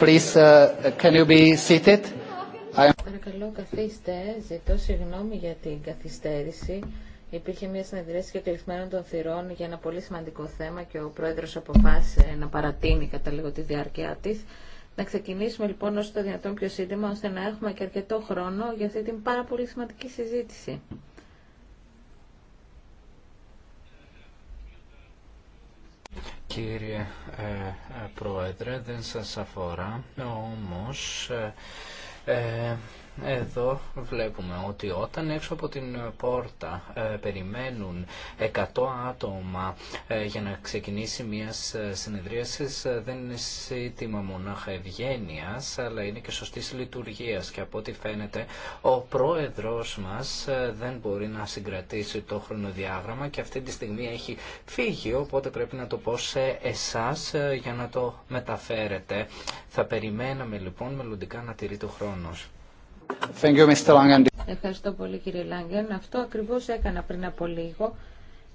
Please, uh, can you be seated? Παρακαλώ καθίστε. Ζητώ συγγνώμη για την καθυστέρηση. Υπήρχε μια συνεδρίαση και κλεισμένων των θυρών για ένα πολύ σημαντικό θέμα και ο πρόεδρος αποφάσισε να παρατείνει κατά λίγο τη διάρκεια της. Να ξεκινήσουμε λοιπόν όσο το δυνατόν πιο σύντομα ώστε να έχουμε και αρκετό χρόνο για αυτή την πάρα πολύ σημαντική συζήτηση. κύριε ε, ε, Πρόεδρε, δεν σας αφορά, όμως... Ε, ε εδώ βλέπουμε ότι όταν έξω από την πόρτα ε, περιμένουν 100 άτομα ε, για να ξεκινήσει μια συνεδρίαση ε, δεν είναι σύντημα μονάχα ευγένεια αλλά είναι και σωστή λειτουργία και από ό,τι φαίνεται ο πρόεδρο μα δεν μπορεί να συγκρατήσει το χρονοδιάγραμμα και αυτή τη στιγμή έχει φύγει οπότε πρέπει να το πω σε εσά για να το μεταφέρετε. Θα περιμέναμε λοιπόν μελλοντικά να τηρεί το χρόνο. Ευχαριστώ πολύ κύριε Λάγκεν. Αυτό ακριβώς έκανα πριν από λίγο.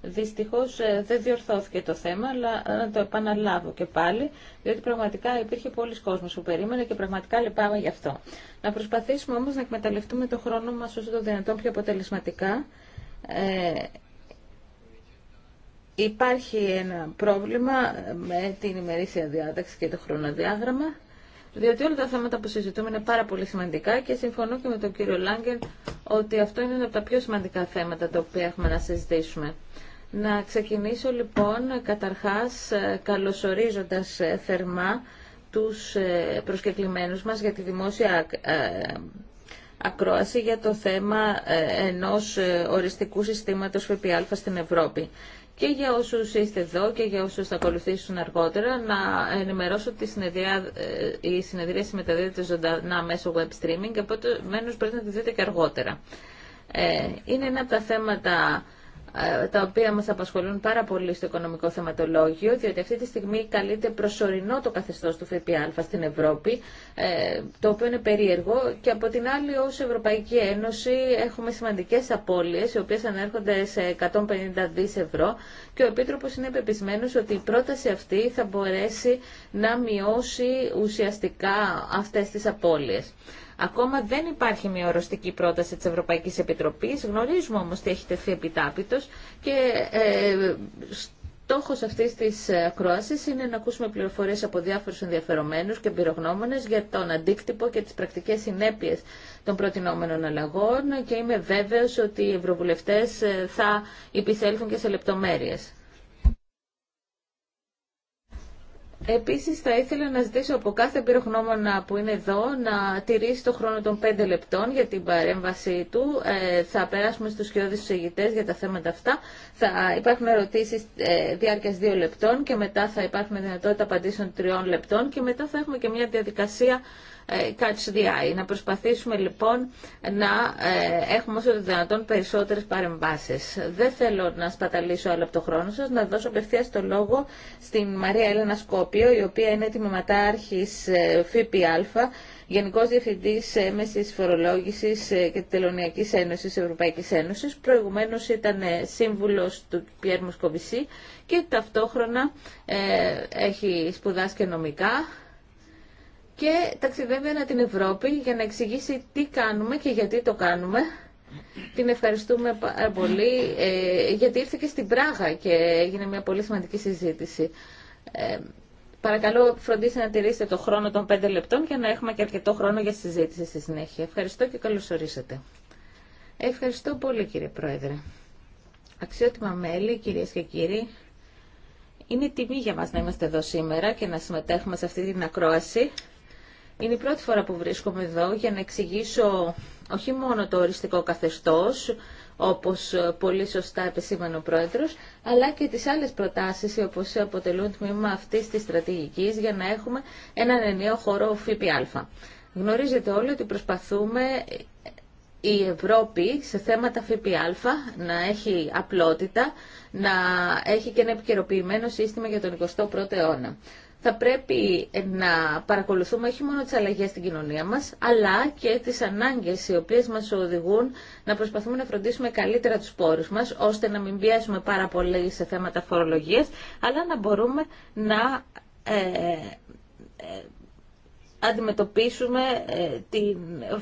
Δυστυχώς ε, δεν διορθώθηκε το θέμα, αλλά ε, να το επαναλάβω και πάλι, διότι πραγματικά υπήρχε πολλοί κόσμος που περίμενε και πραγματικά λυπάμαι γι' αυτό. Να προσπαθήσουμε όμως να εκμεταλλευτούμε το χρόνο μας όσο το δυνατόν πιο αποτελεσματικά. Ε, υπάρχει ένα πρόβλημα με την ημερήσια διάταξη και το χρονοδιάγραμμα διότι όλα τα θέματα που συζητούμε είναι πάρα πολύ σημαντικά και συμφωνώ και με τον κύριο Λάγκεν ότι αυτό είναι ένα από τα πιο σημαντικά θέματα τα οποία έχουμε να συζητήσουμε. Να ξεκινήσω λοιπόν καταρχάς ε, καλωσορίζοντας ε, θερμά τους ε, προσκεκλημένους μας για τη δημόσια ακρόαση για το θέμα ενός οριστικού συστήματος ΦΠΑ στην Ευρώπη και για όσους είστε εδώ και για όσους θα ακολουθήσουν αργότερα να ενημερώσω ότι η ε, συνεδρία συμμεταδίδεται ζωντανά μέσω web streaming και οπότε μένους πρέπει να τη δείτε και αργότερα. Ε, είναι ένα από τα θέματα ε, τα οποία μας απασχολούν πάρα πολύ στο οικονομικό θεματολόγιο, διότι αυτή τη στιγμή καλείται προσωρινό το καθεστώς του ΦΠΑ στην Ευρώπη, ε, το οποίο είναι περίεργο και από την άλλη ως Ευρωπαϊκή Ένωση έχουμε σημαντικές απώλειες, οι οποίες ανέρχονται σε 150 δις ευρώ και ο Επίτροπος είναι πεπισμένος ότι η πρόταση αυτή θα μπορέσει να μειώσει ουσιαστικά αυτές τις απώλειες. Ακόμα δεν υπάρχει μια οριστική πρόταση της Ευρωπαϊκής Επιτροπής, γνωρίζουμε όμως τι έχει τεθεί επιτάπητος και ε, στόχος αυτής της ακρόασης είναι να ακούσουμε πληροφορίες από διάφορους ενδιαφερομένους και εμπειρογνώμονες για τον αντίκτυπο και τις πρακτικές συνέπειες των προτινόμενων αλλαγών και είμαι βέβαιος ότι οι ευρωβουλευτές ε, θα υπησέλθουν και σε λεπτομέρειες. Επίσης θα ήθελα να ζητήσω από κάθε πυρογνώμονα που είναι εδώ να τηρήσει το χρόνο των 5 λεπτών για την παρέμβασή του. Ε, θα περάσουμε στους κοιόδης τους για τα θέματα αυτά. Θα υπάρχουν ερωτήσεις ε, διάρκειας 2 λεπτών και μετά θα υπάρχουν δυνατότητα απαντήσεων 3 λεπτών και μετά θα έχουμε και μια διαδικασία ε, να προσπαθήσουμε λοιπόν να ε, έχουμε όσο δυνατόν περισσότερε παρεμβάσει. Δεν θέλω να σπαταλήσω άλλο από το χρόνο σα να δώσω απευθεία το λόγο στην Μαρία Έλενα Σκόπιο, η οποία είναι τιμηματάρχης ε, ΦΠΑ, Γενικός Διευθυντής Έμεση φορολόγηση και Τελωνιακή Ένωσης Ευρωπαϊκή Ένωση. Προηγουμένω ήταν σύμβουλο του Πιέρ Σκοβισή και ταυτόχρονα έχει σπουδάσει και νομικά και ταξιδεύει ανά την Ευρώπη για να εξηγήσει τι κάνουμε και γιατί το κάνουμε. Την ευχαριστούμε πάρα ε, πολύ ε, γιατί ήρθε και στην Πράγα και έγινε μια πολύ σημαντική συζήτηση. Ε, παρακαλώ, φροντίστε να τηρήσετε το χρόνο των πέντε λεπτών για να έχουμε και αρκετό χρόνο για συζήτηση στη συνέχεια. Ευχαριστώ και καλώς ορίσατε. Ευχαριστώ πολύ κύριε Πρόεδρε. Αξιότιμα μέλη, κυρίες και κύριοι, είναι τιμή για μας να είμαστε εδώ σήμερα και να συμμετέχουμε σε αυτή την ακρόαση. Είναι η πρώτη φορά που βρίσκομαι εδώ για να εξηγήσω όχι μόνο το οριστικό καθεστώς, όπως πολύ σωστά επισήμανε ο Πρόεδρος, αλλά και τις άλλες προτάσεις οι οποίες αποτελούν τμήμα αυτής της στρατηγικής για να έχουμε έναν ενιαίο χώρο ΦΠΑ. Γνωρίζετε όλοι ότι προσπαθούμε η Ευρώπη σε θέματα ΦΠΑ να έχει απλότητα, να έχει και ένα επικαιροποιημένο σύστημα για τον 21ο αιώνα θα πρέπει ε, να παρακολουθούμε όχι μόνο τις αλλαγές στην κοινωνία μας, αλλά και τις ανάγκες οι οποίες μας οδηγούν να προσπαθούμε να φροντίσουμε καλύτερα τους πόρους μας, ώστε να μην πιέσουμε πάρα πολύ σε θέματα φορολογίας, αλλά να μπορούμε να ε, ε αντιμετωπίσουμε ε, την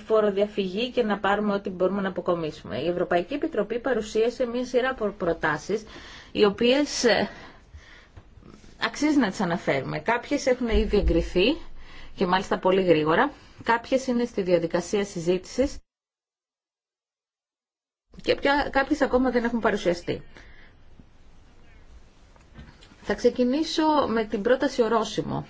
φοροδιαφυγή και να πάρουμε ό,τι μπορούμε να αποκομίσουμε. Η Ευρωπαϊκή Επιτροπή παρουσίασε μια σειρά προτάσεις, οι οποίες αξίζει να τι αναφέρουμε. Κάποιες έχουν ήδη εγκριθεί και μάλιστα πολύ γρήγορα. Κάποιες είναι στη διαδικασία συζήτησης και κάποιε κάποιες ακόμα δεν έχουν παρουσιαστεί. Θα ξεκινήσω με την πρόταση ορόσημο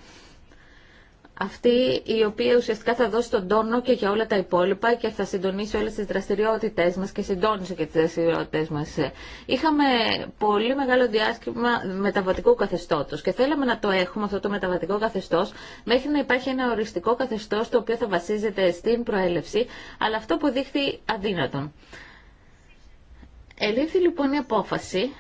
αυτή η οποία ουσιαστικά θα δώσει τον τόνο και για όλα τα υπόλοιπα και θα συντονίσει όλες τις δραστηριότητες μας και συντόνισε και τις δραστηριότητες μας. Είχαμε πολύ μεγάλο διάσκημα μεταβατικού καθεστώτος και θέλαμε να το έχουμε αυτό το μεταβατικό καθεστώς μέχρι να υπάρχει ένα οριστικό καθεστώς το οποίο θα βασίζεται στην προέλευση αλλά αυτό που δείχνει αδύνατον. Ελήφθη λοιπόν η απόφαση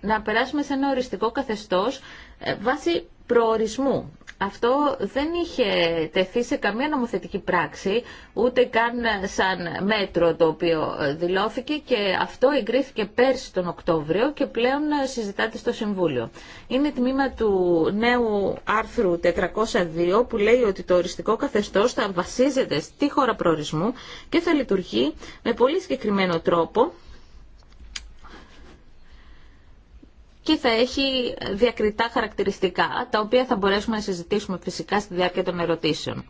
να περάσουμε σε ένα οριστικό καθεστώς ε, βάσει προορισμού. Αυτό δεν είχε τεθεί σε καμία νομοθετική πράξη, ούτε καν σαν μέτρο το οποίο δηλώθηκε και αυτό εγκρίθηκε πέρσι τον Οκτώβριο και πλέον συζητάται στο Συμβούλιο. Είναι τμήμα του νέου άρθρου 402 που λέει ότι το οριστικό καθεστώς θα βασίζεται στη χώρα προορισμού και θα λειτουργεί με πολύ συγκεκριμένο τρόπο και θα έχει διακριτά χαρακτηριστικά, τα οποία θα μπορέσουμε να συζητήσουμε φυσικά στη διάρκεια των ερωτήσεων.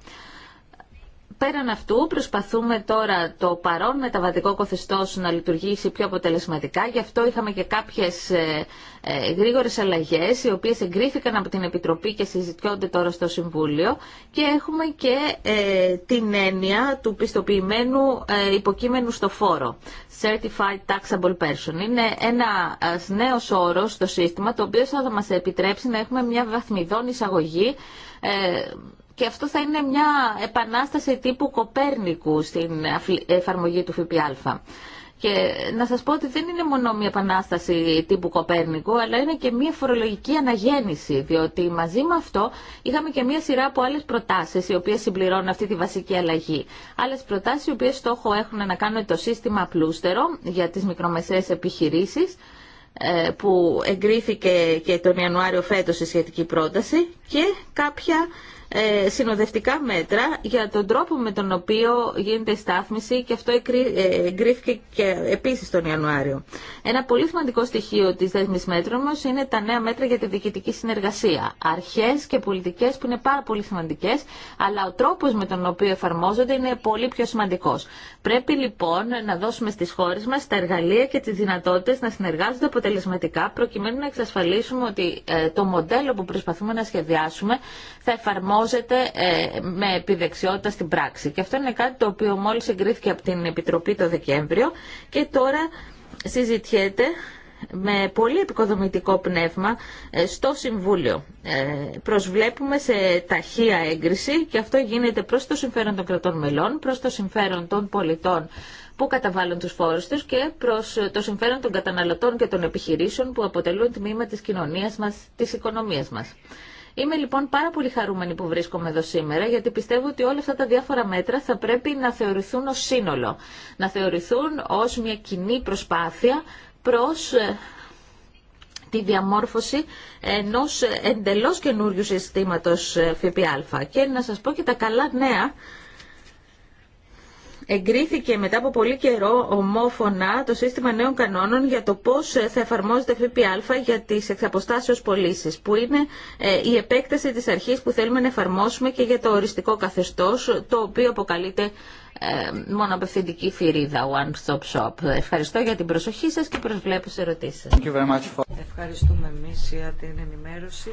Πέραν αυτού προσπαθούμε τώρα το παρόν μεταβατικό κοθεστό να λειτουργήσει πιο αποτελεσματικά. Γι' αυτό είχαμε και κάποιες ε, ε, γρήγορε αλλαγέ οι οποίες εγκρίθηκαν από την Επιτροπή και συζητιόνται τώρα στο Συμβούλιο και έχουμε και ε, την έννοια του πιστοποιημένου υποκείμενου στο φόρο. Certified Taxable Person. Είναι ένα νέο όρο στο σύστημα το οποίο θα μα επιτρέψει να έχουμε μια βαθμιδόν εισαγωγή και αυτό θα είναι μια επανάσταση τύπου Κοπέρνικου στην εφαρμογή του ΦΠΑ. Και να σας πω ότι δεν είναι μόνο μια επανάσταση τύπου Κοπέρνικου, αλλά είναι και μια φορολογική αναγέννηση, διότι μαζί με αυτό είχαμε και μια σειρά από άλλες προτάσεις, οι οποίες συμπληρώνουν αυτή τη βασική αλλαγή. Άλλες προτάσεις, οι οποίες στόχο έχουν να κάνουν το σύστημα Πλούστερο για τις μικρομεσαίες επιχειρήσεις, ε, που εγκρίθηκε και τον Ιανουάριο φέτος η σχετική πρόταση και κάποια ε, συνοδευτικά μέτρα για τον τρόπο με τον οποίο γίνεται η στάθμιση και αυτό ε, εγκρίθηκε και επίσης τον Ιανουάριο. Ένα πολύ σημαντικό στοιχείο της δέσμης μέτρων όμως είναι τα νέα μέτρα για τη διοικητική συνεργασία. Αρχές και πολιτικές που είναι πάρα πολύ σημαντικές, αλλά ο τρόπος με τον οποίο εφαρμόζονται είναι πολύ πιο σημαντικός. Πρέπει λοιπόν να δώσουμε στις χώρες μας τα εργαλεία και τις δυνατότητες να συνεργάζονται αποτελεσματικά προκειμένου να εξασφαλίσουμε ότι ε, το μοντέλο που προσπαθούμε να σχεδιάσουμε θα εφαρμόζεται εφαρμόζεται ε, με επιδεξιότητα στην πράξη. Και αυτό είναι κάτι το οποίο μόλις εγκρίθηκε από την Επιτροπή το Δεκέμβριο και τώρα συζητιέται με πολύ επικοδομητικό πνεύμα ε, στο Συμβούλιο. Ε, προσβλέπουμε σε ταχεία έγκριση και αυτό γίνεται προς το συμφέρον των κρατών μελών, προς το συμφέρον των πολιτών που καταβάλουν τους φόρους τους και προς το συμφέρον των καταναλωτών και των επιχειρήσεων που αποτελούν τμήμα της κοινωνίας μας, της οικονομίας μας. Είμαι λοιπόν πάρα πολύ χαρούμενη που βρίσκομαι εδώ σήμερα, γιατί πιστεύω ότι όλα αυτά τα διάφορα μέτρα θα πρέπει να θεωρηθούν ως σύνολο, να θεωρηθούν ως μια κοινή προσπάθεια προς ε, τη διαμόρφωση ενός εντελώς καινούριου συστήματος ε, ΦΠΑ. Και να σας πω και τα καλά νέα εγκρίθηκε μετά από πολύ καιρό ομόφωνα το σύστημα νέων κανόνων για το πώ θα εφαρμόζεται ΦΠΑ για τι εξαποστάσεω πωλήσει, που είναι ε, η επέκταση τη αρχή που θέλουμε να εφαρμόσουμε και για το οριστικό καθεστώ, το οποίο αποκαλείται ε, μόνο απευθυντική φυρίδα One Stop Shop. Ευχαριστώ για την προσοχή σας και προσβλέπω σε ερωτήσεις. Thank Ευχαριστούμε εμείς για την ενημέρωση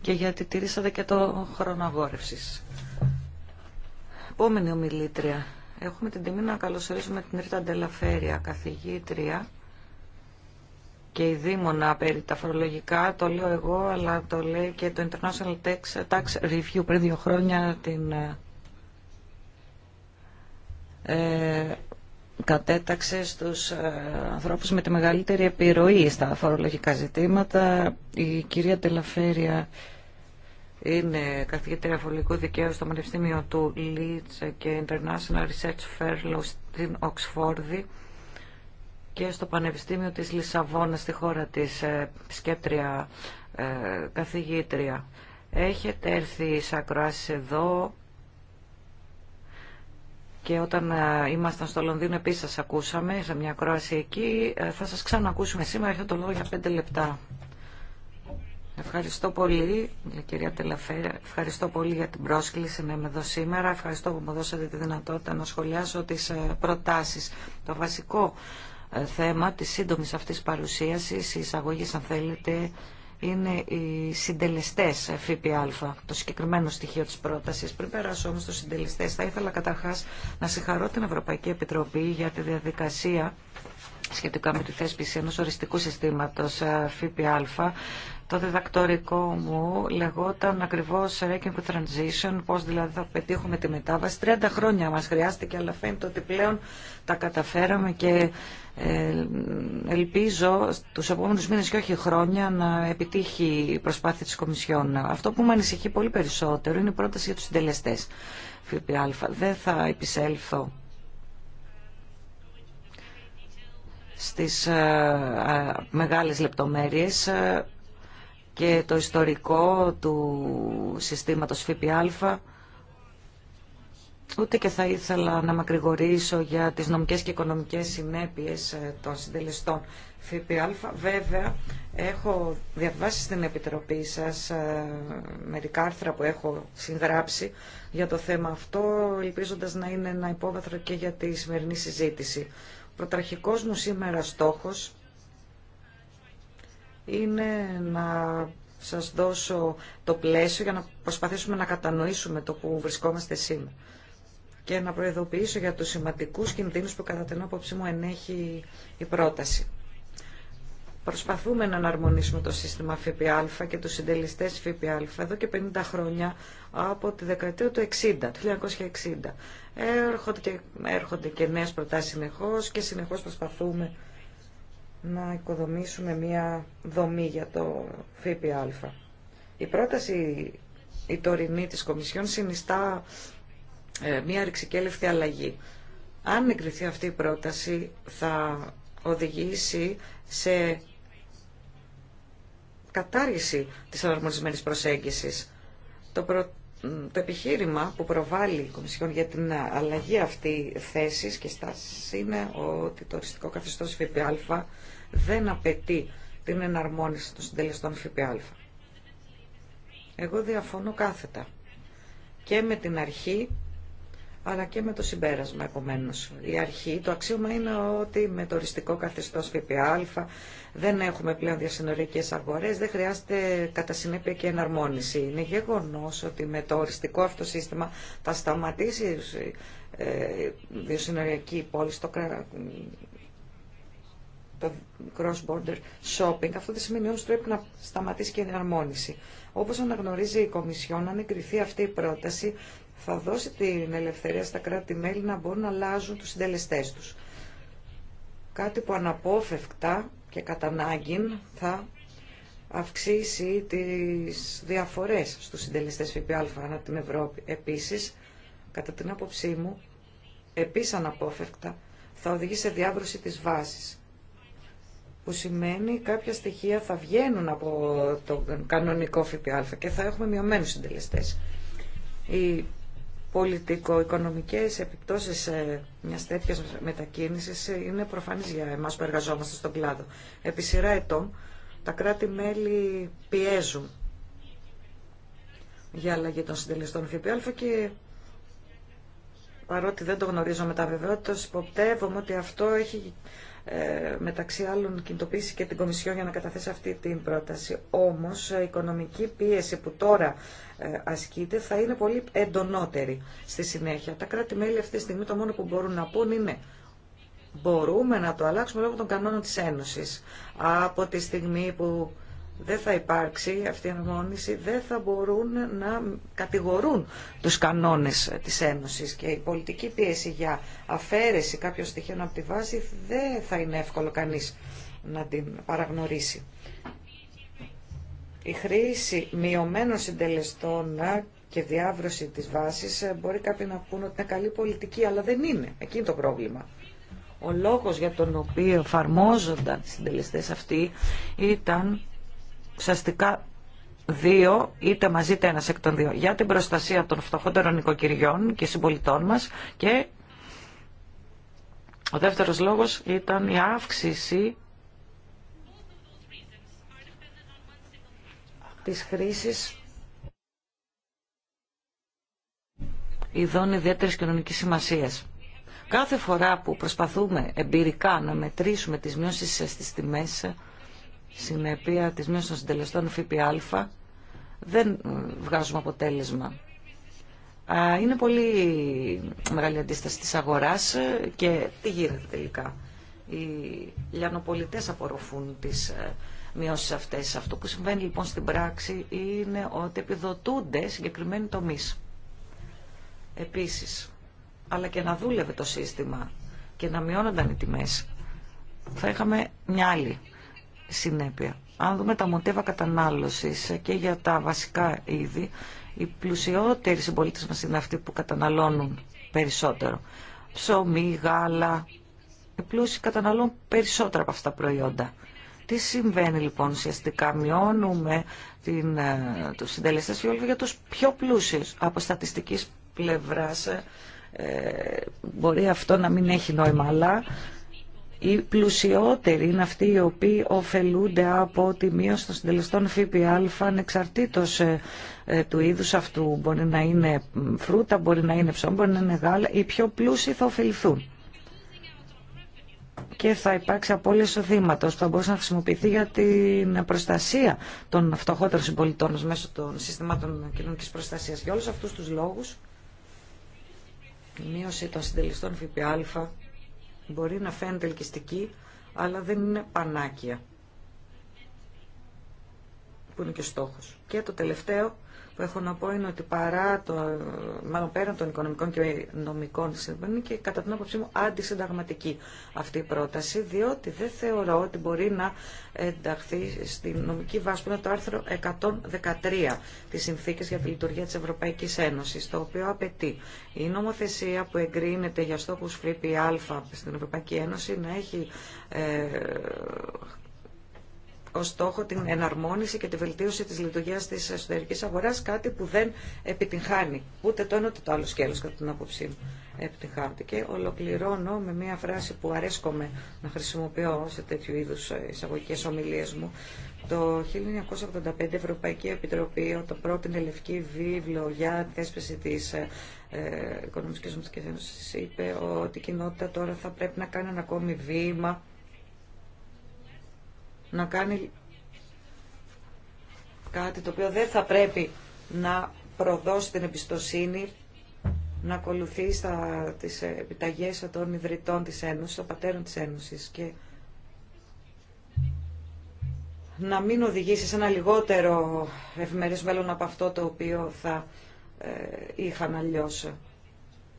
και γιατί τηρήσατε και το χρόνο αγόρευσης. Επόμενη ομιλήτρια. Έχουμε την τιμή να καλωσορίσουμε την Ρίτα Ντελαφέρια, καθηγήτρια και η Δήμονα περί τα φορολογικά, το λέω εγώ, αλλά το λέει και το International Tax, Tax Review πριν δύο χρόνια την ε, κατέταξε στους ε, ανθρώπους με τη μεγαλύτερη επιρροή στα φορολογικά ζητήματα. Η κυρία Τελαφέρια είναι καθηγήτρια φορολογικού δικαίου στο Πανεπιστήμιο του Leeds και International Research Fellow στην Οξφόρδη και στο Πανεπιστήμιο της Λισαβόνα στη χώρα της ε, σκέπτρια ε, καθηγήτρια. Έχετε έρθει σε ακροάσεις εδώ και όταν ε, ήμασταν στο Λονδίνο επίσης σας ακούσαμε σε μια ακρόαση εκεί. Θα σας ξανακούσουμε σήμερα, έχετε το λόγο για πέντε λεπτά. Ευχαριστώ πολύ, ε, κυρία Τελαφέρα. Ευχαριστώ πολύ για την πρόσκληση να είμαι εδώ σήμερα. Ευχαριστώ που μου δώσατε τη δυνατότητα να σχολιάσω τις ε, προτάσεις. Το βασικό ε, θέμα της σύντομης αυτής παρουσίασης, η εισαγωγή, αν θέλετε, είναι οι συντελεστές ΦΠΑ, το συγκεκριμένο στοιχείο της πρότασης. Πριν περάσω όμως στους συντελεστές, θα ήθελα καταρχάς να συγχαρώ την Ευρωπαϊκή Επιτροπή για τη διαδικασία σχετικά με τη θέσπιση ενός οριστικού συστήματος ΦΠΑ το διδακτορικό μου λεγόταν ακριβώς Reckon with Transition, πώς δηλαδή θα πετύχουμε τη μετάβαση. 30 χρόνια μας χρειάστηκε, αλλά φαίνεται ότι πλέον τα καταφέραμε και ε, ελπίζω στους επόμενους μήνες και όχι χρόνια να επιτύχει η προσπάθεια της Κομισιόν. Αυτό που με ανησυχεί πολύ περισσότερο είναι η πρόταση για τους συντελεστές ΦΠΑ. Δεν θα επισέλθω στις ε, ε, μεγάλες λεπτομέρειες και το ιστορικό του συστήματος ΦΠΑ. Ούτε και θα ήθελα να μακρηγορήσω για τις νομικές και οικονομικές συνέπειες ε, των συντελεστών ΦΠΑ. Βέβαια, έχω διαβάσει στην Επιτροπή σας ε, μερικά άρθρα που έχω συγγράψει για το θέμα αυτό, ελπίζοντας να είναι ένα υπόβαθρο και για τη σημερινή συζήτηση. Ο πρωταρχικός μου σήμερα στόχος είναι να σας δώσω το πλαίσιο για να προσπαθήσουμε να κατανοήσουμε το που βρισκόμαστε σήμερα και να προειδοποιήσω για τους σημαντικούς κινδύνους που κατά την άποψή μου ενέχει η πρόταση. Προσπαθούμε να αναρμονίσουμε το σύστημα ΦΠΑ και τους συντελεστές ΦΠΑ εδώ και 50 χρόνια από τη δεκαετία του 60, 1960. Έρχονται και, έρχονται και νέες προτάσεις συνεχώς και συνεχώς προσπαθούμε να οικοδομήσουμε μία δομή για το ΦΠΑ. Η πρόταση η τωρινή της Κομισιόν συνιστά ε, μία ρηξικέλευτη αλλαγή. Αν εγκριθεί αυτή η πρόταση θα οδηγήσει σε κατάργηση της αναρμονισμένης προσέγγισης. Το, το επιχείρημα που προβάλλει η Κομισιόν για την αλλαγή αυτή θέσης και στάσης είναι ότι το οριστικό καθεστώς ΦΠΑ δεν απαιτεί την εναρμόνιση των συντελεστών ΦΠΑ. Εγώ διαφωνώ κάθετα και με την αρχή αλλά και με το συμπέρασμα επομένω. Η αρχή, το αξίωμα είναι ότι με το οριστικό καθεστώ ΦΠΑ δεν έχουμε πλέον διασυνοριακέ αγορέ, δεν χρειάζεται κατά συνέπεια και εναρμόνιση. Είναι γεγονό ότι με το οριστικό αυτό σύστημα θα σταματήσει ε, η διασυνοριακή πόλη στο το cross-border shopping. Αυτό δεν σημαίνει όμως πρέπει να σταματήσει και η εναρμόνιση. Όπως αναγνωρίζει η Κομισιόν, αν εγκριθεί αυτή η πρόταση, θα δώσει την ελευθερία στα κράτη-μέλη να μπορούν να αλλάζουν τους συντελεστές τους. Κάτι που αναπόφευκτα και κατά ανάγκη θα αυξήσει τις διαφορές στους συντελεστές ΦΠΑ ανά την Ευρώπη. Επίσης, κατά την άποψή μου, επίσης αναπόφευκτα, θα οδηγεί σε διάβρωση της βάσης που σημαίνει κάποια στοιχεία θα βγαίνουν από το κανονικό ΦΠΑ και θα έχουμε μειωμένους συντελεστές. Οι πολιτικο-οικονομικές επιπτώσεις ε, μιας τέτοιας μετακίνησης είναι προφανής για εμάς που εργαζόμαστε στον κλάδο. Επί σειρά ετών τα κράτη-μέλη πιέζουν για αλλαγή των συντελεστών ΦΠΑ και παρότι δεν το γνωρίζω με τα βεβαιότητα, υποπτεύομαι ότι αυτό έχει ε, μεταξύ άλλων κινητοποίηση και την Κομισιό για να καταθέσει αυτή την πρόταση. Όμως η οικονομική πίεση που τώρα ε, ασκείται θα είναι πολύ εντονότερη στη συνέχεια. Τα κράτη-μέλη αυτή τη στιγμή το μόνο που μπορούν να πούν είναι μπορούμε να το αλλάξουμε λόγω των κανόνων της Ένωσης. Από τη στιγμή που δεν θα υπάρξει αυτή η αναμόνηση, δεν θα μπορούν να κατηγορούν τους κανόνες της Ένωσης και η πολιτική πίεση για αφαίρεση κάποιων στοιχείων από τη βάση δεν θα είναι εύκολο κανείς να την παραγνωρίσει. Η χρήση μειωμένων συντελεστών και διάβρωση της βάσης ε, μπορεί κάποιοι να πούν ότι είναι καλή πολιτική, αλλά δεν είναι. Εκεί είναι το πρόβλημα. Ο λόγος για τον οποίο εφαρμόζονταν οι συντελεστές αυτοί ήταν ουσιαστικά δύο, είτε μαζί είτε ένας εκ των δύο, για την προστασία των φτωχότερων οικοκυριών και συμπολιτών μας και ο δεύτερος λόγος ήταν η αύξηση της χρήσης ειδών ιδιαίτερη κοινωνική σημασία. Κάθε φορά που προσπαθούμε εμπειρικά να μετρήσουμε τις μειώσεις στις τιμές, συνέπεια της μείωσης των συντελεστών ΦΠΑ δεν βγάζουμε αποτέλεσμα. Είναι πολύ μεγάλη αντίσταση της αγοράς και τι γίνεται τελικά. Οι λιανοπολιτές απορροφούν τις ε, μειώσεις αυτές. Αυτό που συμβαίνει λοιπόν στην πράξη είναι ότι επιδοτούνται συγκεκριμένοι τομείς. Επίσης, αλλά και να δούλευε το σύστημα και να μειώνονταν οι τιμές, θα είχαμε μια άλλη συνέπεια. Αν δούμε τα μοντέβα κατανάλωσης και για τα βασικά είδη, οι πλουσιότεροι συμπολίτε μας είναι αυτοί που καταναλώνουν περισσότερο. Ψωμί, γάλα, οι πλούσιοι καταναλώνουν περισσότερα από αυτά τα προϊόντα. Τι συμβαίνει λοιπόν ουσιαστικά, μειώνουμε την, ε, τους φιόλου για τους πιο πλούσιους. Από στατιστικής πλευράς ε, ε, μπορεί αυτό να μην έχει νόημα, αλλά οι πλουσιότεροι είναι αυτοί οι οποίοι ωφελούνται από τη μείωση των συντελεστών ΦΠΑ ανεξαρτήτως ε, ε, του είδους αυτού. Μπορεί να είναι φρούτα, μπορεί να είναι ψώμα, μπορεί να είναι γάλα. Οι πιο πλούσιοι θα ωφεληθούν και θα υπάρξει απόλυση οδήματο που θα μπορούσε να χρησιμοποιηθεί για την προστασία των φτωχότερων συμπολιτών μέσω των συστημάτων κοινωνική προστασία. Για όλου αυτού του λόγου, η μείωση των συντελεστών ΦΠΑ μπορεί να φαίνεται ελκυστική, αλλά δεν είναι πανάκια, που είναι και στόχος. Και το τελευταίο, που έχω να πω είναι ότι παρά το, μάλλον πέραν των οικονομικών και νομικών συμβαίνει και κατά την άποψή μου αντισυνταγματική αυτή η πρόταση, διότι δεν θεωρώ ότι μπορεί να ενταχθεί στην νομική βάση που είναι το άρθρο 113 της Συνθήκης για τη Λειτουργία της Ευρωπαϊκής Ένωσης, το οποίο απαιτεί η νομοθεσία που εγκρίνεται για στόχους ΦΠΑ στην Ευρωπαϊκή Ένωση να έχει ε, ως στόχο την εναρμόνιση και τη βελτίωση της λειτουργίας της εσωτερικής αγοράς, κάτι που δεν επιτυγχάνει. Ούτε το ένα ούτε το άλλο σκέλος, κατά την άποψή μου, επιτυγχάνεται. Και ολοκληρώνω με μια φράση που αρέσκομαι να χρησιμοποιώ σε τέτοιου είδου ε, εισαγωγικέ ομιλίες μου. Το 1985 Ευρωπαϊκή Επιτροπή όταν πρότεινε λευκή βίβλο για θέσπιση τη ε, ε, Οικονομικής Ένωση, είπε ότι η κοινότητα τώρα θα πρέπει να κάνει ένα ακόμη βήμα να κάνει κάτι το οποίο δεν θα πρέπει να προδώσει την εμπιστοσύνη να ακολουθεί στα, τις επιταγές των ιδρυτών της Ένωσης, των πατέρων της Ένωσης και να μην οδηγήσει σε ένα λιγότερο ευημερές μέλλον από αυτό το οποίο θα ε, είχαν αλλιώ.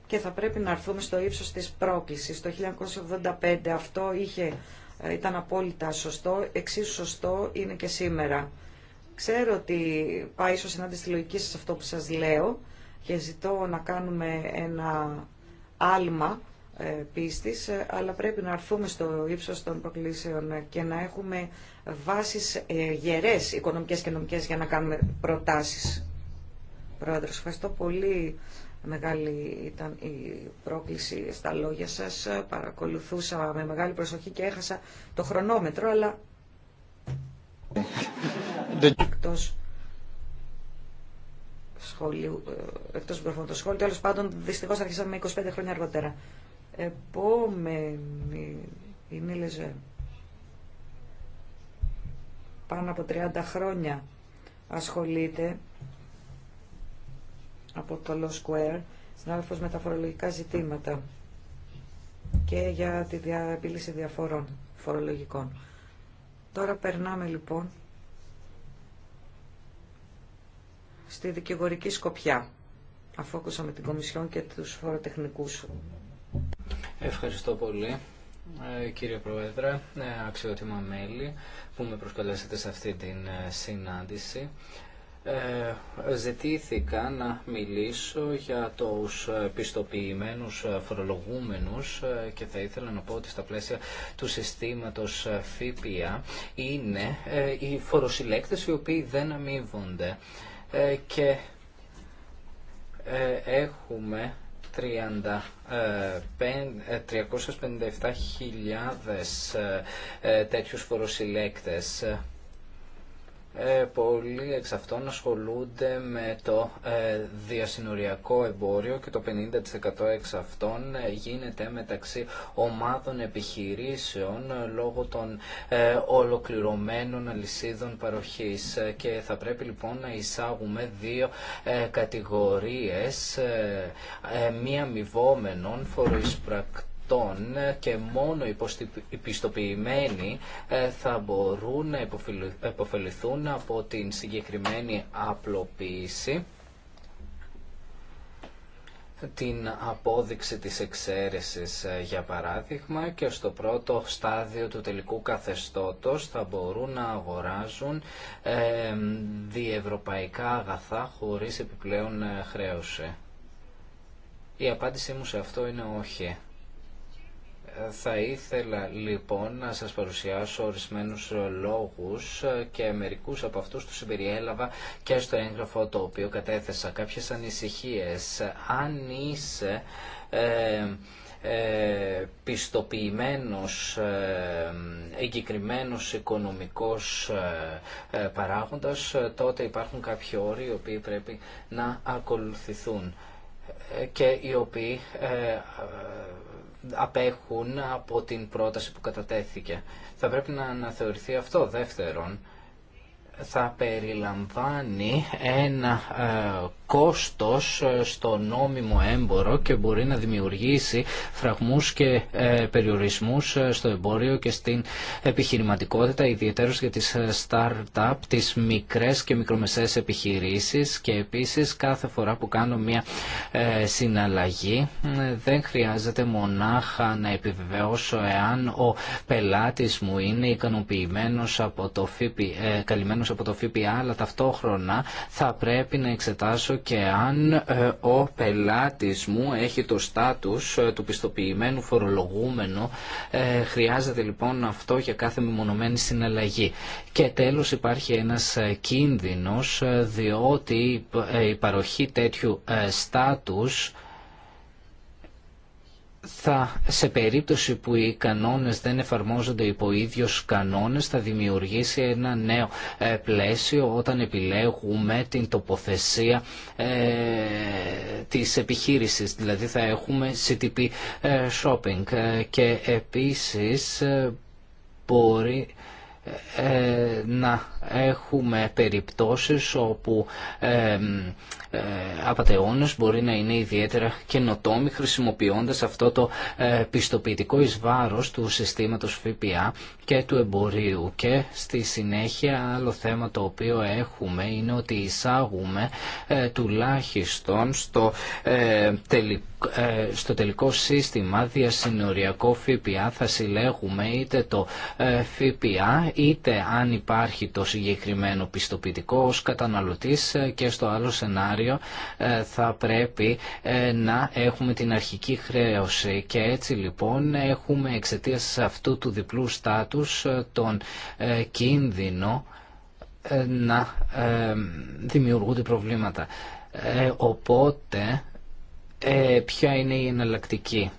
Και θα πρέπει να έρθουμε στο ύψος της πρόκλησης. Το 1985 αυτό είχε ε, ήταν απόλυτα σωστό, εξίσου σωστό είναι και σήμερα. Ξέρω ότι πάει ίσως ενάντια στη λογική σας αυτό που σας λέω και ζητώ να κάνουμε ένα άλμα ε, πίστης, ε, αλλά πρέπει να αρθούμε στο ύψος των προκλήσεων και να έχουμε βάσεις γερές οικονομικές και νομικές για να κάνουμε προτάσεις. Πρόεδρος, ευχαριστώ πολύ Μεγάλη ήταν η πρόκληση στα λόγια σας. Παρακολουθούσα με μεγάλη προσοχή και έχασα το χρονόμετρο, αλλά... Εκτός σχολείου, ε, εκτός του σχολείου, τέλος πάντων δυστυχώς αρχίσαμε 25 χρόνια αργότερα. Επόμενη είναι η Λεζέ. Πάνω από 30 χρόνια ασχολείται από το Law Square, συνάδελφος με τα φορολογικά ζητήματα και για τη επίλυση διαφορών φορολογικών. Τώρα περνάμε λοιπόν στη δικηγορική σκοπιά, αφού ακούσαμε την Κομισιόν και τους φοροτεχνικούς. Ευχαριστώ πολύ. Ε, κύριε Πρόεδρε, ε, αξιότιμα μέλη που με προσκαλέσατε σε αυτή την ε, συνάντηση. Ε, ζητήθηκα να μιλήσω για τους πιστοποιημένους φορολογούμενους ε, και θα ήθελα να πω ότι στα πλαίσια του συστήματος ε, ΦΠΑ είναι οι φοροσυλλέκτες οι οποίοι δεν αμείβονται και έχουμε 357.000 τέτοιους φοροσυλλέκτες ε, πολλοί εξ αυτών ασχολούνται με το ε, διασυνοριακό εμπόριο και το 50% εξ αυτών ε, γίνεται μεταξύ ομάδων επιχειρήσεων λόγω των ολοκληρωμένων αλυσίδων παροχής και θα πρέπει λοιπόν να εισάγουμε δύο κατηγορίες μη αμοιβόμενων φοροεισπρακτών και μόνο οι πιστοποιημένοι ε, θα μπορούν να υποφεληθούν από την συγκεκριμένη απλοποίηση την απόδειξη της εξαίρεσης ε, για παράδειγμα και στο πρώτο στάδιο του τελικού καθεστώτος θα μπορούν να αγοράζουν ε, διευρωπαϊκά αγαθά χωρίς επιπλέον χρέωση. Η απάντησή μου σε αυτό είναι όχι. Θα ήθελα λοιπόν να σας παρουσιάσω ορισμένους λόγους και μερικούς από αυτούς τους συμπεριέλαβα και στο έγγραφο το οποίο κατέθεσα κάποιες ανησυχίες. Αν είσαι ε, ε, πιστοποιημένος, ε, εγκεκριμένος οικονομικός ε, ε, παράγοντας, τότε υπάρχουν κάποιοι όροι οι οποίοι πρέπει να ακολουθηθούν και οι οποίοι απέχουν από την πρόταση που κατατέθηκε. Θα πρέπει να αναθεωρηθεί αυτό. Δεύτερον, θα περιλαμβάνει ένα ε, κόστος ε, στο νόμιμο έμπορο και μπορεί να δημιουργήσει φραγμούς και ε, περιορισμούς ε, στο εμπόριο και στην επιχειρηματικότητα ιδιαίτερως για τις start-up, τις μικρές και μικρομεσαίες επιχειρήσεις και επίσης κάθε φορά που κάνω μια συναλλαγή δεν χρειάζεται μονάχα να επιβεβαιώσω εάν ο πελάτης μου είναι ικανοποιημένος από το ΦΠΑ, καλυμμένος από το ΦΠΑ αλλά ταυτόχρονα θα πρέπει να εξετάσω και αν ε, ο πελάτης μου έχει το στάτους ε, του πιστοποιημένου φορολογούμενου. Ε, χρειάζεται λοιπόν αυτό για κάθε μεμονωμένη συναλλαγή. Και τέλος υπάρχει ένας κίνδυνος διότι η παροχή τέτοιου στάτους θα, σε περίπτωση που οι κανόνες δεν εφαρμόζονται υπό ίδιους κανόνες θα δημιουργήσει ένα νέο ε, πλαίσιο όταν επιλέγουμε την τοποθεσία ε, της επιχείρησης. Δηλαδή θα έχουμε CTP ε, shopping ε, και επίσης μπορεί να έχουμε περιπτώσεις όπου ε, απαταιώνες μπορεί να είναι ιδιαίτερα καινοτόμοι χρησιμοποιώντας αυτό το ε, πιστοποιητικό εις του συστήματος ΦΠΑ και του εμπορίου και στη συνέχεια άλλο θέμα το οποίο έχουμε είναι ότι εισάγουμε ε, τουλάχιστον στο, ε, στο τελικό σύστημα διασυνοριακό ΦΠΑ θα συλλέγουμε είτε το ΦΠΑ είτε αν υπάρχει το συγκεκριμένο πιστοποιητικό ως καταναλωτής ε, και στο άλλο σενάριο ε, θα πρέπει ε, να έχουμε την αρχική χρέωση και έτσι λοιπόν έχουμε εξαιτία αυτού του διπλού στάτους τον κίνδυνο να δημιουργούνται προβλήματα. Οπότε ποια είναι η εναλλακτική.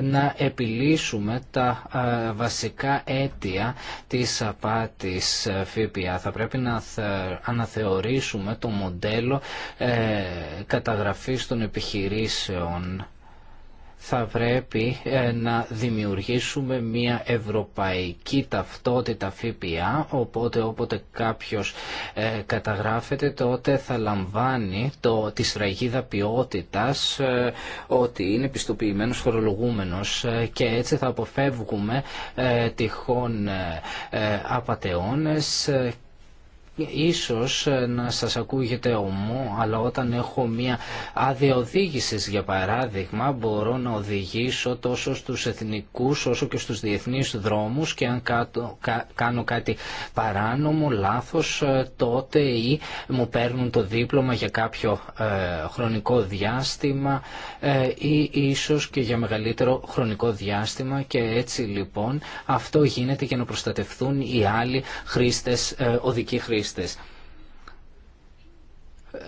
να επιλύσουμε τα ε, βασικά αίτια της απάτης ε, ΦΠΑ. Θα πρέπει να αναθεωρήσουμε το μοντέλο ε, καταγραφής των επιχειρήσεων θα πρέπει ε, να δημιουργήσουμε μια ευρωπαϊκή ταυτότητα ΦΠΑ οπότε όποτε κάποιος ε, καταγράφεται τότε θα λαμβάνει το, τη σφραγίδα ποιότητας ε, ότι είναι πιστοποιημένος φορολογούμενος και έτσι θα αποφεύγουμε τυχόν απαταιώνες Ίσως ε, να σας ακούγεται ομό, αλλά όταν έχω μία άδεια οδήγησης, για παράδειγμα, μπορώ να οδηγήσω τόσο στους εθνικούς όσο και στους διεθνείς δρόμους και αν κάνω κάτι παράνομο, λάθος, ε, τότε ή μου παίρνουν το δίπλωμα για κάποιο ε, χρονικό διάστημα ή ίσως και για μεγαλύτερο χρονικό διάστημα και έτσι λοιπόν αυτό γίνεται για να προστατευθούν οι άλλοι χρήστες, οδικοί χρήστες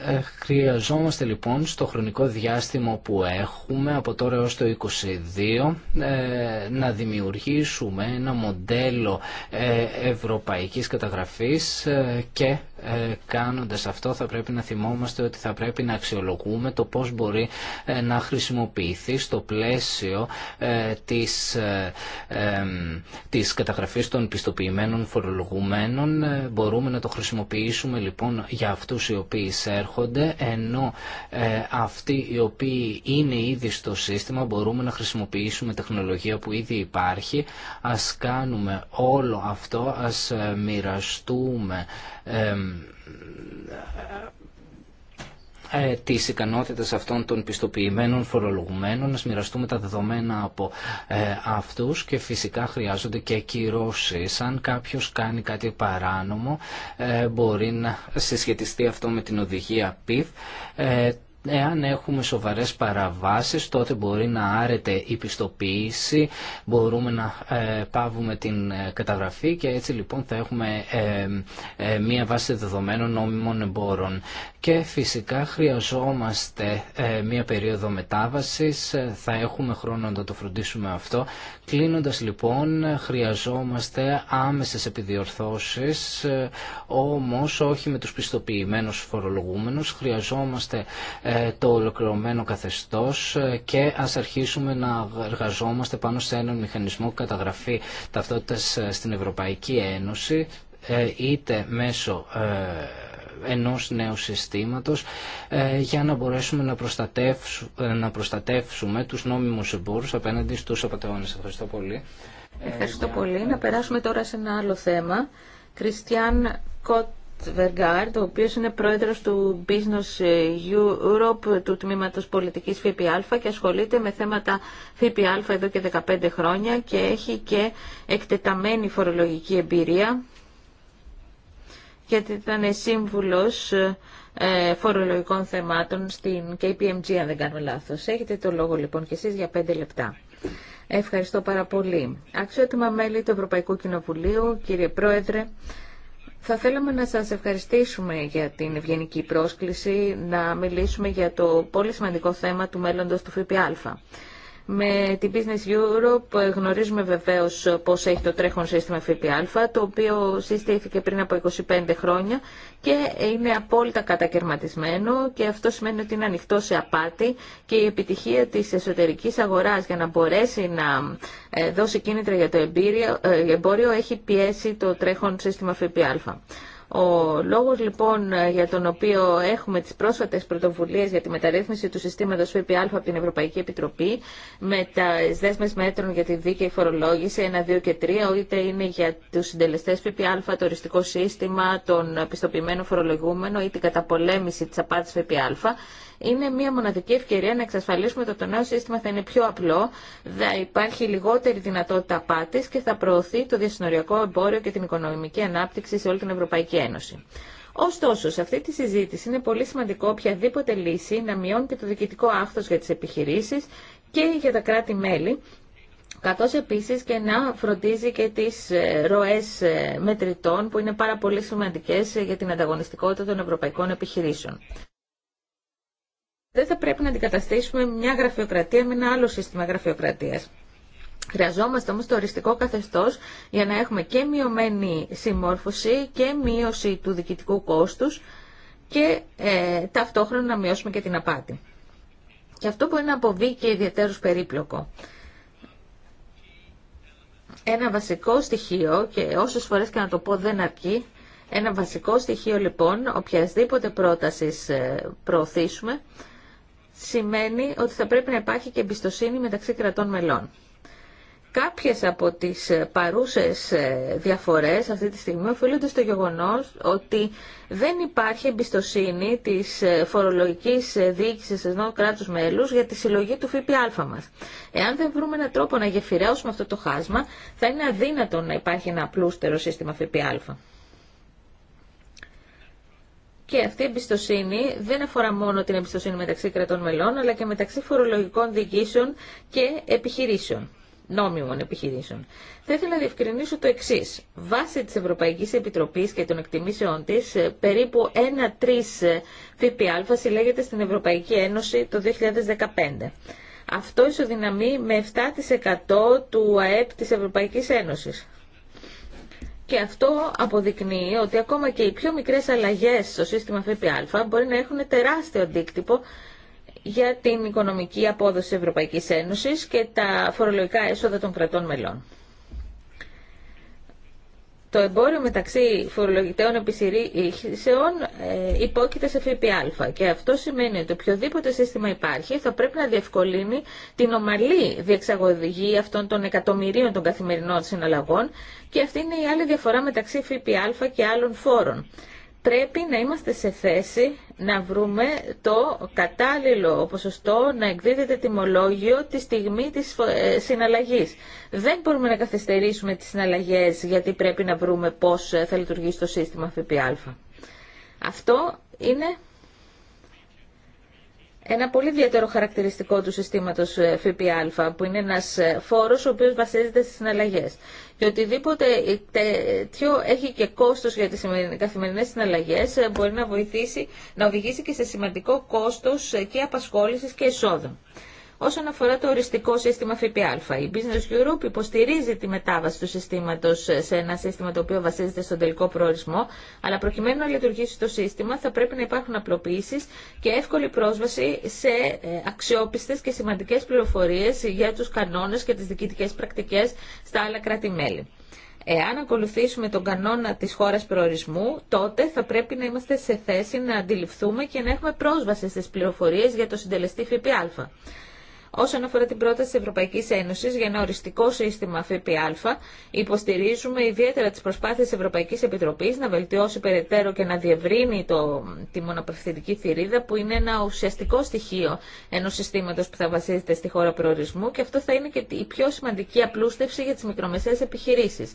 ε, χρειαζόμαστε λοιπόν στο χρονικό διάστημα που έχουμε από τώρα έως το 2022 ε, να δημιουργήσουμε ένα μοντέλο ε, ευρωπαϊκής καταγραφής και ε, κάνοντας αυτό θα πρέπει να θυμόμαστε ότι θα πρέπει να αξιολογούμε το πώς μπορεί ε, να χρησιμοποιηθεί στο πλαίσιο ε, της, της καταγραφής των πιστοποιημένων φορολογουμένων. Μπορούμε να το χρησιμοποιήσουμε λοιπόν για αυτούς οι οποίοι εισέρχονται ενώ αυτοί οι οποίοι είναι ήδη στο σύστημα μπορούμε να χρησιμοποιήσουμε τεχνολογία που ήδη υπάρχει. Ας κάνουμε όλο αυτό, ας μοιραστούμε ε, τη ικανότητα αυτών των πιστοποιημένων φορολογουμένων, να μοιραστούμε τα δεδομένα από ε, αυτούς και φυσικά χρειάζονται και κυρώσει. Αν κάποιο κάνει κάτι παράνομο, ε, μπορεί να συσχετιστεί αυτό με την οδηγία PIF. Εάν έχουμε σοβαρές παραβάσεις, τότε μπορεί να άρεται η πιστοποίηση, μπορούμε να ε, πάβουμε την ε, καταγραφή και έτσι λοιπόν θα έχουμε ε, μία βάση δεδομένων νόμιμων εμπόρων. Και φυσικά χρειαζόμαστε μία περίοδο μετάβασης, θα έχουμε χρόνο να το φροντίσουμε αυτό. Κλείνοντας λοιπόν, χρειαζόμαστε άμεσες επιδιορθώσεις, όμως όχι με τους πιστοποιημένους φορολογούμενους, χρειαζόμαστε ε, το ολοκληρωμένο καθεστώς ε, και ας αρχίσουμε να εργαζόμαστε πάνω σε έναν μηχανισμό που καταγραφεί ταυτότητας ε, στην Ευρωπαϊκή Ένωση είτε μέσω ενός νέου συστήματος για να μπορέσουμε να προστατεύσουμε, να προστατεύσουμε τους νόμιμους εμπόρους απέναντι στους απαταιώνες. Ευχαριστώ πολύ. Ευχαριστώ πολύ. Να περάσουμε τώρα σε ένα άλλο θέμα. Κριστιαν Κοτ ο οποίος είναι πρόεδρος του Business Europe του Τμήματος Πολιτικής ΦΠΑ και ασχολείται με θέματα ΦΠΑ εδώ και 15 χρόνια και έχει και εκτεταμένη φορολογική εμπειρία γιατί ήταν σύμβουλος ε, φορολογικών θεμάτων στην KPMG αν δεν κάνω λάθος. Έχετε το λόγο λοιπόν και εσείς για 5 λεπτά. Ευχαριστώ πάρα πολύ. Αξιότιμα μέλη του Ευρωπαϊκού Κοινοβουλίου, κύριε Πρόεδρε, θα θέλαμε να σας ευχαριστήσουμε για την ευγενική πρόσκληση να μιλήσουμε για το πολύ σημαντικό θέμα του μέλλοντος του ΦΠΑ. Με την Business Europe γνωρίζουμε βεβαίως πώς έχει το τρέχον σύστημα ΦΠΑ, το οποίο συστήθηκε πριν από 25 χρόνια και είναι απόλυτα κατακαιρματισμένο και αυτό σημαίνει ότι είναι ανοιχτό σε απάτη και η επιτυχία της εσωτερικής αγοράς για να μπορέσει να ε, δώσει κίνητρα για το ε, εμπόριο έχει πιέσει το τρέχον σύστημα ΦΠΑ. Ο λόγος λοιπόν για τον οποίο έχουμε τις πρόσφατες πρωτοβουλίες για τη μεταρρύθμιση του συστήματος ΦΠΑ από την Ευρωπαϊκή Επιτροπή με τα δέσμες μέτρων για τη δίκαιη φορολόγηση 1, 2 και 3 είτε είναι για τους συντελεστές ΦΠΑ, το οριστικό σύστημα, τον πιστοποιημένο φορολογούμενο ή την καταπολέμηση της απάτης ΦΠΑ είναι μια μοναδική ευκαιρία να εξασφαλίσουμε ότι το νέο σύστημα θα είναι πιο απλό, θα υπάρχει λιγότερη δυνατότητα απάτη και θα προωθεί το διασυνοριακό εμπόριο και την οικονομική ανάπτυξη σε όλη την Ευρωπαϊκή Ένωση. Ωστόσο, σε αυτή τη συζήτηση είναι πολύ σημαντικό οποιαδήποτε λύση να μειώνει και το διοικητικό άχθος για τις επιχειρήσεις και για τα κράτη-μέλη, καθώς επίσης και να φροντίζει και τις ε, ροές ε, μετρητών που είναι πάρα πολύ σημαντικές για την ανταγωνιστικότητα των ευρωπαϊκών επιχειρήσεων δεν θα πρέπει να αντικαταστήσουμε μια γραφειοκρατία με ένα άλλο σύστημα γραφειοκρατίας. Χρειαζόμαστε όμως το οριστικό καθεστώς για να έχουμε και μειωμένη συμμόρφωση και μείωση του διοικητικού κόστους και ε, ταυτόχρονα να μειώσουμε και την απάτη. Και αυτό μπορεί να αποβεί και ιδιαίτερος περίπλοκο. Ένα βασικό στοιχείο, και όσες φορές και να το πω δεν αρκεί, ένα βασικό στοιχείο λοιπόν, οποιασδήποτε πρότασης ε, προωθήσουμε, σημαίνει ότι θα πρέπει να υπάρχει και εμπιστοσύνη μεταξύ κρατών μελών. Κάποιες από τις παρούσες ε, διαφορές αυτή τη στιγμή οφείλονται στο γεγονός ότι δεν υπάρχει εμπιστοσύνη της ε, φορολογικής ε, διοίκησης ενό κράτους μέλους για τη συλλογή του ΦΠΑ μας. Εάν δεν βρούμε έναν τρόπο να γεφυρεώσουμε αυτό το χάσμα, θα είναι αδύνατο να υπάρχει ένα απλούστερο σύστημα ΦΠΑ. Και αυτή η εμπιστοσύνη δεν αφορά μόνο την εμπιστοσύνη μεταξύ κρατών μελών, αλλά και μεταξύ φορολογικών διοικήσεων και επιχειρήσεων, νόμιμων επιχειρήσεων. Θα ήθελα να διευκρινίσω το εξή. Βάσει τη Ευρωπαϊκή Επιτροπή και των εκτιμήσεών τη, ε, περίπου 1-3 ε, ΦΠΑ συλλέγεται στην Ευρωπαϊκή Ένωση το 2015. Αυτό ισοδυναμεί με 7% του ΑΕΠ της Ευρωπαϊκής Ένωσης και αυτό αποδεικνύει ότι ακόμα και οι πιο μικρές αλλαγές στο σύστημα ΦΠΑ μπορεί να έχουν τεράστιο αντίκτυπο για την οικονομική απόδοση Ευρωπαϊκής Ένωσης και τα φορολογικά έσοδα των κρατών μελών. Το εμπόριο μεταξύ φορολογητέων επιχειρήσεων ε, υπόκειται σε ΦΠΑ και αυτό σημαίνει ότι οποιοδήποτε σύστημα υπάρχει θα πρέπει να διευκολύνει την ομαλή διεξαγωγή αυτών των εκατομμυρίων των καθημερινών συναλλαγών και αυτή είναι η άλλη διαφορά μεταξύ ΦΠΑ και άλλων φόρων πρέπει να είμαστε σε θέση να βρούμε το κατάλληλο ποσοστό να εκδίδεται τιμολόγιο τη στιγμή της ε, συναλλαγής. Δεν μπορούμε να καθυστερήσουμε τις συναλλαγές γιατί πρέπει να βρούμε πώς θα λειτουργήσει το σύστημα ΦΠΑ. Αυτό είναι ένα πολύ ιδιαίτερο χαρακτηριστικό του συστήματος ε, ΦΠΑ, που είναι ένας ε, φόρος ο οποίος βασίζεται στις συναλλαγές. Και οτιδήποτε ε, τέτοιο έχει και κόστος για τις καθημερινές συναλλαγές μπορεί να βοηθήσει να οδηγήσει και σε σημαντικό κόστος και απασχόλησης και εισόδων. Όσον αφορά το οριστικό σύστημα ΦΠΑ, η Business Europe υποστηρίζει τη μετάβαση του συστήματο σε ένα σύστημα το οποίο βασίζεται στον τελικό προορισμό, αλλά προκειμένου να λειτουργήσει το σύστημα θα πρέπει να υπάρχουν απλοποιήσει και εύκολη πρόσβαση σε ε, αξιόπιστε και σημαντικέ πληροφορίε για του κανόνε και τι διοικητικέ πρακτικέ στα άλλα κράτη-μέλη. Εάν ακολουθήσουμε τον κανόνα της χώρας προορισμού, τότε θα πρέπει να είμαστε σε θέση να αντιληφθούμε και να έχουμε πρόσβαση στις πληροφορίες για το συντελεστή ΦΠΑ. Όσον αφορά την πρόταση τη Ευρωπαϊκή Ένωση για ένα οριστικό σύστημα ΦΠΑ, υποστηρίζουμε ιδιαίτερα τι προσπάθειε της Ευρωπαϊκής Επιτροπής να βελτιώσει περαιτέρω και να διευρύνει το, τη μονοπευθυντική θηρίδα που είναι ένα ουσιαστικό στοιχείο ενός συστήματος που θα βασίζεται στη χώρα προορισμού και αυτό θα είναι και η πιο σημαντική απλούστευση για τι μικρομεσαίες επιχειρήσει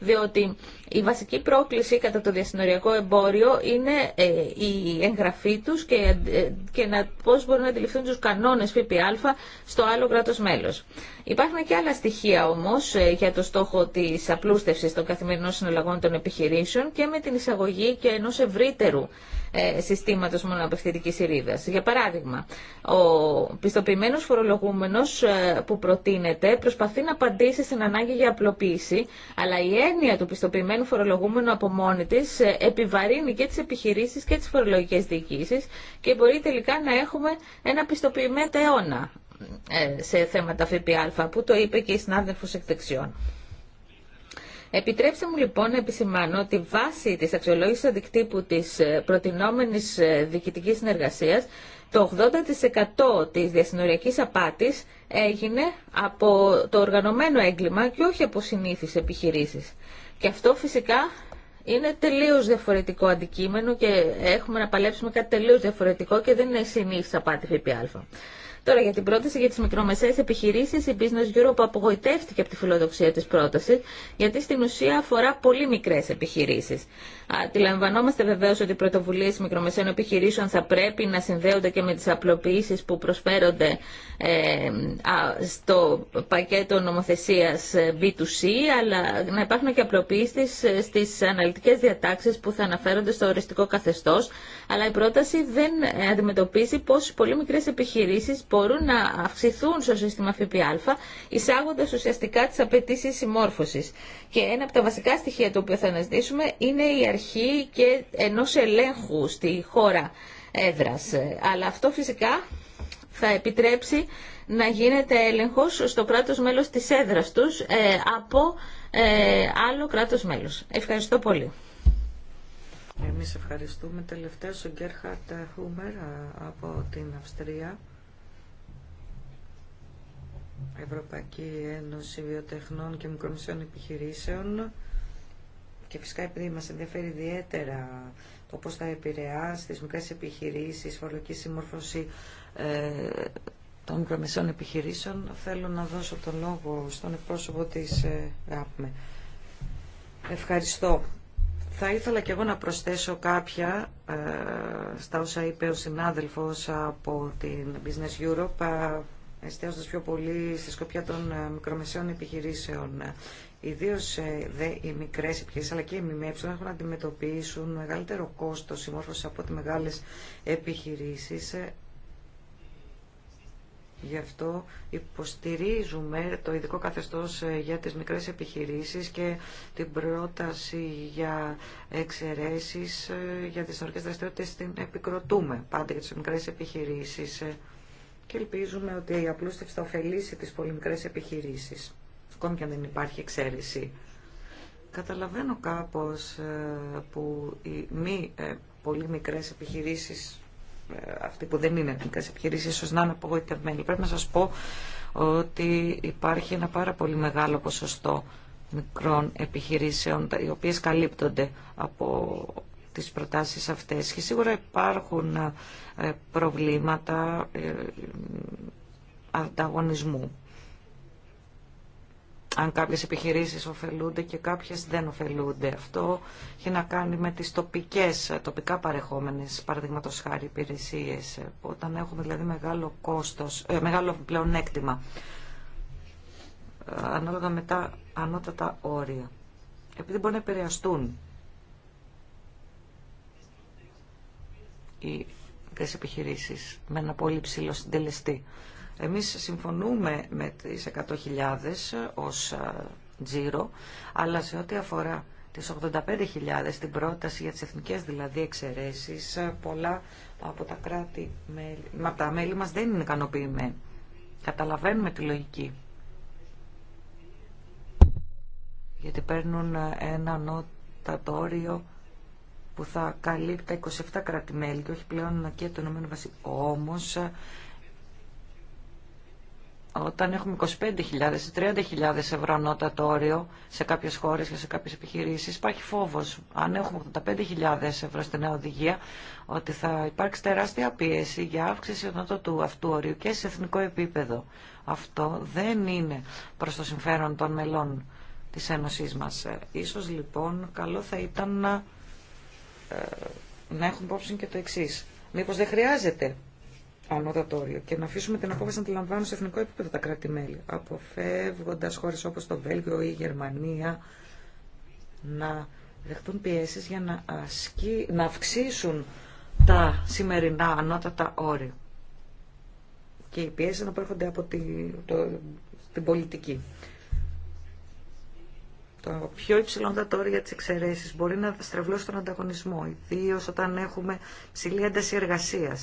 διότι η βασική πρόκληση κατά το διασυνοριακό εμπόριο είναι ε, η εγγραφή τους και, ε, και να, πώς μπορούν να αντιληφθούν τους κανόνες ΦΠΑ στο άλλο κράτος μέλος. Υπάρχουν και άλλα στοιχεία όμω ε, για το στόχο τη απλούστευση των καθημερινών συναλλαγών των επιχειρήσεων και με την εισαγωγή και ενό ευρύτερου ε, συστήματο μονοαπευθυντική ηρίδα. Για παράδειγμα, ο πιστοποιημένος φορολογούμενος ε, που προτείνεται προσπαθεί να απαντήσει στην ανάγκη για απλοποίηση, αλλά η έννοια του πιστοποιημένου φορολογούμενου από μόνη τη επιβαρύνει και τι επιχειρήσει και τι φορολογικέ διοικήσει και μπορεί τελικά να έχουμε ένα πιστοποιημένο αιώνα. Ε, σε θέματα ΦΠΑ που το είπε και η συνάδελφος εκ Επιτρέψτε μου λοιπόν να επισημάνω ότι βάσει της αξιολόγησης αντικτύπου της ε, προτινόμενης ε, διοικητικής συνεργασίας το 80% της διασυνοριακής απάτης έγινε από το οργανωμένο έγκλημα και όχι από συνήθεις επιχειρήσεις. Και αυτό φυσικά είναι τελείως διαφορετικό αντικείμενο και έχουμε να παλέψουμε κάτι τελείως διαφορετικό και δεν είναι συνήθι απάτη ΦΠΑ. Τώρα για την πρόταση για τι μικρομεσαίε επιχειρήσει, η Business Europe απογοητεύτηκε από τη φιλοδοξία τη πρόταση, γιατί στην ουσία αφορά πολύ μικρέ επιχειρήσει. Αντιλαμβανόμαστε βεβαίω ότι οι πρωτοβουλίε μικρομεσαίων επιχειρήσεων θα πρέπει να συνδέονται και με τι απλοποιήσει που προσφέρονται ε, στο πακέτο νομοθεσία B2C, ε, αλλά να υπάρχουν και απλοποιήσει ε, στι αναλυτικέ διατάξει που θα αναφέρονται στο οριστικό καθεστώ, αλλά η πρόταση δεν ε, αντιμετωπίζει πώς οι πολύ μικρές επιχειρήσεις μπορούν να αυξηθούν στο σύστημα ΦΠΑ, εισάγοντας ουσιαστικά τις απαιτήσει συμμόρφωσης. Και ένα από τα βασικά στοιχεία το οποίο θα αναζητήσουμε είναι η αρχή και ενός ελέγχου στη χώρα έδρας. Ε, αλλά αυτό φυσικά θα επιτρέψει να γίνεται έλεγχος στο κράτος μέλος της έδρας τους ε, από άλλο κράτος μέλος. Ευχαριστώ πολύ. Εμείς ευχαριστούμε. τελευταίο ο Γκέρχαρτ Χούμερ από την Αυστρία. Ευρωπαϊκή Ένωση Βιοτεχνών και Μικρομεσαίων Επιχειρήσεων και φυσικά επειδή μας ενδιαφέρει ιδιαίτερα το πώς θα επηρεάσει τις μικρές επιχειρήσεις, φορολογική συμμόρφωση ε, των μικρομεσαίων επιχειρήσεων, θέλω να δώσω τον λόγο στον εκπρόσωπο της ε, Ευχαριστώ. Θα ήθελα και εγώ να προσθέσω κάποια ε, στα όσα είπε ο συνάδελφος από την Business Europe, ε, εστιάζοντας πιο πολύ στη σκοπιά των ε, μικρομεσαίων επιχειρήσεων. Ιδίω ε, δε οι μικρές επιχειρήσεις αλλά και οι ΜΜΕ έχουν να αντιμετωπίσουν μεγαλύτερο κόστος συμμόρφωση από τις μεγάλες επιχειρήσεις Γι' αυτό υποστηρίζουμε το ειδικό καθεστώς ε, για τις μικρές επιχειρήσεις και την πρόταση για εξαιρέσεις ε, για τις νορικές δραστηριότητες την επικροτούμε πάντα για τις μικρές επιχειρήσεις ε. και ελπίζουμε ότι η απλούστευση θα ωφελήσει τις πολύ μικρές επιχειρήσεις ακόμη και αν δεν υπάρχει εξαίρεση. Καταλαβαίνω κάπως που οι μη πολύ μικρές επιχειρήσεις αυτοί που δεν είναι εθνικές επιχειρήσεις ίσως να είναι απογοητευμένοι. Πρέπει να σας πω ότι υπάρχει ένα πάρα πολύ μεγάλο ποσοστό μικρών επιχειρήσεων οι οποίες καλύπτονται από τις προτάσεις αυτές και σίγουρα υπάρχουν ε, προβλήματα ε, ανταγωνισμού αν κάποιες επιχειρήσεις ωφελούνται και κάποιες δεν ωφελούνται. Αυτό έχει να κάνει με τις τοπικές, τοπικά παρεχόμενες, παραδείγματος χάρη, υπηρεσίες, όταν έχουμε δηλαδή μεγάλο κόστος, ε, μεγάλο πλεονέκτημα, ε, ανάλογα με τα ανώτατα όρια, επειδή μπορεί να επηρεαστούν οι επιχειρήσεις με ένα πολύ ψηλό συντελεστή. Εμείς συμφωνούμε με τις 100.000 ως ε, τζίρο, αλλά σε ό,τι αφορά τις 85.000, την πρόταση για τις εθνικές δηλαδή εξαιρέσεις, ε, πολλά από τα κράτη, τα μέλη μας δεν είναι ικανοποιημένα. Καταλαβαίνουμε τη λογική. Γιατί παίρνουν ε, ένα νότατο που θα καλύπτει τα 27 κράτη-μέλη και όχι πλέον και το ΕΒ. Όμως όταν έχουμε 25.000 30.000 ευρώ ανώτατο όριο σε κάποιες χώρες και σε κάποιες επιχειρήσεις, υπάρχει φόβος, αν έχουμε 85.000 ευρώ στην νέα οδηγία, ότι θα υπάρξει τεράστια πίεση για αύξηση ανώτατου αυτού όριου και σε εθνικό επίπεδο. Αυτό δεν είναι προς το συμφέρον των μελών της Ένωσής μας. Ε, ίσως λοιπόν καλό θα ήταν ε, να, έχουμε υπόψη και το εξής. Μήπως δεν χρειάζεται ανώτατο και να αφήσουμε την απόφαση να τη λαμβάνουν σε εθνικό επίπεδο τα κράτη-μέλη, αποφεύγοντα χώρε όπω το Βέλγιο ή η Γερμανία να δεχτούν πιέσει για να, ασκεί, να αυξήσουν τα σημερινά ανώτατα όρια. Και οι πιέσει να προέρχονται από τη, το, την πολιτική. Το πιο υψηλό δατόριο για τι εξαιρέσει μπορεί να στρεβλώσει τον ανταγωνισμό, ιδίω όταν έχουμε ψηλή ένταση εργασία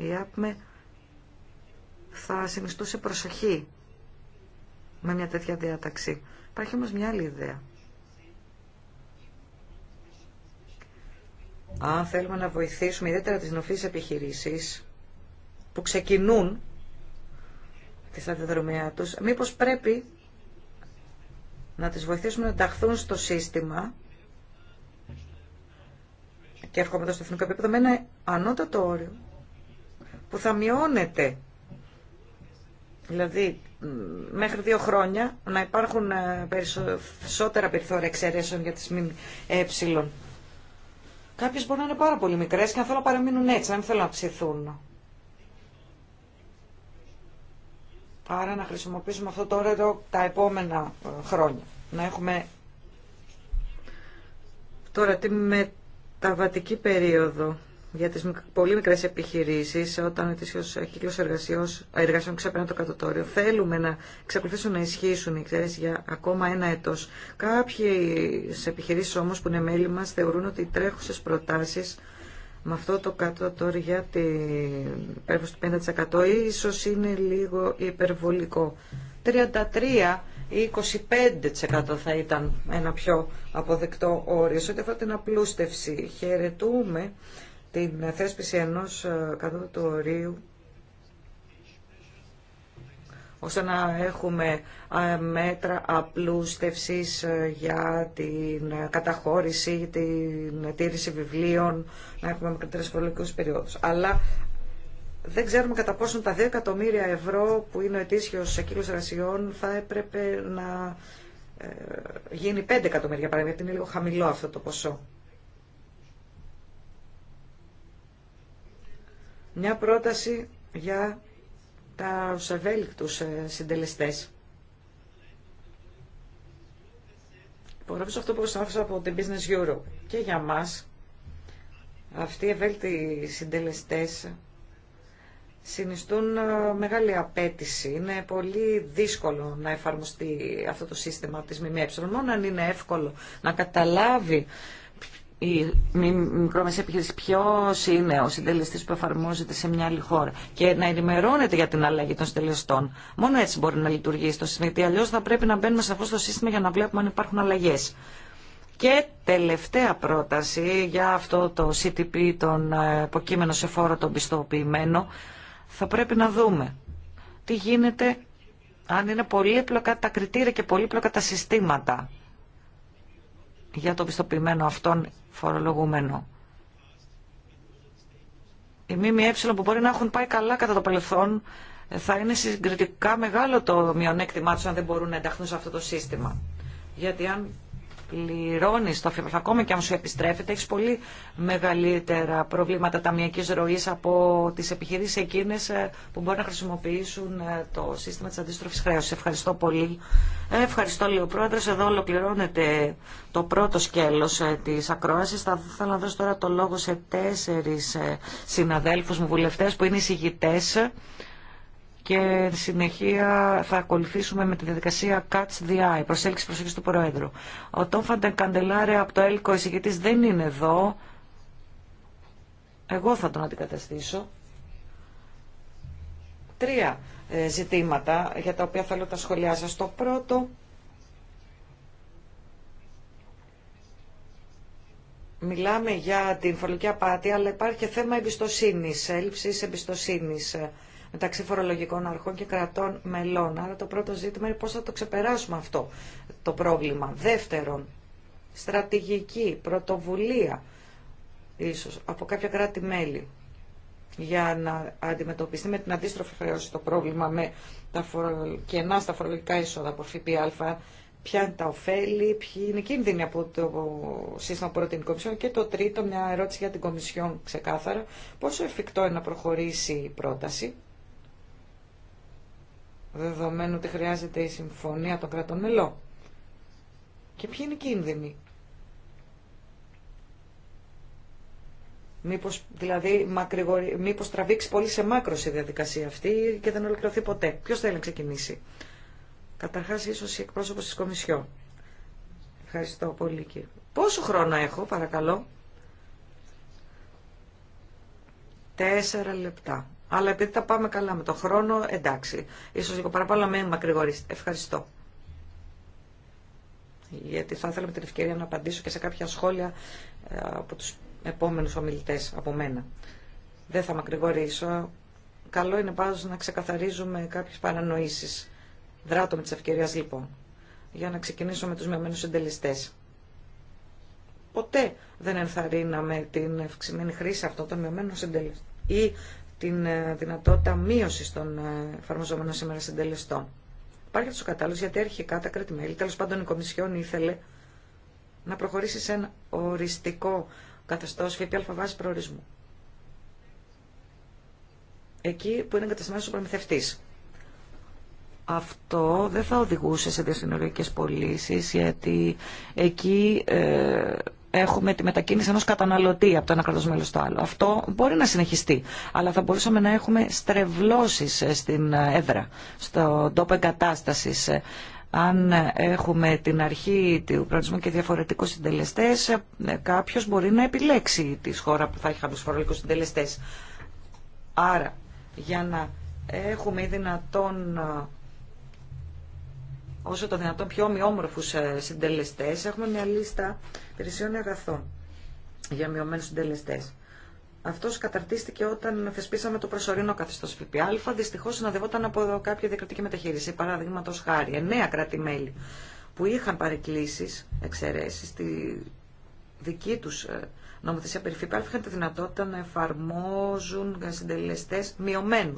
η ΑΠΜΕ θα συνιστούσε προσοχή με μια τέτοια διάταξη. Υπάρχει όμως μια άλλη ιδέα. Αν θέλουμε να βοηθήσουμε ιδιαίτερα τις νοφείς επιχειρήσεις που ξεκινούν τη σταδιοδρομία τους, μήπως πρέπει να τις βοηθήσουμε να ενταχθούν στο σύστημα και έρχομαι εδώ στο εθνικό επίπεδο με ένα ανώτατο όριο που θα μειώνεται. Δηλαδή, μέχρι δύο χρόνια να υπάρχουν ε, περισσότερα περιθώρια εξαιρέσεων για τις έψιλων ε, Κάποιες μπορεί να είναι πάρα πολύ μικρές και αν θέλω να παραμείνουν έτσι, αν μην θέλουν να ψηθούν. Άρα να χρησιμοποιήσουμε αυτό το όρετο τα επόμενα ε, χρόνια. Να έχουμε τώρα τη μεταβατική περίοδο για τις πολύ μικρές επιχειρήσεις όταν ο ετήσιος κύκλος εργασιών ξεπερνά το κατωτόριο. Θέλουμε να εξακολουθήσουν να ισχύσουν οι εξαίρεσεις για ακόμα ένα έτος. Κάποιες επιχειρήσεις όμως που είναι μέλη μας θεωρούν ότι οι τρέχουσες προτάσεις με αυτό το κατωτόριο για την πέρβαση του 50% ίσως είναι λίγο υπερβολικό. 33 ή 25% θα ήταν ένα πιο αποδεκτό όριο. Σε ό,τι αφορά την απλούστευση, χαιρετούμε την θέσπιση ενός ε, κατώτατου ορίου ώστε να έχουμε ε, μέτρα απλούστευσης ε, για την καταχώρηση, την τήρηση βιβλίων, να έχουμε μικρότερες φορολογικούς περιόδους. Αλλά δεν ξέρουμε κατά πόσο τα 2 εκατομμύρια ευρώ που είναι ο ετήσιος κύκλος εργασιών θα έπρεπε να γίνει 5 εκατομμύρια παράδειγμα, γιατί είναι λίγο χαμηλό αυτό το ποσό. μια πρόταση για τα ευέλικτους ε, συντελεστές. Υπογράψω αυτό που άφησα από την Business Europe. Και για μας, αυτοί οι ευέλικτοι συντελεστές συνιστούν ε, μεγάλη απέτηση. Είναι πολύ δύσκολο να εφαρμοστεί αυτό το σύστημα της ΜΜΕ. Μόνο αν είναι εύκολο να καταλάβει οι μικρόμεσες επιχειρήσεις ποιος είναι ο συντελεστής που εφαρμόζεται σε μια άλλη χώρα και να ενημερώνεται για την αλλαγή των συντελεστών. Μόνο έτσι μπορεί να λειτουργήσει το σύστημα, γιατί αλλιώς θα πρέπει να μπαίνουμε σαφώς στο σύστημα για να βλέπουμε αν υπάρχουν αλλαγές. Και τελευταία πρόταση για αυτό το CTP, τον ε, υποκείμενο σε φόρο τον πιστοποιημένο, θα πρέπει να δούμε τι γίνεται αν είναι πολύπλοκα τα κριτήρια και πολύπλοκα τα συστήματα για το πιστοποιημένο αυτόν φορολογούμενο. Οι ΜΜΕ που μπορεί να έχουν πάει καλά κατά το παρελθόν ε, θα είναι συγκριτικά μεγάλο το μειονέκτημά τους αν δεν μπορούν να ενταχθούν σε αυτό το σύστημα. Γιατί αν πληρώνει το ακόμα και αν σου επιστρέφεται, έχει πολύ μεγαλύτερα προβλήματα ταμιακή ροή από τι επιχειρήσει εκείνε ε, που μπορεί να χρησιμοποιήσουν ε, το σύστημα τη αντίστροφη χρέωση. Ευχαριστώ πολύ. Ε, ευχαριστώ, λέει ο πρόεδρο. Εδώ ολοκληρώνεται το πρώτο σκέλο τη ακρόαση. Θα ήθελα να δώσω τώρα το λόγο σε τέσσερι συναδέλφου μου βουλευτέ που είναι εισηγητέ και συνεχεία θα ακολουθήσουμε με τη διαδικασία Catch the Eye, προσέλκυση προσοχής του Προέδρου. Ο Φαντεν Καντελάρε από το ΕΛΚΟ εισηγητής δεν είναι εδώ. Εγώ θα τον αντικαταστήσω. Τρία ε, ζητήματα για τα οποία θέλω τα σχολιά σας. Το πρώτο μιλάμε για την φορολογική απάτη, αλλά υπάρχει και θέμα εμπιστοσύνης, έλλειψης εμπιστοσύνης μεταξύ φορολογικών αρχών και κρατών μελών. Άρα το πρώτο ζήτημα είναι πώς θα το ξεπεράσουμε αυτό το πρόβλημα. Δεύτερον, στρατηγική πρωτοβουλία ίσως από κάποια κράτη-μέλη για να αντιμετωπιστεί με την αντίστροφη χρέωση το πρόβλημα με τα κενά στα φορολογικά είσοδα από ΦΠΑ, ποια είναι τα ωφέλη, ποιοι είναι οι κίνδυνοι από το σύστημα που την Κομισιόν. Και το τρίτο, μια ερώτηση για την Κομισιόν ξεκάθαρα, πόσο εφικτό είναι να προχωρήσει η πρόταση δεδομένου ότι χρειάζεται η συμφωνία των κρατών μελών. Και ποιοι είναι οι κίνδυνοι. Μήπως, δηλαδή, μήπως τραβήξει πολύ σε μάκρος η διαδικασία αυτή και δεν ολοκληρωθεί ποτέ. Ποιος θέλει να ξεκινήσει. Καταρχάς, ίσως η εκπρόσωπος της Κομισιόν. Ευχαριστώ πολύ κύριε. Πόσο χρόνο έχω, παρακαλώ. Τέσσερα λεπτά. Αλλά επειδή τα πάμε καλά με τον χρόνο, εντάξει. Ίσως λίγο παραπάνω με μακρηγορήσετε. Ευχαριστώ. Γιατί θα ήθελα με την ευκαιρία να απαντήσω και σε κάποια σχόλια ε, από τους επόμενους ομιλητές από μένα. Δεν θα μακρηγορήσω. Καλό είναι πάντως να ξεκαθαρίζουμε κάποιες παρανοήσεις. Δράτω με τις ευκαιρίες λοιπόν. Για να ξεκινήσω με τους μειωμένους συντελεστές. Ποτέ δεν ενθαρρύναμε την αυξημένη χρήση αυτών των μειωμένων συντελεστών ή την ε, δυνατότητα μείωση των ε, εφαρμοζόμενων σήμερα συντελεστών. Υπάρχει αυτό ο κατάλληλο γιατί έρχε κατά κράτη-μέλη, τέλο πάντων η Κομισιόν ήθελε να προχωρήσει σε ένα οριστικό καθεστώ ΦΠΑ βάση προορισμού. Εκεί που είναι εγκαταστημένο ο προμηθευτή. Αυτό δεν θα οδηγούσε σε διασυνοριακέ πωλήσει γιατί εκεί ε, έχουμε τη μετακίνηση ενός καταναλωτή από το ένα κράτος μέλος στο άλλο. Αυτό μπορεί να συνεχιστεί, αλλά θα μπορούσαμε να έχουμε στρεβλώσεις ε, στην ε, έδρα, στον τόπο εγκατάστασης. Ε, αν έχουμε την αρχή του προορισμού και διαφορετικού συντελεστέ, κάποιο μπορεί να επιλέξει τη χώρα που θα έχει χαμηλού φορολογικού συντελεστέ. Άρα, για να έχουμε δυνατόν όσο το δυνατόν πιο ομοιόμορφου ε, συντελεστέ, Έχουμε μια λίστα υπηρεσιών αγαθών για μειωμένου συντελεστέ. Αυτό καταρτίστηκε όταν θεσπίσαμε το προσωρινό καθεστώ ΦΠΑ. δυστυχω συναδευόταν συνοδευόταν από κάποια διακριτική μεταχείριση. Παραδείγματο χάρη, εννέα κράτη-μέλη που είχαν παρεκκλήσει, εξαιρέσει, στη δική του ε, νομοθεσία περί ΦΠΑ είχαν τη δυνατότητα να εφαρμόζουν συντελεστέ μειωμένου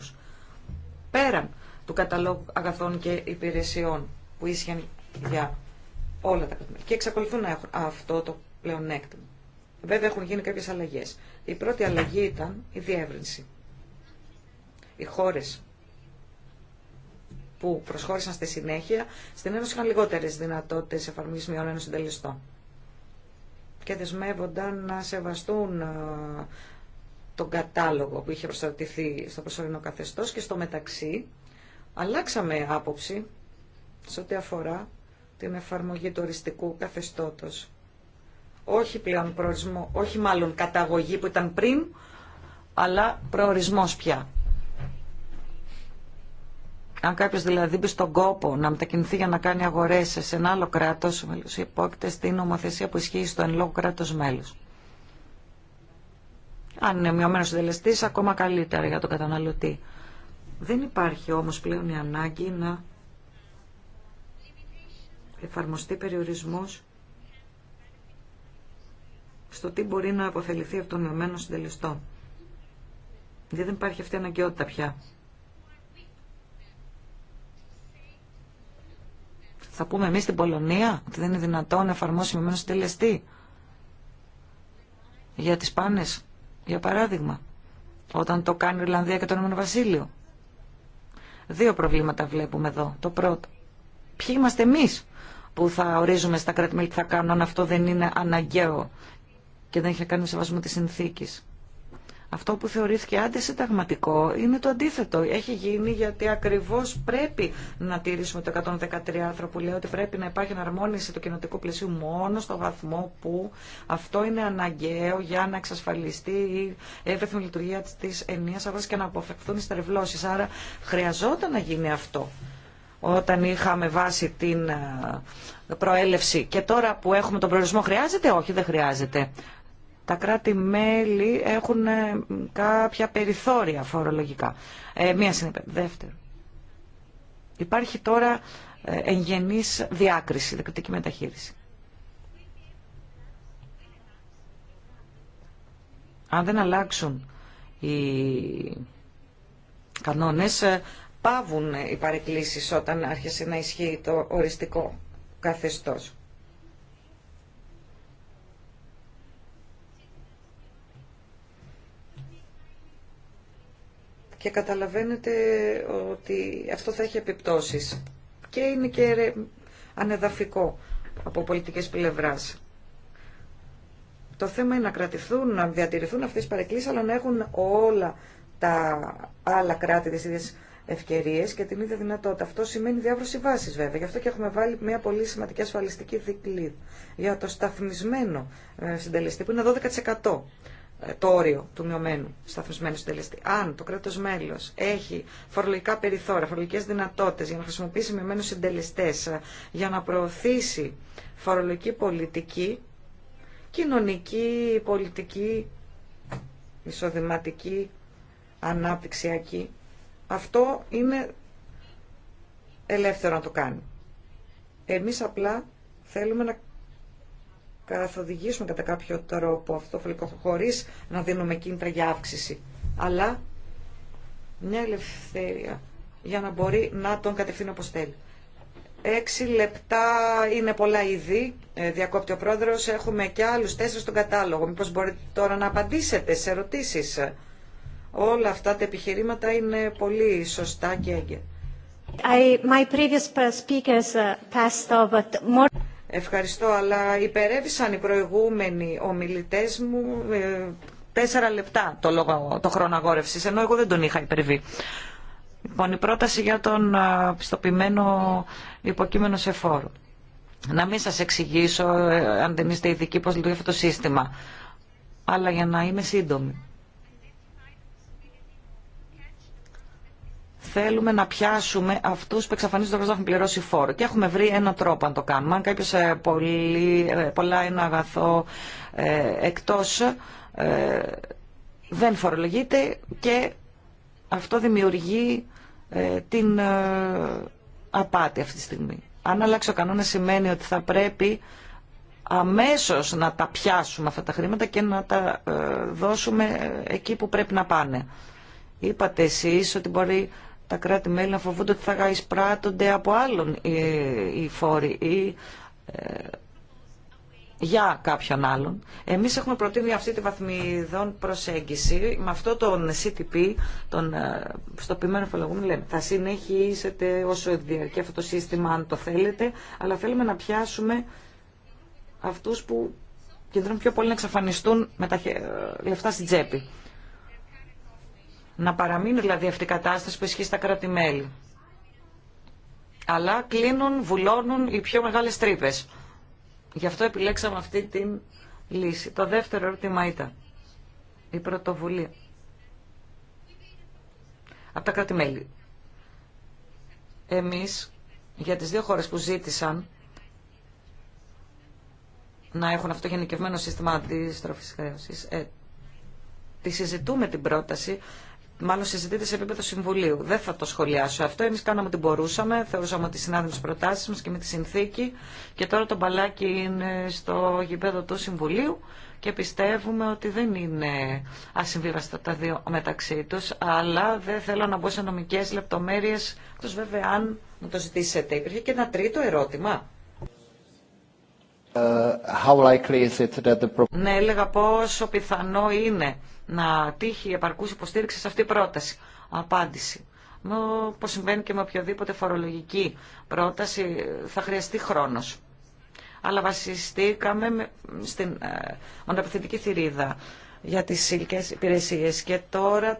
πέραν του καταλόγου αγαθών και υπηρεσιών που ίσχυαν για όλα τα κρατημέρια. Και εξακολουθούν να έχουν αυτό το πλεονέκτημα. Βέβαια έχουν γίνει κάποιες αλλαγές. Η πρώτη αλλαγή ήταν η διεύρυνση. Οι χώρες που προσχώρησαν στη συνέχεια στην Ένωση είχαν λιγότερες δυνατότητες εφαρμογής ενό συντελεστών και δεσμεύονταν να σεβαστούν ε, τον κατάλογο που είχε προστατηθεί στο προσωρινό καθεστώς και στο μεταξύ αλλάξαμε άποψη σε ό,τι αφορά την εφαρμογή του οριστικού καθεστώτος. Όχι πλέον προορισμό, όχι μάλλον καταγωγή που ήταν πριν, αλλά προορισμός πια. Αν κάποιο δηλαδή μπει στον κόπο να μετακινηθεί για να κάνει αγορέ σε ένα άλλο κράτο, υπόκειται στην νομοθεσία που ισχύει στο εν λόγω κράτο μέλο. Αν είναι μειωμένο συντελεστή, ακόμα καλύτερα για τον καταναλωτή. Δεν υπάρχει όμω πλέον η ανάγκη να εφαρμοστεί περιορισμός στο τι μπορεί να αποφεληθεί από τον μειωμένο συντελεστό. Γιατί δεν υπάρχει αυτή η αναγκαιότητα πια. Θα πούμε εμείς στην Πολωνία ότι δεν είναι δυνατόν να εφαρμόσει μειωμένο συντελεστή για τις πάνες, για παράδειγμα, όταν το κάνει η Ιρλανδία και το Ηνωμένο Βασίλειο. Δύο προβλήματα βλέπουμε εδώ. Το πρώτο. Ποιοι είμαστε εμείς που θα ορίζουμε στα κράτη-μέλη τι θα κάνουν, αν αυτό δεν είναι αναγκαίο και δεν έχει να κάνει με σεβασμό τη συνθήκη. Αυτό που θεωρήθηκε αντισυνταγματικό είναι το αντίθετο. Έχει γίνει γιατί ακριβώ πρέπει να τηρήσουμε το 113 άρθρο που λέει ότι πρέπει να υπάρχει εναρμόνιση του κοινοτικού πλαισίου μόνο στο βαθμό που αυτό είναι αναγκαίο για να εξασφαλιστεί η εύρεθμη λειτουργία τη ενία αγορά και να αποφευχθούν οι στερευλώσει. Άρα χρειαζόταν να γίνει αυτό όταν είχαμε βάσει την ε, προέλευση και τώρα που έχουμε τον προορισμό χρειάζεται, όχι δεν χρειάζεται. Τα κράτη-μέλη έχουν ε, κάποια περιθώρια φορολογικά. Ε, μία συνέπεια. Δεύτερο. Υπάρχει τώρα ε, εγγενής διάκριση, δεκτική μεταχείριση. Αν δεν αλλάξουν οι κανόνες πάβουν οι παρεκκλήσεις όταν άρχισε να ισχύει το οριστικό καθεστώς. Και καταλαβαίνετε ότι αυτό θα έχει επιπτώσεις. Και είναι και ανεδαφικό από πολιτικές πλευράς. Το θέμα είναι να κρατηθούν, να διατηρηθούν αυτές οι παρεκκλήσεις, αλλά να έχουν όλα τα άλλα κράτη της ίδιας ευκαιρίε και την ίδια δυνατότητα. Αυτό σημαίνει διάβρωση βάση βέβαια. Γι' αυτό και έχουμε βάλει μια πολύ σημαντική ασφαλιστική δίκλη για το σταθμισμένο ε, συντελεστή, που είναι 12% ε, το όριο του μειωμένου σταθμισμένου συντελεστή. Αν το κράτο μέλο έχει φορολογικά περιθώρια, φορολογικέ δυνατότητε για να χρησιμοποιήσει μειωμένου συντελεστέ ε, για να προωθήσει φορολογική πολιτική, κοινωνική, πολιτική, εισοδηματική, ανάπτυξιακή, αυτό είναι ελεύθερο να το κάνει. Εμείς απλά θέλουμε να καθοδηγήσουμε κατά κάποιο τρόπο αυτό το χωρίς να δίνουμε κίνητρα για αύξηση. Αλλά μια ελευθερία για να μπορεί να τον κατευθύνει όπως θέλει. Έξι λεπτά είναι πολλά είδη, ε, διακόπτει ο πρόεδρος. Έχουμε και άλλους τέσσερις στον κατάλογο. Μήπως μπορείτε τώρα να απαντήσετε σε ερωτήσεις. Όλα αυτά τα επιχειρήματα είναι πολύ σωστά και έγκαιρα. Uh, Ευχαριστώ, αλλά υπερέβησαν οι προηγούμενοι ομιλητές μου ε, τέσσερα λεπτά το, λόγο, το χρόνο αγόρευσης, ενώ εγώ δεν τον είχα υπερβεί. Λοιπόν, η πρόταση για τον ε, πιστοποιημένο υποκείμενο σε φόρο. Να μην σας εξηγήσω, ε, αν δεν είστε ειδικοί, πώς λειτουργεί αυτό το σύστημα. Αλλά για να είμαι σύντομη. θέλουμε να πιάσουμε αυτού που εξαφανίζονται χωρί να έχουν πληρώσει φόρο. Και έχουμε βρει έναν τρόπο να το κάνουμε. Αν κάποιο ε, ε, πολλά ένα αγαθό ε, εκτό δεν φορολογείται και αυτό δημιουργεί την απάτη αυτή τη στιγμή. Αν αλλάξει ο κανόνα σημαίνει ότι θα πρέπει αμέσως να τα πιάσουμε αυτά τα χρήματα και να τα δώσουμε εκεί που πρέπει να πάνε. Είπατε εσείς ότι μπορεί τα κράτη-μέλη να φοβούνται ότι θα εισπράττονται από άλλον οι φόροι ή ε, για κάποιον άλλον. Εμείς έχουμε προτείνει αυτή τη βαθμιδόν προσέγγιση. Με αυτό τον CTP, τον πιστοποιημένο ε, φορολογούμενο, λέμε θα συνεχίσετε όσο διαρκεί αυτό το σύστημα αν το θέλετε, αλλά θέλουμε να πιάσουμε αυτούς που κεντρώνουν πιο πολύ να εξαφανιστούν με τα ε, λεφτά στην τσέπη. Να παραμείνει δηλαδή αυτή η κατάσταση που ισχύει στα κράτη-μέλη. Αλλά κλείνουν, βουλώνουν οι πιο μεγάλες τρύπε. Γι' αυτό επιλέξαμε αυτή την λύση. Το δεύτερο ερώτημα ήταν η πρωτοβουλία από τα κρατη Εμείς για τις δύο χώρες που ζήτησαν να έχουν αυτό γενικευμένο σύστημα αντίστροφης χρέωσης, ε, τη συζητούμε την πρόταση, μάλλον συζητείται σε επίπεδο συμβουλίου. Δεν θα το σχολιάσω αυτό. Εμεί κάναμε ό,τι μπορούσαμε. Θεωρούσαμε ότι τι προτάσει μα και με τη συνθήκη. Και τώρα το μπαλάκι είναι στο γηπέδο του συμβουλίου και πιστεύουμε ότι δεν είναι ασυμβίβαστα τα δύο μεταξύ του. Αλλά δεν θέλω να μπω σε νομικέ λεπτομέρειε, εκτό βέβαια αν μου το ζητήσετε. Υπήρχε και ένα τρίτο ερώτημα. Ε, ναι, έλεγα πόσο πιθανό είναι να τύχει επαρκούς υποστήριξη σε αυτή η πρόταση. Απάντηση. Όπως συμβαίνει και με οποιοδήποτε φορολογική πρόταση, θα χρειαστεί χρόνος. Αλλά βασιστήκαμε στην ε, αναπιθετική θηρίδα για τις υπηρεσίες και τώρα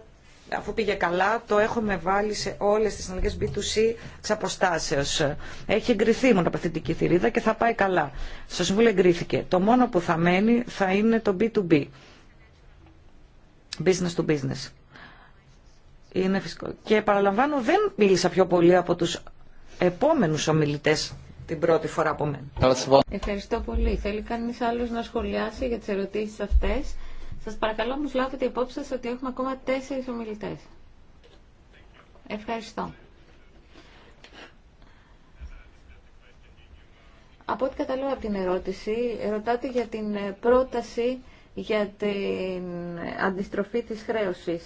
αφού πήγε καλά, το έχουμε βάλει σε όλε τι συναλλαγέ B2C εξ αποστάσεω. Έχει εγκριθεί η μονοπαθητική θηρίδα και θα πάει καλά. Στο Συμβούλιο εγκρίθηκε. Το μόνο που θα μένει θα είναι το B2B. Business to business. Είναι φυσικό. Και παραλαμβάνω, δεν μίλησα πιο πολύ από του επόμενου ομιλητέ την πρώτη φορά από μένα. Ευχαριστώ πολύ. Θέλει κανεί άλλο να σχολιάσει για τι ερωτήσει αυτέ. Σα παρακαλώ μου λάβετε υπόψη σα ότι έχουμε ακόμα τέσσερι ομιλητέ. Ευχαριστώ. Από ό,τι καταλάβω από την ερώτηση, ρωτάτε για την πρόταση για την αντιστροφή της χρέωσης.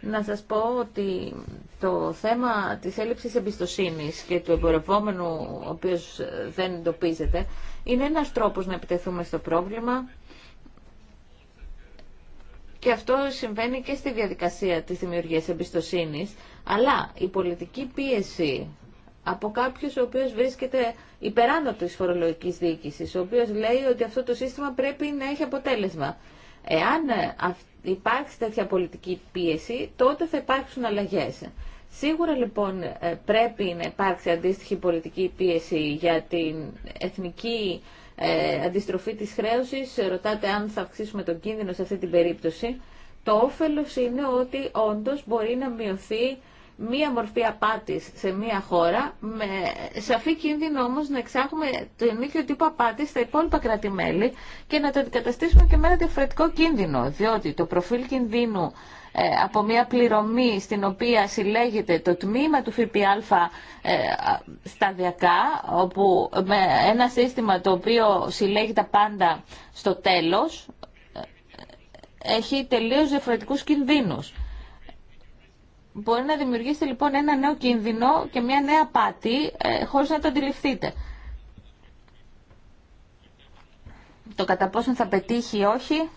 Να σας πω ότι το θέμα της έλλειψης εμπιστοσύνης και του εμπορευόμενου, ο οποίος δεν εντοπίζεται, είναι ένας τρόπος να επιτεθούμε στο πρόβλημα και αυτό συμβαίνει και στη διαδικασία της δημιουργίας εμπιστοσύνης, αλλά η πολιτική πίεση από κάποιους ο οποίος βρίσκεται υπεράνω της φορολογικής διοίκησης, ο οποίος λέει ότι αυτό το σύστημα πρέπει να έχει αποτέλεσμα. Εάν υπάρξει τέτοια πολιτική πίεση, τότε θα υπάρξουν αλλαγές. Σίγουρα λοιπόν ε, πρέπει να υπάρξει αντίστοιχη πολιτική πίεση για την εθνική ε, αντιστροφή της χρέωσης. Ρωτάτε αν θα αυξήσουμε τον κίνδυνο σε αυτή την περίπτωση. Το όφελος είναι ότι όντως μπορεί να μειωθεί μία μορφή απάτης σε μία χώρα, με σαφή κίνδυνο όμως να εξάγουμε τον ίδιο τύπο απάτης στα υπόλοιπα κράτη-μέλη και να το αντικαταστήσουμε και με ένα διαφορετικό κίνδυνο, διότι το προφίλ κινδύνου ε, από μια πληρωμή στην οποία συλλέγεται το τμήμα του ΦΠΑ ε, σταδιακά, όπου με ένα σύστημα το οποίο συλλέγει τα πάντα στο τέλος, ε, έχει τελείως διαφορετικούς κινδύνους. Μπορεί να δημιουργήσετε λοιπόν ένα νέο κίνδυνο και μια νέα πάτη χωρίς να το αντιληφθείτε. Το κατά πόσο θα πετύχει ή όχι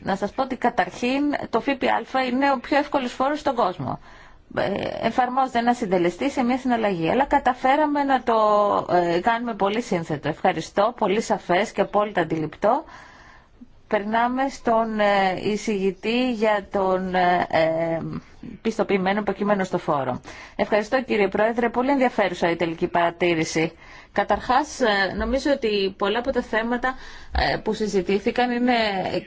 να σας πω ότι καταρχήν το ΦΠΑ είναι ο πιο εύκολος φόρος στον κόσμο. Ε, εφαρμόζεται ένα συντελεστή σε μια συναλλαγή, αλλά καταφέραμε να το ε, κάνουμε πολύ σύνθετο. Ευχαριστώ, πολύ σαφές και απόλυτα αντιληπτό. Περνάμε στον ε, εισηγητή για τον πιστοποιημένο υποκείμενο στο φόρο. Ευχαριστώ κύριε Πρόεδρε. Πολύ ενδιαφέρουσα η τελική παρατήρηση. Καταρχάς, ε, νομίζω ότι πολλά από τα θέματα ε, που συζητήθηκαν είναι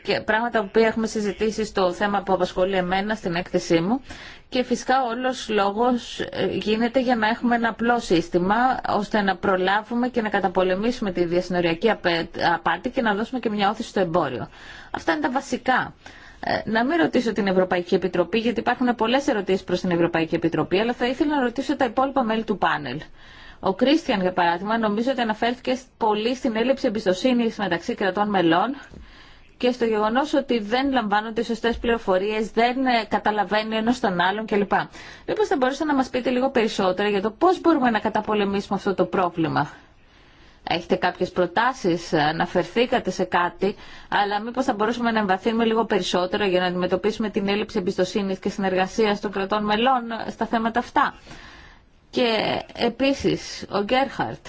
και πράγματα που έχουμε συζητήσει στο θέμα που απασχολεί εμένα στην έκθεσή μου και φυσικά όλος λόγος ε, γίνεται για να έχουμε ένα απλό σύστημα ώστε να προλάβουμε και να καταπολεμήσουμε τη διασυνοριακή απάτη και να δώσουμε και μια όθηση στο εμπόριο. Αυτά είναι τα βασικά. Ε, να μην ρωτήσω την Ευρωπαϊκή Επιτροπή, γιατί υπάρχουν πολλέ ερωτήσει προ την Ευρωπαϊκή Επιτροπή, αλλά θα ήθελα να ρωτήσω τα υπόλοιπα μέλη του πάνελ. Ο Κρίστιαν, για παράδειγμα, νομίζω ότι αναφέρθηκε πολύ στην έλλειψη εμπιστοσύνη μεταξύ κρατών μελών και στο γεγονό ότι δεν λαμβάνονται σωστέ πληροφορίε, δεν ε, καταλαβαίνει ένα τον άλλον κλπ. Μήπω θα μπορούσατε να μα πείτε λίγο περισσότερα για το πώ μπορούμε να καταπολεμήσουμε αυτό το πρόβλημα. Έχετε κάποιες προτάσεις, αναφερθήκατε σε κάτι, αλλά μήπως θα μπορούσαμε να εμβαθύνουμε λίγο περισσότερο για να αντιμετωπίσουμε την έλλειψη εμπιστοσύνης και συνεργασίας των κρατών μελών στα θέματα αυτά. Και επίσης, ο Γκέρχαρτ,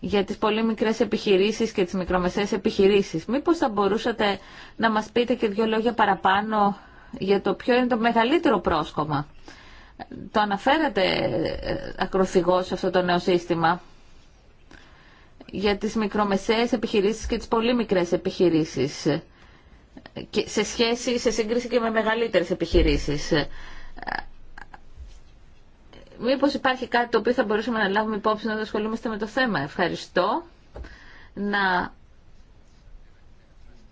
για τις πολύ μικρές επιχειρήσεις και τις μικρομεσαίες επιχειρήσεις. Μήπως θα μπορούσατε να μας πείτε και δύο λόγια παραπάνω για το ποιο είναι το μεγαλύτερο πρόσκομα. Το αναφέρατε ε, ακροθυγώς αυτό το νέο σύστημα για τις μικρομεσαίες επιχειρήσεις και τις πολύ μικρές επιχειρήσεις σε σχέση, σε σύγκριση και με μεγαλύτερες επιχειρήσεις. Μήπως υπάρχει κάτι το οποίο θα μπορούσαμε να λάβουμε υπόψη να ασχολούμαστε με το θέμα. Ευχαριστώ. Να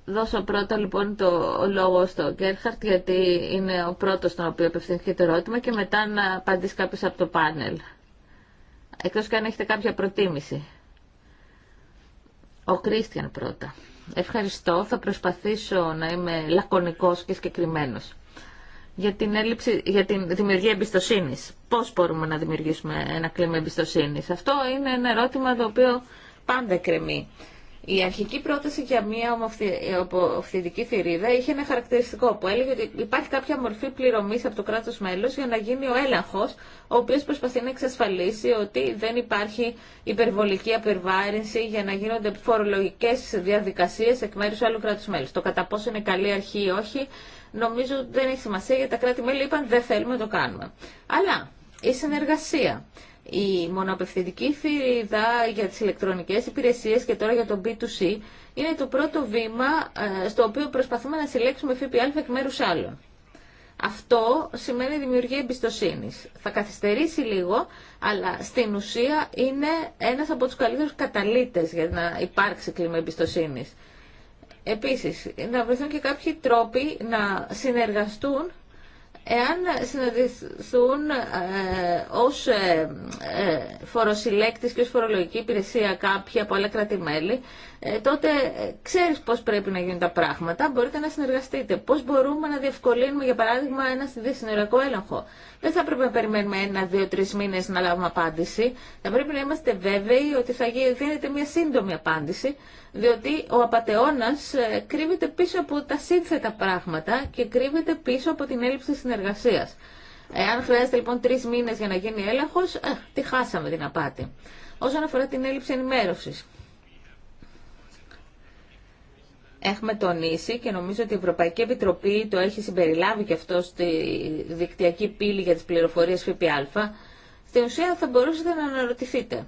δώσω πρώτα λοιπόν το λόγο στο Γκέρχαρτ γιατί είναι ο πρώτος στον οποίο απευθύνθηκε το ερώτημα και μετά να απαντήσει κάποιος από το πάνελ. Εκτός και αν έχετε κάποια προτίμηση. Ο Κρίστιαν πρώτα. Ευχαριστώ. Θα προσπαθήσω να είμαι λακωνικός και συγκεκριμένο. Για την, για την δημιουργία εμπιστοσύνη. Πώ μπορούμε να δημιουργήσουμε ένα κλίμα εμπιστοσύνη, Αυτό είναι ένα ερώτημα το οποίο πάντα κρεμεί. Η αρχική πρόταση για μια ομοφθητική θηρίδα είχε ένα χαρακτηριστικό που έλεγε ότι υπάρχει κάποια μορφή πληρωμή από το κράτο μέλο για να γίνει ο έλεγχο, ο οποίο προσπαθεί να εξασφαλίσει ότι δεν υπάρχει υπερβολική απερβάρυνση για να γίνονται φορολογικέ διαδικασίε εκ μέρου άλλου κράτου μέλου. Το κατά πόσο είναι καλή αρχή ή όχι, νομίζω δεν έχει σημασία γιατί τα κράτη-μέλη είπαν δεν θέλουμε να το κάνουμε. Αλλά η συνεργασία, η μονοαπευθυντική φυρίδα για τις ηλεκτρονικές υπηρεσίες και τώρα για το B2C είναι το πρώτο βήμα ε, στο οποίο προσπαθούμε να συλλέξουμε ΦΠΑ εκ μέρου άλλων. Αυτό σημαίνει δημιουργία εμπιστοσύνη. Θα καθυστερήσει λίγο, αλλά στην ουσία είναι ένα από του καλύτερου καταλήτε για να υπάρξει κλίμα εμπιστοσύνη. Επίση, να βρεθούν και κάποιοι τρόποι να συνεργαστούν Εάν συναντηθούν ε, ως ε, ε, φοροσυλλέκτης και ως φορολογική υπηρεσία κάποια από άλλα κράτη-μέλη, τότε ξέρεις πώς πρέπει να γίνουν τα πράγματα, μπορείτε να συνεργαστείτε. Πώς μπορούμε να διευκολύνουμε, για παράδειγμα, ένα συνοριακό έλεγχο. Δεν θα πρέπει να περιμένουμε ένα, δύο, τρει μήνες να λάβουμε απάντηση. Θα πρέπει να είμαστε βέβαιοι ότι θα δίνεται μια σύντομη απάντηση, διότι ο απατεώνας ε, κρύβεται πίσω από τα σύνθετα πράγματα και κρύβεται πίσω από την έλλειψη συνεργασίας. Εάν χρειάζεται λοιπόν τρεις μήνες για να γίνει ε, τη χάσαμε την απάτη. Όσον αφορά την έλλειψη ενημέρωσης. Έχουμε τονίσει και νομίζω ότι η Ευρωπαϊκή Επιτροπή το έχει συμπεριλάβει και αυτό στη δικτυακή πύλη για τις πληροφορίες ΦΠΑ. Στην ουσία θα μπορούσατε να αναρωτηθείτε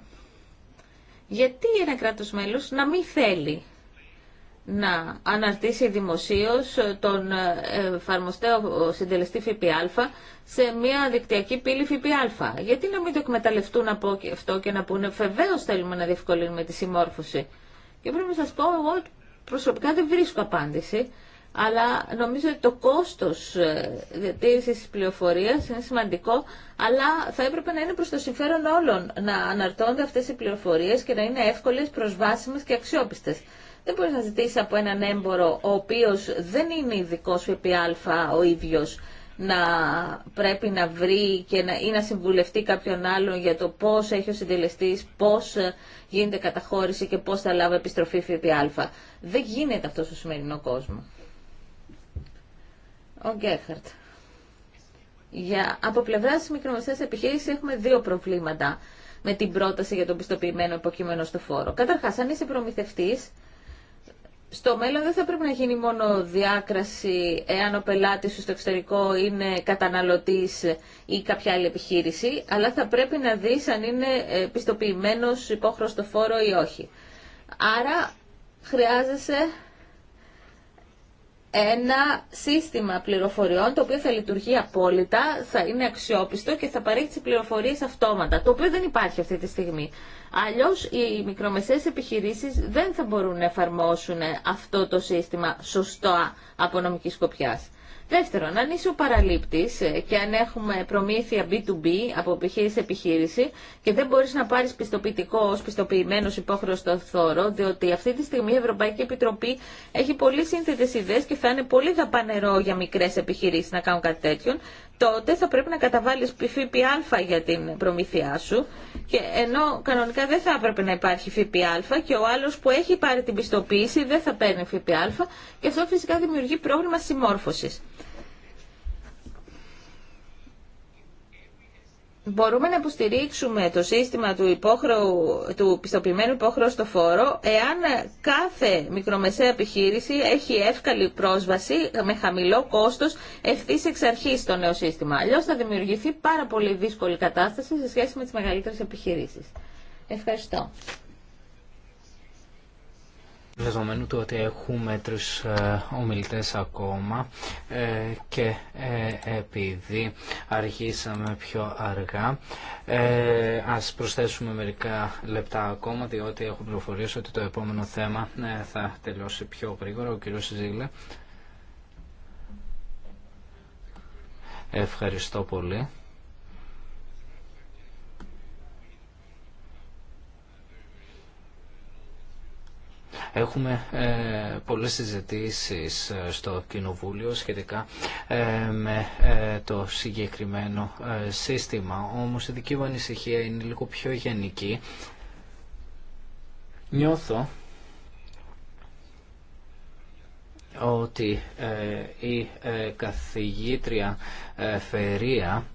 γιατί ένα κράτος μέλος να μην θέλει να αναρτήσει δημοσίω τον ε, εφαρμοστέο συντελεστή ΦΠΑ σε μια δικτυακή πύλη ΦΠΑ. Γιατί να μην το εκμεταλλευτούν από αυτό και να πούνε βεβαίω θέλουμε να διευκολύνουμε τη συμμόρφωση. Και πρέπει να σα πω εγώ προσωπικά δεν βρίσκω απάντηση αλλά νομίζω ότι το κόστος ε, διατήρησης της πληροφορίας είναι σημαντικό, αλλά θα έπρεπε να είναι προς το συμφέρον όλων να αναρτώνται αυτές οι πληροφορίες και να είναι εύκολες, προσβάσιμες και αξιόπιστες. Δεν μπορείς να ζητήσει από έναν έμπορο ο οποίος δεν είναι ειδικό σου επί α ο ίδιος να πρέπει να βρει και να, ή να συμβουλευτεί κάποιον άλλον για το πώς έχει ο συντελεστής, πώς ε, γίνεται καταχώρηση και πώς θα λάβει επιστροφή ΦΠΑ. Δεν γίνεται αυτό στο σημερινό κόσμο. Ο Γκέχαρτ. Για, από πλευρά τη μικρομεσαία επιχείρηση έχουμε δύο προβλήματα με την πρόταση για τον πιστοποιημένο υποκείμενο στο φόρο. Καταρχά, αν είσαι προμηθευτή, στο μέλλον δεν θα πρέπει να γίνει μόνο διάκραση εάν ο πελάτη σου στο εξωτερικό είναι καταναλωτή ή κάποια άλλη επιχείρηση, αλλά θα πρέπει να δει αν είναι ε, πιστοποιημένο στο φόρο ή όχι. Άρα, χρειάζεσαι ένα σύστημα πληροφοριών το οποίο θα λειτουργεί απόλυτα, θα είναι αξιόπιστο και θα παρέχει τις πληροφορίες αυτόματα, το οποίο δεν υπάρχει αυτή τη στιγμή. Αλλιώς οι μικρομεσαίες επιχειρήσεις δεν θα μπορούν να εφαρμόσουν αυτό το σύστημα σωστά από νομική σκοπιάς. Δεύτερον, αν είσαι ο παραλήπτης ε, και αν έχουμε προμήθεια B2B από επιχείρηση σε επιχείρηση και δεν μπορείς να πάρεις πιστοποιητικό πιστοποιημένο πιστοποιημένος υπόχρεωστο θόρο, διότι αυτή τη στιγμή η Ευρωπαϊκή Επιτροπή έχει πολύ σύνθετες ιδέε και θα είναι πολύ δαπανερό για μικρές επιχειρήσεις να κάνουν κάτι τέτοιο, τότε θα πρέπει να καταβάλεις ΦΠΑ για την προμήθειά σου και ενώ κανονικά δεν θα έπρεπε να υπάρχει ΦΠΑ και ο άλλος που έχει πάρει την πιστοποίηση δεν θα παίρνει ΦΠΑ και αυτό φυσικά δημιουργεί πρόβλημα συμμόρφωσης. μπορούμε να υποστηρίξουμε το σύστημα του, υπόχρεου, του πιστοποιημένου υπόχρεου στο φόρο εάν κάθε μικρομεσαία επιχείρηση έχει εύκολη πρόσβαση με χαμηλό κόστος ευθύ εξ αρχή στο νέο σύστημα. Αλλιώ θα δημιουργηθεί πάρα πολύ δύσκολη κατάσταση σε σχέση με τις μεγαλύτερες επιχειρήσεις. Ευχαριστώ. Δεδομένου του ότι έχουμε τρεις ε, ομιλητές ακόμα ε, και ε, επειδή αρχίσαμε πιο αργά ας προσθέσουμε μερικά λεπτά ακόμα διότι έχω πληροφορίες ότι το επόμενο θέμα θα τελειώσει πιο γρήγορα. Ο κύριος Ζήλε. Ευχαριστώ πολύ. Έχουμε ε, πολλές συζητήσεις ε, στο Κοινοβούλιο σχετικά ε, με το συγκεκριμένο σύστημα. Όμως η δική μου ανησυχία είναι λίγο πιο γενική. Νιώθω ότι η καθηγήτρια Φερία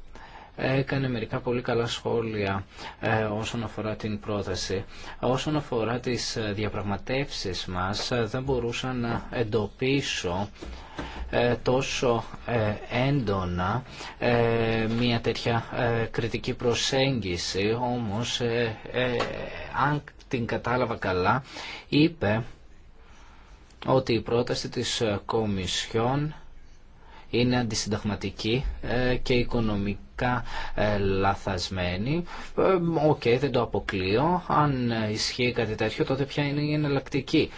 έκανε μερικά πολύ καλά σχόλια ε, όσον αφορά την πρόταση. Όσον αφορά τις ε, διαπραγματεύσεις μας ε, δεν μπορούσα να εντοπίσω τόσο έντονα μια τέτοια κριτική προσέγγιση όμως αν την κατάλαβα καλά είπε ότι η πρόταση της Κομισιόν είναι αντισυνταγματική ε, και οικονομικά ε, λαθασμένη. Ε, οκ, δεν το αποκλείω. Αν ισχύει κάτι τέτοιο, τότε πια είναι η εναλλακτική.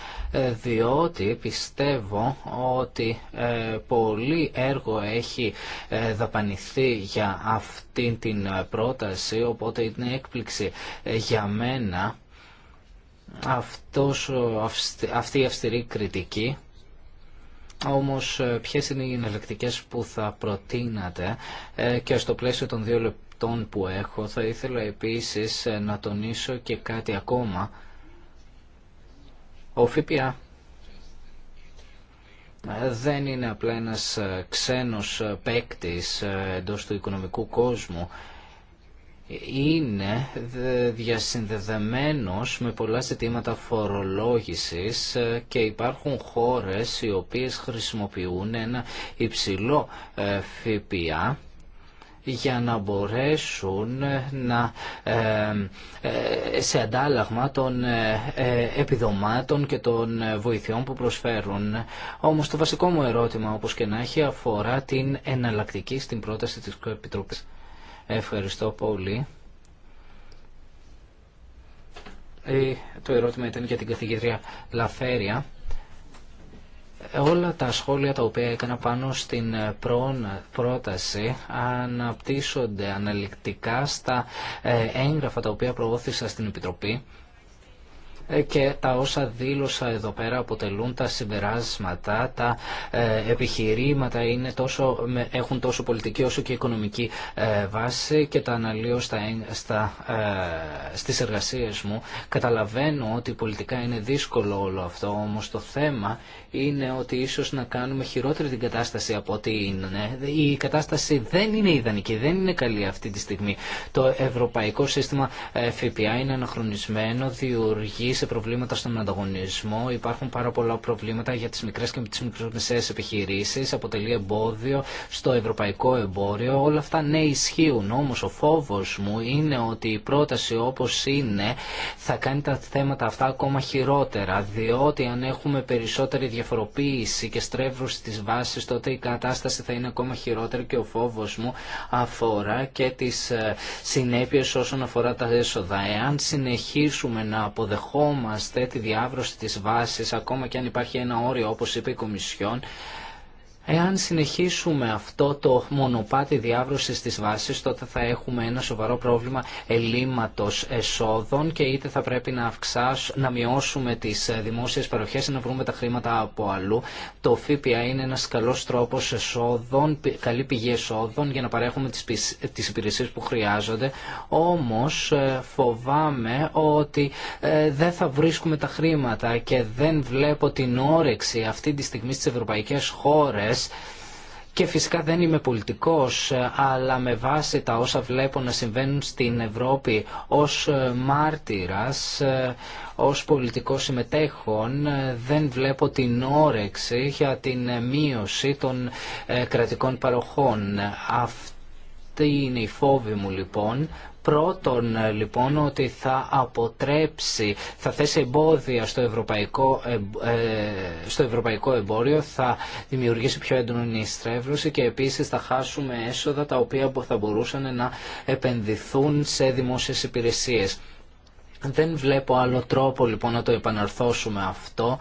Διότι πιστεύω ότι πολύ έργο έχει δαπανηθεί για αυτήν την πρόταση, οπότε είναι έκπληξη για μένα αυτός, αυτή η αυστηρή κριτική όμως ε, ποιες είναι οι που θα προτείνατε ε, και στο πλαίσιο των δύο λεπτών που έχω θα ήθελα επίσης ε, να τονίσω και κάτι ακόμα. Ο ΦΠΑ δεν είναι απλά ένας ξένος παίκτη εντός του οικονομικού κόσμου είναι διασυνδεδεμένος με πολλά ζητήματα φορολόγησης ε, και υπάρχουν χώρες οι οποίες χρησιμοποιούν ένα υψηλό ε, ΦΠΑ για να μπορέσουν ε, να, σε αντάλλαγμα των επιδομάτων και των βοηθειών που προσφέρουν. Όμως το βασικό μου ερώτημα, όπως και να έχει, αφορά την εναλλακτική στην πρόταση της Επιτροπής. Ευχαριστώ πολύ. Ε, το ερώτημα ήταν για την καθηγήτρια Λαφέρια. Όλα τα σχόλια τα οποία έκανα πάνω στην ε, πρόταση αναπτύσσονται αναλυτικά στα ε, έγγραφα τα οποία προώθησα στην Επιτροπή ε, και τα όσα δήλωσα εδώ πέρα αποτελούν τα συμπεράσματα, τα ε, επιχειρήματα είναι τόσο, έχουν τόσο πολιτική όσο και οικονομική ε, βάση και τα αναλύω στα, στα, στις εργασίες μου. Καταλαβαίνω ότι πολιτικά είναι δύσκολο όλο αυτό, όμως το θέμα είναι ότι ίσως να κάνουμε χειρότερη την κατάσταση από ό,τι είναι. Η κατάσταση δεν είναι ιδανική, δεν είναι καλή αυτή τη στιγμή. Το ευρωπαϊκό σύστημα FPI είναι αναχρονισμένο, διουργεί σε προβλήματα στον ανταγωνισμό, υπάρχουν πάρα πολλά προβλήματα για τι μικρέ και τι μικρομεσαίε επιχειρήσει, αποτελεί εμπόδιο στο ευρωπαϊκό εμπόριο. Όλα αυτά ναι ισχύουν, όμω, ο φόβο μου είναι ότι η πρόταση όπω είναι θα κάνει τα θέματα αυτά ακόμα χειρότερα, διότι αν έχουμε περισσότερη διαφοροποίηση και στρέβλωση τη βάση, τότε η κατάσταση θα είναι ακόμα χειρότερη και ο φόβο μου αφορά και τι ε, συνέπειε όσον αφορά τα έσοδα. Εάν συνεχίσουμε να αποδεχόμαστε δεχόμαστε τη διάβρωση της βάσης ακόμα και αν υπάρχει ένα όριο όπως είπε η Κομισιόν Εάν συνεχίσουμε αυτό το μονοπάτι διάβρωσης της βάσης, τότε θα έχουμε ένα σοβαρό πρόβλημα ελλείμματος εσόδων και είτε θα πρέπει να, να μειώσουμε τις ε, δημόσιες παροχές ή να βρούμε τα χρήματα από αλλού. Το ΦΠΑ είναι ένας καλός τρόπος εσόδων, καλή πηγή εσόδων για να παρέχουμε τις, τις υπηρεσίες που χρειάζονται. Όμως ε, φοβάμαι ότι ε, δεν θα βρίσκουμε τα χρήματα και δεν βλέπω την όρεξη αυτή τη στιγμή στις ευρωπαϊκές χώρες και φυσικά δεν είμαι πολιτικός, αλλά με βάση τα όσα βλέπω να συμβαίνουν στην Ευρώπη ως μάρτυρας, ως πολιτικός συμμετέχων, δεν βλέπω την όρεξη για την μείωση των ε, κρατικών παροχών. Αυτή είναι η φόβη μου λοιπόν Πρώτον, λοιπόν, ότι θα αποτρέψει, θα θέσει εμπόδια στο ευρωπαϊκό, ε, στο ευρωπαϊκό εμπόριο, θα δημιουργήσει πιο έντονη στρέβλωση και επίσης θα χάσουμε έσοδα τα οποία θα μπορούσαν να επενδυθούν σε δημόσιες υπηρεσίες. Δεν βλέπω άλλο τρόπο λοιπόν να το επαναρθώσουμε αυτό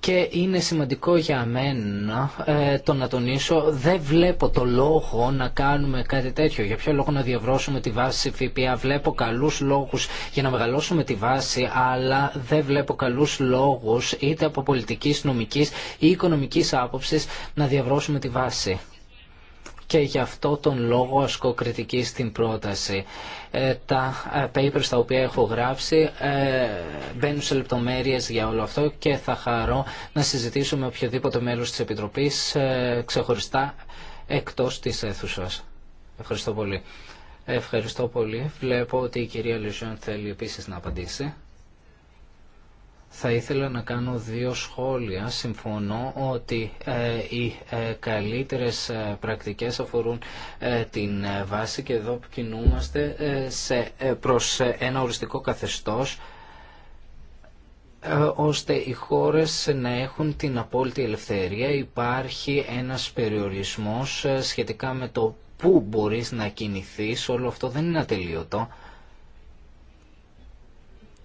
και είναι σημαντικό για μένα ε, το να τονίσω δεν βλέπω το λόγο να κάνουμε κάτι τέτοιο για ποιο λόγο να διαβρώσουμε τη βάση ΦΠΑ βλέπω καλούς λόγους για να μεγαλώσουμε τη βάση αλλά δεν βλέπω καλούς λόγους είτε από πολιτικής, νομικής ή οικονομικής άποψης να διαβρώσουμε τη βάση και γι' αυτό τον λόγο ασκώ κριτική στην πρόταση. Ε, τα ε, papers τα οποία έχω γράψει ε, μπαίνουν σε λεπτομέρειες για όλο αυτό και θα χαρώ να συζητήσω με οποιοδήποτε μέλος της Επιτροπής ξεχωριστά εκτός της αίθουσας. Ευχαριστώ πολύ. Ευχαριστώ πολύ. Βλέπω ότι η κυρία Λεζιόν θέλει επίσης να απαντήσει. Θα ήθελα να κάνω δύο σχόλια. Συμφωνώ ότι ε, οι ε, καλύτερες ε, πρακτικές αφορούν την βάση και εδώ κινούμαστε σε, προς ένα οριστικό καθεστώς ώστε οι χώρες να έχουν την απόλυτη ελευθερία. Υπάρχει ένας περιορισμός σχετικά με το πού μπορείς να κινηθείς. Όλο αυτό δεν είναι ατελείωτο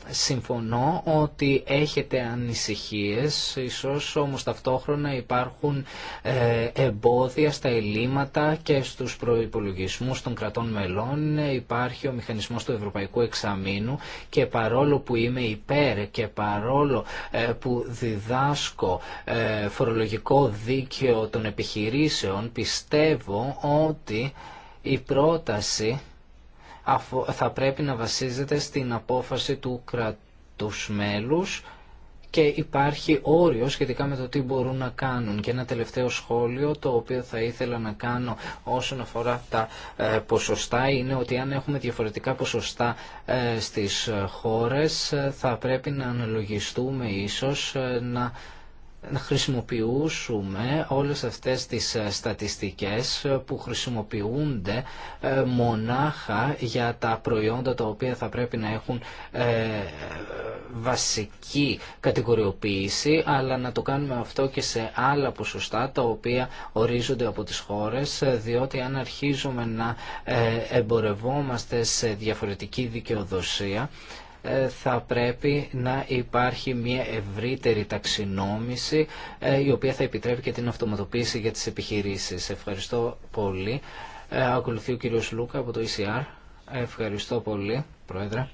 συμφωνώ ότι έχετε ανησυχίες, ίσως όμως ταυτόχρονα υπάρχουν ε, εμπόδια στα ελλείμματα και στους προϋπολογισμούς των κρατών μελών. Υπάρχει ο μηχανισμός του Ευρωπαϊκού Εξαμήνου και παρόλο που είμαι υπέρ και παρόλο ε, που διδάσκω ε, φορολογικό δίκαιο των επιχειρήσεων, πιστεύω ότι η πρόταση θα πρέπει να βασίζεται στην απόφαση του κρατούς μέλους και υπάρχει όριο σχετικά με το τι μπορούν να κάνουν. Και ένα τελευταίο σχόλιο το οποίο θα ήθελα να κάνω όσον αφορά τα ε, ποσοστά είναι ότι αν έχουμε διαφορετικά ποσοστά ε, στις χώρες ε, θα πρέπει να αναλογιστούμε ίσως να να χρησιμοποιούσουμε όλες αυτές τις ε, στατιστικές που χρησιμοποιούνται ε, μονάχα για τα προϊόντα τα οποία θα πρέπει να έχουν ε, βασική κατηγοριοποίηση αλλά να το κάνουμε αυτό και σε άλλα ποσοστά τα οποία ορίζονται από τις χώρες διότι αν αρχίζουμε να εμπορευόμαστε σε διαφορετική δικαιοδοσία ε, θα πρέπει να υπάρχει μια ευρύτερη ταξινόμηση ε, η οποία θα επιτρέπει και την αυτοματοποίηση για τις επιχειρήσεις. Ευχαριστώ πολύ. Ε, ακολουθεί ο κύριος Λούκα από το ECR. Ευχαριστώ πολύ, Πρόεδρε.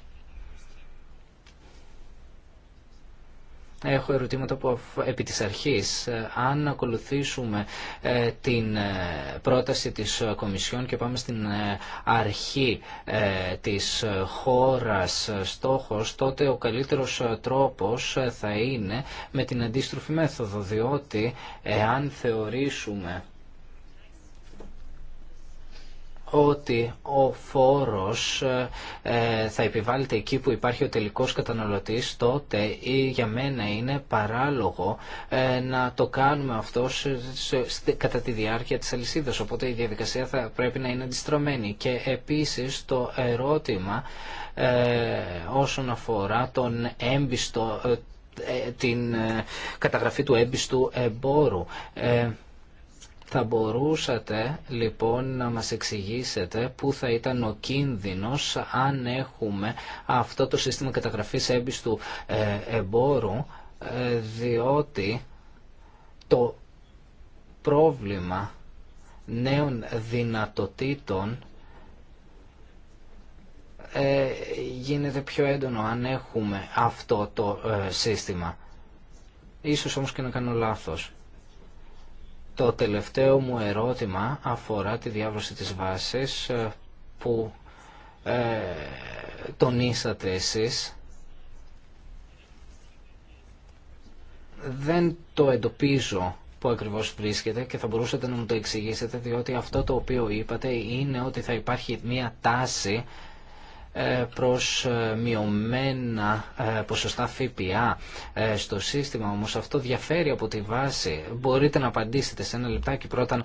έχω ερωτήματα από επί της αρχής. Ε, αν ακολουθήσουμε ε, την ε, πρόταση της Κομισιόν και πάμε στην αρχή της χώρας στόχος, τότε ο καλύτερος τρόπος θα είναι με την αντίστροφη μέθοδο, διότι εάν θεωρήσουμε ότι ο φόρος ε, θα επιβάλλεται εκεί που υπάρχει ο τελικός καταναλωτής, τότε ή για μένα είναι παράλογο ε, να το κάνουμε αυτό κατά τη διάρκεια της αλυσίδας. Οπότε η διαδικασία θα πρέπει να είναι αντιστρωμένη. Και επίσης το ερώτημα ε, όσον αφορά τον έμπιστο, την καταγραφή του έμπιστου εμπόρου. Θα μπορούσατε λοιπόν να μας εξηγήσετε πού θα ήταν ο κίνδυνος αν έχουμε αυτό το σύστημα καταγραφής έμπιστου ε, εμπόρου ε, διότι το πρόβλημα νέων δυνατοτήτων ε, γίνεται πιο έντονο αν έχουμε αυτό το σύστημα. Ίσως όμως και να κάνω λάθος. Το τελευταίο μου ερώτημα αφορά τη διάβρωση της βάσης ε, που ε, τονίσατε εσείς. Δεν το εντοπίζω που ακριβώς βρίσκεται και θα μπορούσατε να μου το εξηγήσετε διότι αυτό το οποίο είπατε είναι ότι θα υπάρχει μια τάση ε, προς ε, μειωμένα ε, ποσοστά ΦΠΑ στο σύστημα, όμως αυτό διαφέρει από τη βάση. Μπορείτε να απαντήσετε σε ένα λεπτάκι πρώτα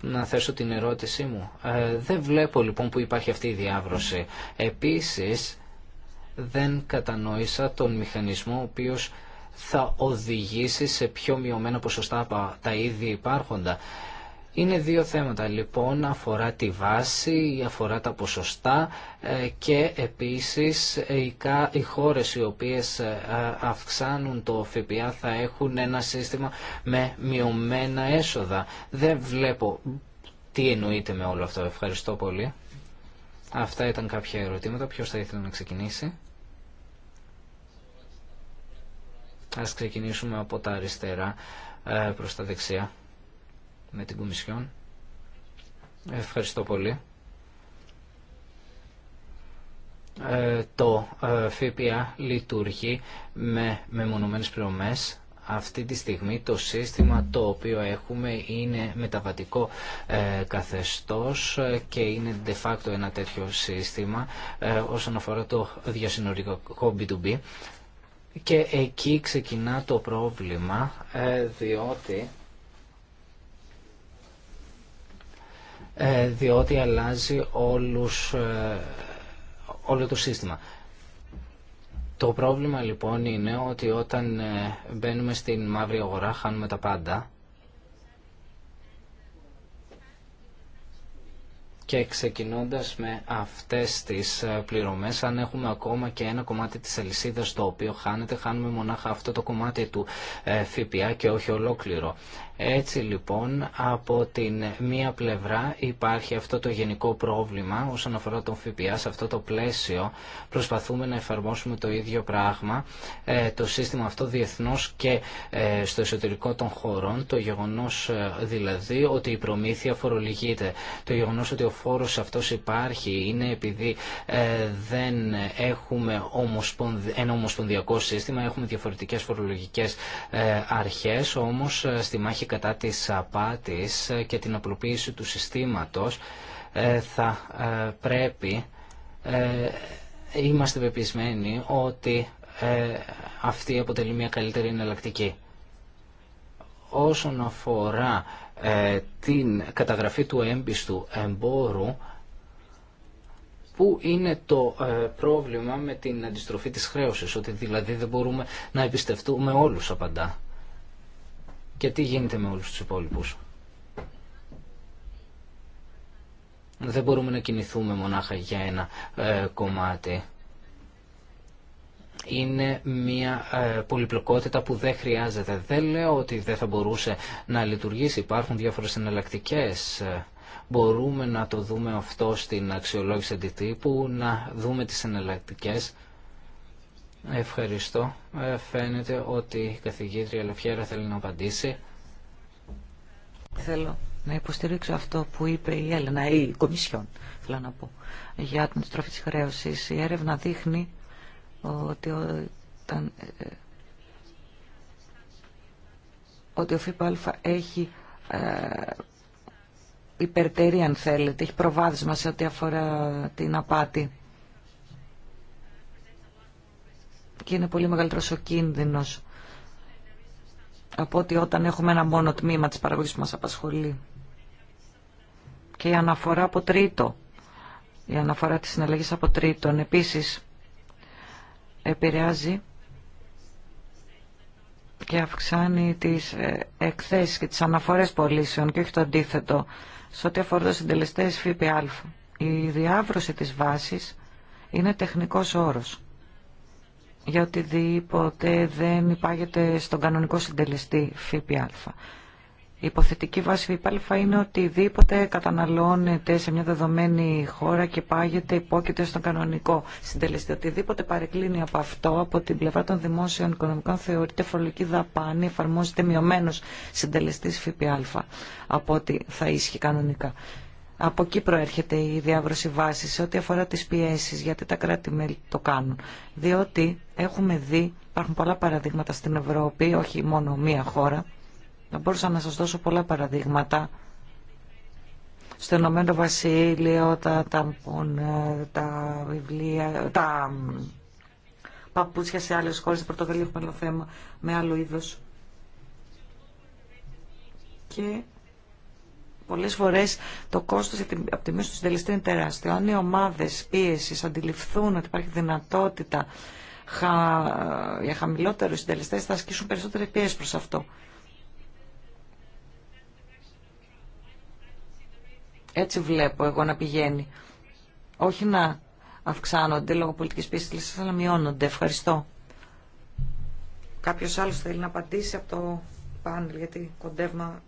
να θέσω την ερώτησή μου. Δεν βλέπω λοιπόν που υπάρχει αυτή η διάβρωση. Επίσης δεν κατανόησα τον μηχανισμό ο οποίος θα οδηγήσει σε πιο μειωμένα ποσοστά από τα ίδια υπάρχοντα. Είναι δύο θέματα λοιπόν, αφορά τη βάση, αφορά τα ποσοστά ε, και επίσης ε, οι χώρες οι οποίες ε, αυξάνουν το ΦΠΑ θα έχουν ένα σύστημα με μειωμένα έσοδα. Δεν βλέπω τι εννοείται με όλο αυτό. Ευχαριστώ πολύ. Αυτά ήταν κάποια ερωτήματα. Ποιος θα ήθελε να ξεκινήσει. Ας ξεκινήσουμε από τα αριστερά προς τα δεξιά με την Κομισιόν. Ευχαριστώ πολύ. Ε, το ε, ΦΠΑ λειτουργεί με μεμονωμένες πληρωμές. Αυτή τη στιγμή το σύστημα το οποίο έχουμε είναι μεταβατικό ε, καθεστώς και είναι de facto ένα τέτοιο σύστημα όσον αφορά το διασυνορικό B2B. Και εκεί ξεκινά το πρόβλημα διότι Ε, διότι αλλάζει όλους, ε, όλο το σύστημα. Το πρόβλημα λοιπόν είναι ότι όταν ε, μπαίνουμε στην μαύρη αγορά χάνουμε τα πάντα και ξεκινώντας με αυτές τις πληρωμές αν έχουμε ακόμα και ένα κομμάτι της αλυσίδας το οποίο χάνεται χάνουμε μονάχα αυτό το κομμάτι του ΦΠΑ και όχι ολόκληρο. Έτσι λοιπόν από την μία πλευρά υπάρχει αυτό το γενικό πρόβλημα όσον αφορά τον ΦΠΑ σε αυτό το πλαίσιο προσπαθούμε να εφαρμόσουμε το ίδιο πράγμα ε, το σύστημα αυτό διεθνώς και ε, στο εσωτερικό των χωρών το γεγονός ε, δηλαδή ότι η προμήθεια φορολογείται το γεγονός ότι ο φόρος αυτός υπάρχει είναι επειδή δεν έχουμε ένα ομοσπονδιακό σύστημα έχουμε διαφορετικές φορολογικές αρχές όμως στη μάχη κατά της απάτης και την απλοποίηση του συστήματος ε, θα ε, πρέπει, ε, είμαστε πεπισμένοι ότι αυτή αποτελεί μια καλύτερη εναλλακτική. Όσον αφορά την καταγραφή του έμπιστου εμπόρου, Πού είναι το πρόβλημα με την αντιστροφή της χρέωσης, ότι δηλαδή δεν μπορούμε να εμπιστευτούμε όλους απαντά και τι γίνεται με όλους τους υπόλοιπους. Δεν μπορούμε να κινηθούμε μονάχα για ένα ε, κομμάτι. Είναι μια ε, πολυπλοκότητα που δεν χρειάζεται. Δεν λέω ότι δεν θα μπορούσε να λειτουργήσει. Υπάρχουν διάφορες εναλλακτικέ. Μπορούμε να το δούμε αυτό στην αξιολόγηση αντιτύπου, να δούμε τις εναλλακτικέ Ευχαριστώ. Ε, φαίνεται ότι η καθηγήτρια Λεφιέρα θέλει να απαντήσει. Θέλω να υποστηρίξω αυτό που είπε η Έλενα, η Κομισιόν, θέλω να πω, για την τροφή της χρέωσης. Η έρευνα δείχνει ότι όταν ε, ότι ο ΦΠΑ έχει ε, υπερτερή αν θέλετε, έχει προβάδισμα σε ό,τι αφορά την απάτη. και είναι πολύ μεγαλύτερος ο κίνδυνος από ότι όταν έχουμε ένα μόνο τμήμα της παραγωγής που μας απασχολεί. Και η αναφορά από τρίτο, η αναφορά της συναλλαγής από τρίτον επίσης επηρεάζει και αυξάνει τις ε, εκθέσεις και τις αναφορές πωλήσεων και όχι το αντίθετο σε ό,τι αφορά του συντελεστές ΦΠΑ. Η διάβρωση της βάσης είναι τεχνικός όρος για οτιδήποτε δεν υπάγεται στον κανονικό συντελεστή ΦΠΑ. Η υποθετική βάση ΦΠΑ είναι οτιδήποτε καταναλώνεται σε μια δεδομένη χώρα και πάγεται, υπόκειται στον κανονικό συντελεστή. Οτιδήποτε παρεκκλίνει από αυτό, από την πλευρά των δημόσιων οικονομικών, θεωρείται φορολογική δαπάνη, εφαρμόζεται μειωμένο συντελεστή ΦΠΑ από ό,τι θα ίσχυε κανονικά. Από εκεί προέρχεται η διάβρωση βάση σε ό,τι αφορά τις πιέσεις, γιατί τα κράτη-μέλη το κάνουν. Διότι έχουμε δει, υπάρχουν πολλά παραδείγματα στην Ευρώπη, όχι μόνο μία χώρα. Θα μπορούσα να σας δώσω πολλά παραδείγματα. Στο Ενωμένο Βασίλειο, τα, τα, ε, τα βιβλία, τα παπούτσια σε άλλες χώρες, στην Πορτογαλία έχουμε άλλο θέμα με άλλο είδος. Και Πολλέ φορές το κόστος από τη μέση του συντελεστή είναι τεράστιο. Αν οι ομάδες πίεσης αντιληφθούν ότι υπάρχει δυνατότητα για χαμηλότερου συντελεστέ, θα ασκήσουν περισσότερη πίεση προς αυτό. Έτσι βλέπω εγώ να πηγαίνει. Όχι να αυξάνονται λόγω πολιτικής πίστης, αλλά μειώνονται. Ευχαριστώ. Κάποιος άλλος θέλει να απαντήσει από το πάνελ, γιατί κοντεύμα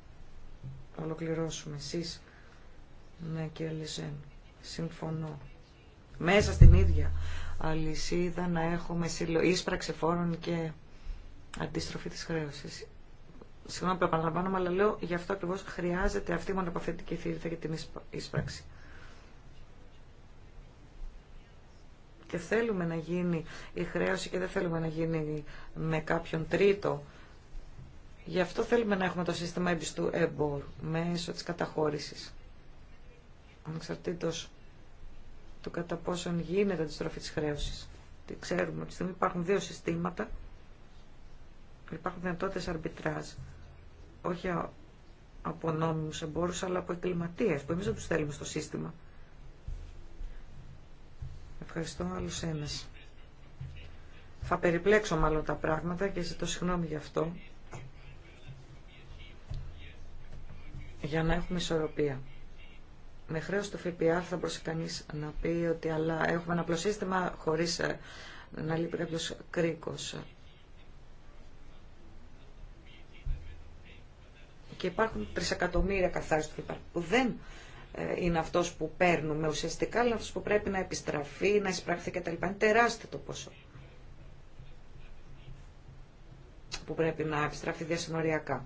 ολοκληρώσουμε εσείς. Ναι κύριε Λεζέν, συμφωνώ. Μέσα στην ίδια αλυσίδα να έχουμε ίσπραξη φόρων και αντίστροφη της χρέωσης. Συγγνώμη που επαναλαμβάνομαι, αλλά λέω γι' αυτό ακριβώ χρειάζεται αυτή η μονοπαθητική θύρη, για την ίσπραξη. Και θέλουμε να γίνει η χρέωση και δεν θέλουμε να γίνει με κάποιον τρίτο Γι' αυτό θέλουμε να έχουμε το σύστημα εμπιστού εμπόρου μέσω της καταχώρησης. Ανεξαρτήτως του κατά πόσον γίνεται αντιστροφή της χρέωσης. Τι ξέρουμε ότι υπάρχουν δύο συστήματα. Υπάρχουν δυνατότητες αρμπιτράζ. Όχι από νόμιμους εμπόρους, αλλά από εγκληματίε που εμείς δεν τους θέλουμε στο σύστημα. Ευχαριστώ Άλλους ένας. Θα περιπλέξω μάλλον τα πράγματα και ζητώ συγγνώμη γι' αυτό. για να έχουμε ισορροπία. Με χρέο του ΦΠΑ θα μπορούσε κανεί να πει ότι αλλά έχουμε ένα απλό σύστημα χωρίς ε, να λείπει κάποιο κρίκο. Και υπάρχουν τρισεκατομμύρια καθάριστου ΦΠΑ που δεν ε, είναι αυτό που παίρνουμε ουσιαστικά, αλλά αυτό που πρέπει να επιστραφεί, να εισπραχθεί κτλ. Είναι τεράστιο το ποσό που πρέπει να επιστραφεί διασυνοριακά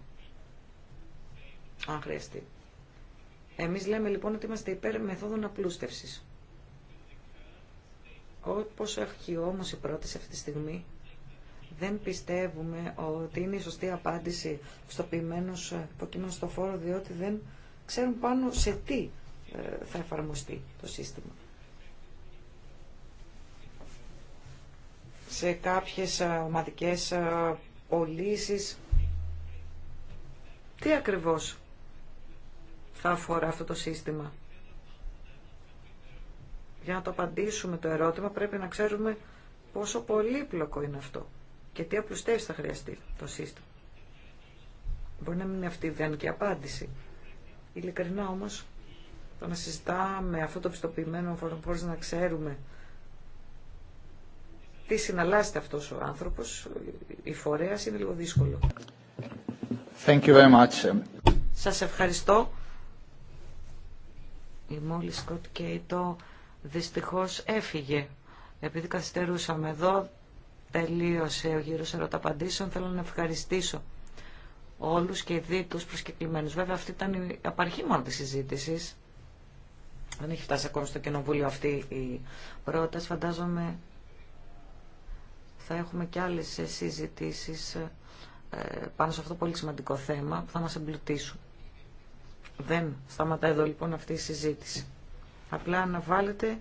αν χρειαστεί. Εμείς λέμε λοιπόν ότι είμαστε υπέρ μεθόδων απλούστευσης. Όπως έχει όμως η πρόταση αυτή τη στιγμή, δεν πιστεύουμε ότι είναι η σωστή απάντηση στο ποιημένο υποκείμενο στο φόρο, διότι δεν ξέρουν πάνω σε τι ε, θα εφαρμοστεί το σύστημα. Σε κάποιες ε, ομαδικές ε, πωλήσει. Τι ακριβώς αυτά αφορά αυτό το σύστημα. Για να το απαντήσουμε το ερώτημα πρέπει να ξέρουμε πόσο πολύπλοκο είναι αυτό και τι απλουστεύσει θα χρειαστεί το σύστημα. Μπορεί να μην είναι αυτή η ιδανική απάντηση. Ειλικρινά όμως, το να συζητάμε αυτό το πιστοποιημένο πώς να ξέρουμε τι συναλλάσσεται αυτός ο άνθρωπος, η φορέας είναι λίγο δύσκολο. Thank you very Σας ευχαριστώ. Η Μόλι Σκοτ Κέιτο δυστυχώς έφυγε. Επειδή καθυστερούσαμε εδώ, τελείωσε ο γύρος ερωταπαντήσεων. Θέλω να ευχαριστήσω όλους και δι' τους προσκεκλημένους. Βέβαια αυτή ήταν η απαρχή μόνο της συζήτησης. Δεν έχει φτάσει ακόμα στο κοινοβούλιο αυτή η πρόταση. Φαντάζομαι θα έχουμε και άλλες συζητήσεις ε, πάνω σε αυτό το πολύ σημαντικό θέμα που θα μας εμπλουτίσουν. Δεν σταματάει εδώ λοιπόν αυτή η συζήτηση. Απλά αναβάλλεται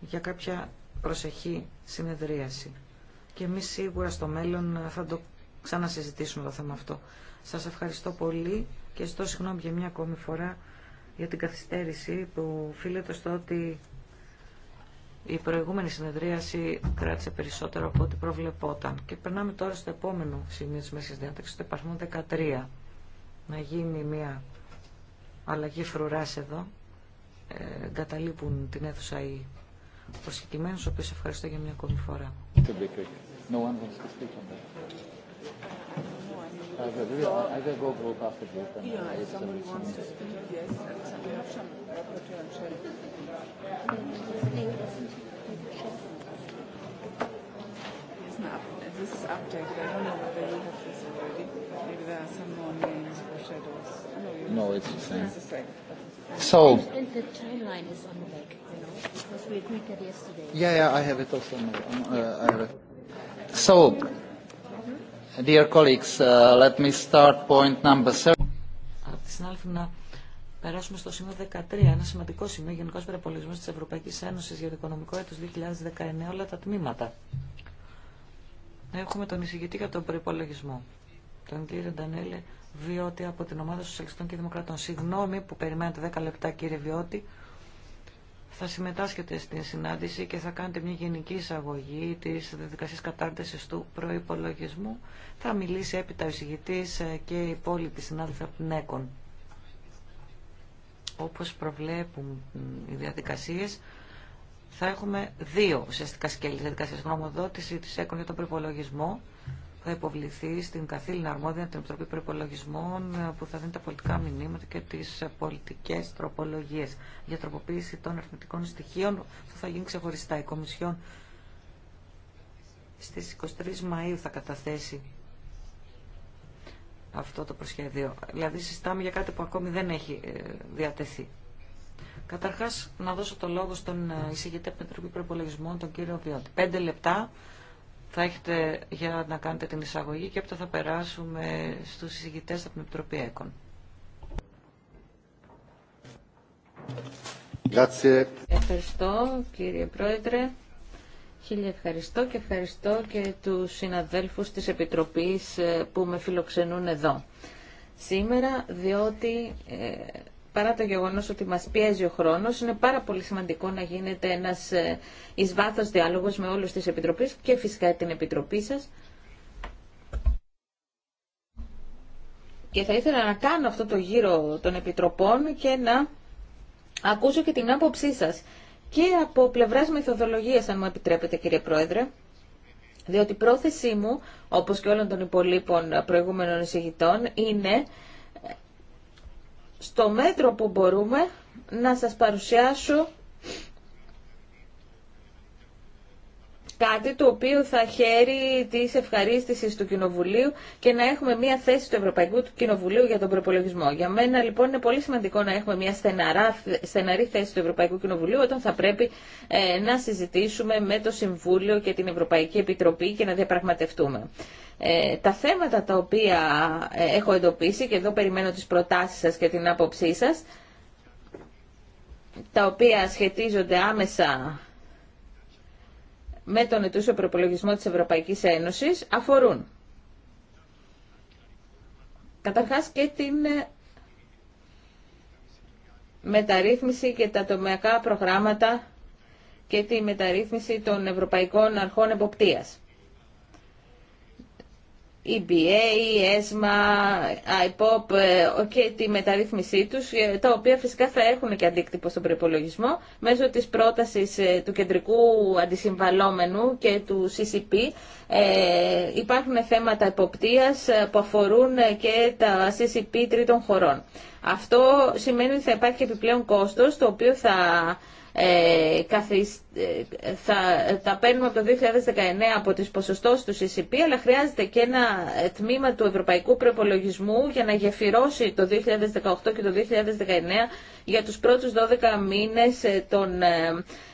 για κάποια προσεχή συνεδρίαση. Και εμείς σίγουρα στο μέλλον θα το ξανασυζητήσουμε το θέμα αυτό. Σας ευχαριστώ πολύ και ζητώ συγγνώμη για μια ακόμη φορά για την καθυστέρηση που οφείλεται στο ότι η προηγούμενη συνεδρίαση κράτησε περισσότερο από ό,τι προβλεπόταν. Και περνάμε τώρα στο επόμενο σημείο της Μέσης Διάταξης, το υπάρχουν 13. Να γίνει μια αλλαγή φρουράς εδώ. Ε, εγκαταλείπουν την αίθουσα οι προσκεκριμένους, ο οποίος ευχαριστώ για μια ακόμη φορά. This is updated. I don't know whether you have this already. Maybe there are some more names. No, it's the same. It's the same. So. And the timeline is on the back, you know, because we agreed that yesterday. Yeah, yeah, I have it also. I have it. So, dear colleagues, let me start point number seven. Από τη περάσουμε στο σημείο 13, ένα σημαντικό σημείο, γενικό περιπολισμό της Ευρωπαϊκής Ένωσης για το οικονομικό έτος 2019, όλα τα τμήματα. Έχουμε τον εισηγητή για τον προπολογισμό τον κύριο Ντανέλε Βιώτη από την ομάδα Σοσιαλιστών και Δημοκρατών. Συγγνώμη που περιμένετε 10 λεπτά κύριε Βιώτη. Θα συμμετάσχετε στην συνάντηση και θα κάνετε μια γενική εισαγωγή της διαδικασίας κατάρτισης του προϋπολογισμού. Θα μιλήσει έπειτα ο εισηγητής ε, και οι υπόλοιποι συνάδελφοι από την ΕΚΟΝ. Όπως προβλέπουν οι διαδικασίες, θα έχουμε δύο ουσιαστικά σκέλη διαδικασίας γνωμοδότηση της ΕΚΟΝ για τον προπολογισμό θα υποβληθεί στην καθήλυνα αρμόδια την Επιτροπή Προπολογισμών ε, που θα δίνει τα πολιτικά μηνύματα και τι ε, πολιτικέ τροπολογίε για τροποποίηση των αριθμητικών στοιχείων που θα γίνει ξεχωριστά. Η Κομισιόν στις 23 Μαΐου θα καταθέσει αυτό το προσχέδιο. Δηλαδή συστάμε για κάτι που ακόμη δεν έχει ε, διατεθεί. Καταρχά να δώσω το λόγο στον εισηγητή Επιτροπή Προπολογισμών, τον κύριο Βιώτη. Πέντε λεπτά θα έχετε για να κάνετε την εισαγωγή και έπειτα θα περάσουμε στους συζητητές από την Επιτροπή ΕΚΟΝ. Ευχαριστώ κύριε Πρόεδρε. Χίλια ευχαριστώ και ευχαριστώ και τους συναδέλφους της Επιτροπής ε, που με φιλοξενούν εδώ σήμερα, διότι ε, παρά το γεγονός ότι μας πιέζει ο χρόνος, είναι πάρα πολύ σημαντικό να γίνεται ένας ε, εις βάθος διάλογος με όλους τις επιτροπές και φυσικά την επιτροπή σας. Και θα ήθελα να κάνω αυτό το γύρο των επιτροπών και να ακούσω και την άποψή σας. Και από πλευράς μεθοδολογίας, αν μου επιτρέπετε κύριε Πρόεδρε, διότι η πρόθεσή μου, όπως και όλων των υπολείπων προηγούμενων εισηγητών, είναι στο μέτρο που μπορούμε να σας παρουσιάσω κάτι το οποίο θα χαίρει τη ευχαρίστηση του Κοινοβουλίου και να έχουμε μια θέση του Ευρωπαϊκού Κοινοβουλίου για τον προπολογισμό. Για μένα λοιπόν είναι πολύ σημαντικό να έχουμε μια στεναρή θέση του Ευρωπαϊκού Κοινοβουλίου όταν θα πρέπει ε, να συζητήσουμε με το Συμβούλιο και την Ευρωπαϊκή Επιτροπή και να διαπραγματευτούμε. Ε, τα θέματα τα οποία ε, έχω εντοπίσει και εδώ περιμένω τις προτάσεις σας και την άποψή σας τα οποία σχετίζονται άμεσα με τον ετούσιο προπολογισμό της Ευρωπαϊκής Ένωσης αφορούν καταρχάς και την ε, μεταρρύθμιση και τα τομεακά προγράμματα και τη μεταρρύθμιση των Ευρωπαϊκών Αρχών Εποπτείας. EBA, ΕΣΜΑ, e IPOP ε, και τη μεταρρύθμισή τους, ε, τα οποία φυσικά θα έχουν και αντίκτυπο στον προπολογισμό, μέσω της πρότασης ε, του κεντρικού αντισυμβαλόμενου και του CCP. Ε, υπάρχουν θέματα υποπτίας που αφορούν και τα CCP τρίτων χωρών. Αυτό σημαίνει ότι θα υπάρχει επιπλέον κόστος, το οποίο θα ε, θα τα παίρνουμε από το 2019 από τις ποσοστώσεις του CCP, αλλά χρειάζεται και ένα ε, τμήμα του ευρωπαϊκού προπολογισμού για να γεφυρώσει το 2018 και το 2019 για τους πρώτους 12 μήνες ε, των, ε,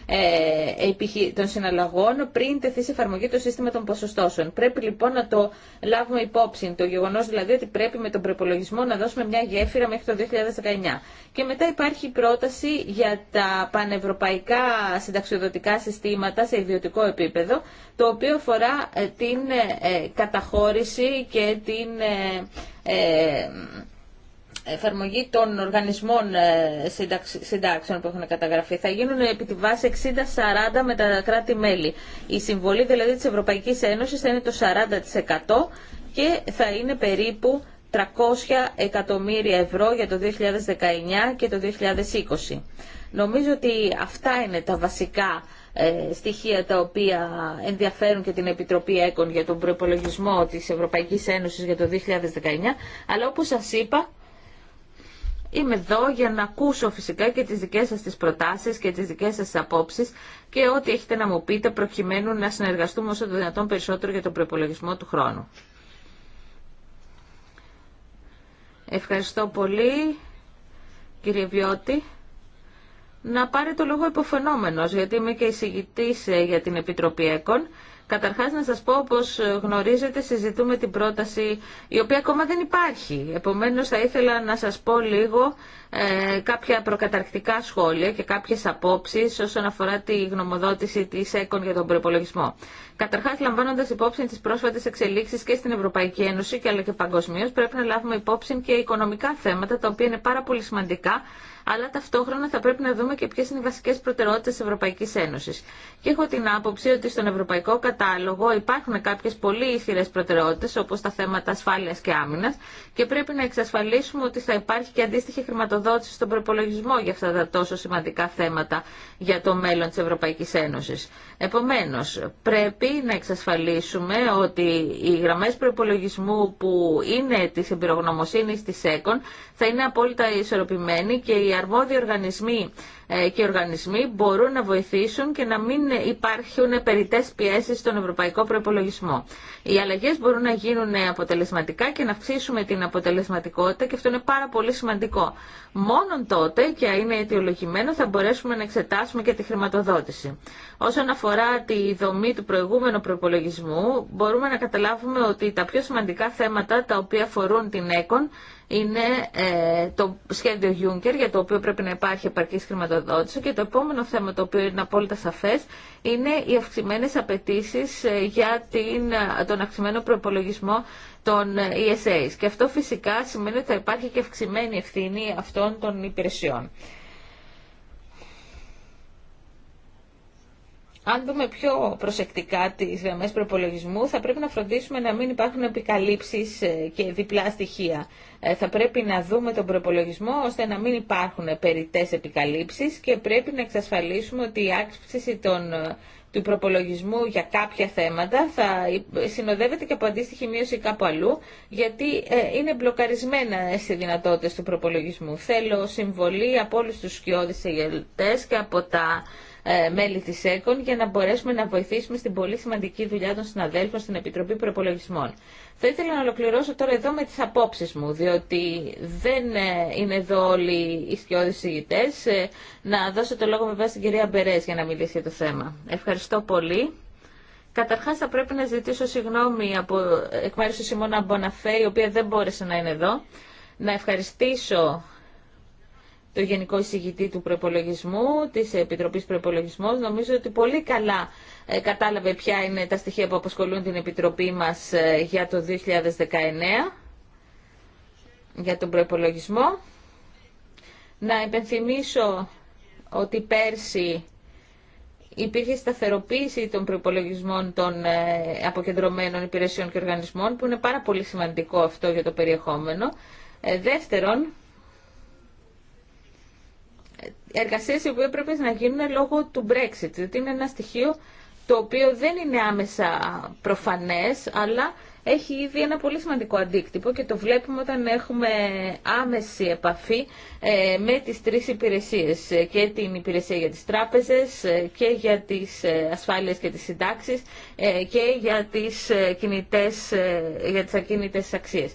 ε των συναλλαγών πριν τεθεί σε εφαρμογή το σύστημα των ποσοστώσεων. Πρέπει λοιπόν να το λάβουμε υπόψη, το γεγονός δηλαδή ότι πρέπει με τον προπολογισμό να δώσουμε μια γέφυρα μέχρι το 2019. Και μετά υπάρχει πρόταση για τα πανευρωπαϊκά συνταξιοδοτικά χρηματοδοτικά συστήματα σε ιδιωτικό επίπεδο, το οποίο αφορά ε, την ε, ε, καταχώρηση και την εφαρμογή των οργανισμών συντάξεων που έχουν καταγραφεί. Θα γίνουν επί τη βάση 60-40 με τα κράτη-μέλη. Η συμβολή δηλαδή της Ευρωπαϊκής Ένωσης θα είναι το 40% και θα είναι περίπου 300 εκατομμύρια ευρώ για το 2019 και το 2020. Νομίζω ότι αυτά είναι τα βασικά ε, στοιχεία τα οποία ενδιαφέρουν και την Επιτροπή ΕΚΟΝ για τον προπολογισμό της Ευρωπαϊκής Ένωσης για το 2019. Αλλά όπως σας είπα, είμαι εδώ για να ακούσω φυσικά και τις δικές σας τις προτάσεις και τις δικές σας απόψεις και ό,τι έχετε να μου πείτε προκειμένου να συνεργαστούμε όσο το δυνατόν περισσότερο για τον προπολογισμό του χρόνου. Ευχαριστώ πολύ, κύριε Βιώτη να πάρει το λόγο υποφαινόμενος, γιατί είμαι και εισηγητής ε, για την Επιτροπή ΕΚΟΝ. Καταρχάς να σας πω, όπως ε, γνωρίζετε, συζητούμε την πρόταση η οποία ακόμα δεν υπάρχει. Επομένως θα ήθελα να σας πω λίγο ε, κάποια προκαταρκτικά σχόλια και κάποιες απόψεις όσον αφορά τη γνωμοδότηση της ΕΚΟΝ για τον προπολογισμό. Καταρχάς, λαμβάνοντας υπόψη τις πρόσφατες εξελίξεις και στην Ευρωπαϊκή Ένωση και αλλά και παγκοσμίω, πρέπει να λάβουμε υπόψη και οικονομικά θέματα, τα οποία είναι πάρα πολύ σημαντικά αλλά ταυτόχρονα θα πρέπει να δούμε και ποιε είναι οι βασικέ προτεραιότητε τη Ευρωπαϊκή Ένωση. Και έχω την άποψη ότι στον Ευρωπαϊκό Κατάλογο υπάρχουν κάποιε πολύ ισχυρέ προτεραιότητε, όπω τα θέματα ασφάλεια και άμυνα, και πρέπει να εξασφαλίσουμε ότι θα υπάρχει και αντίστοιχη χρηματοδότηση στον προπολογισμό για αυτά τα τόσο σημαντικά θέματα για το μέλλον τη Ευρωπαϊκή Ένωση. Επομένω, πρέπει να εξασφαλίσουμε ότι οι γραμμέ προπολογισμού που είναι τη εμπειρογνωμοσύνη τη ΕΚΟΝ θα είναι απόλυτα ισορροπημένοι και αρμόδιοι οργανισμοί ε, και οργανισμοί μπορούν να βοηθήσουν και να μην υπάρχουν περιττέ πιέσει στον ευρωπαϊκό προπολογισμό. Οι αλλαγέ μπορούν να γίνουν αποτελεσματικά και να αυξήσουμε την αποτελεσματικότητα και αυτό είναι πάρα πολύ σημαντικό. Μόνον τότε και είναι αιτιολογημένο θα μπορέσουμε να εξετάσουμε και τη χρηματοδότηση. Όσον αφορά τη δομή του προηγούμενου προπολογισμού, μπορούμε να καταλάβουμε ότι τα πιο σημαντικά θέματα τα οποία αφορούν την ΕΚΟΝ είναι ε, το σχέδιο Juncker για το οποίο πρέπει να υπάρχει επαρκής χρηματοδότηση και το επόμενο θέμα το οποίο είναι απόλυτα σαφές είναι οι αυξημένες απαιτήσει ε, για την, ε, τον αυξημένο προπολογισμό των ε, ESA. Και αυτό φυσικά σημαίνει ότι θα υπάρχει και αυξημένη ευθύνη αυτών των υπηρεσιών. Αν δούμε πιο προσεκτικά τις γραμμέ προπολογισμού, θα πρέπει να φροντίσουμε να μην υπάρχουν επικαλύψεις ε, και διπλά στοιχεία. Ε, θα πρέπει να δούμε τον προπολογισμό ώστε να μην υπάρχουν περιττές επικαλύψεις και πρέπει να εξασφαλίσουμε ότι η άξιση των ε, του προπολογισμού για κάποια θέματα θα συνοδεύεται και από αντίστοιχη μείωση κάπου αλλού, γιατί είναι μπλοκαρισμένα στι δυνατότητε του προπολογισμού. Θέλω συμβολή από όλου του σκιώδει εγγελτέ και από τα ε, μέλη της ΕΚΟΝ για να μπορέσουμε να βοηθήσουμε στην πολύ σημαντική δουλειά των συναδέλφων στην Επιτροπή Προπολογισμών. Θα ήθελα να ολοκληρώσω τώρα εδώ με τις απόψεις μου, διότι δεν ε, είναι εδώ όλοι οι σκιώδεις συγητές. Ε, να δώσω το λόγο βέβαια στην κυρία Μπερές για να μιλήσει για το θέμα. Ευχαριστώ πολύ. Καταρχάς θα πρέπει να ζητήσω συγγνώμη από, εκ μέρου τη Σιμώνα Μποναφέ, η οποία δεν μπόρεσε να είναι εδώ. Να ευχαριστήσω το Γενικό Εισηγητή του Προπολογισμού, της Επιτροπής προπολογισμό. Νομίζω ότι πολύ καλά ε, κατάλαβε ποια είναι τα στοιχεία που απασχολούν την Επιτροπή μας ε, για το 2019, για τον προπολογισμό. Να υπενθυμίσω ότι πέρσι υπήρχε σταθεροποίηση των προπολογισμών των ε, αποκεντρωμένων υπηρεσιών και οργανισμών, που είναι πάρα πολύ σημαντικό αυτό για το περιεχόμενο. Δεύτερον, εργασίες οι οποίες πρέπει να γίνουν λόγω του Brexit, διότι είναι ένα στοιχείο το οποίο δεν είναι άμεσα προφανές, αλλά έχει ήδη ένα πολύ σημαντικό αντίκτυπο και το βλέπουμε όταν έχουμε άμεση επαφή ε, με τις τρεις υπηρεσίες ε, και την υπηρεσία για τις τράπεζες ε, και για τις ασφάλειες και τις συντάξεις και για τις, κινητές, για ακίνητες αξίες.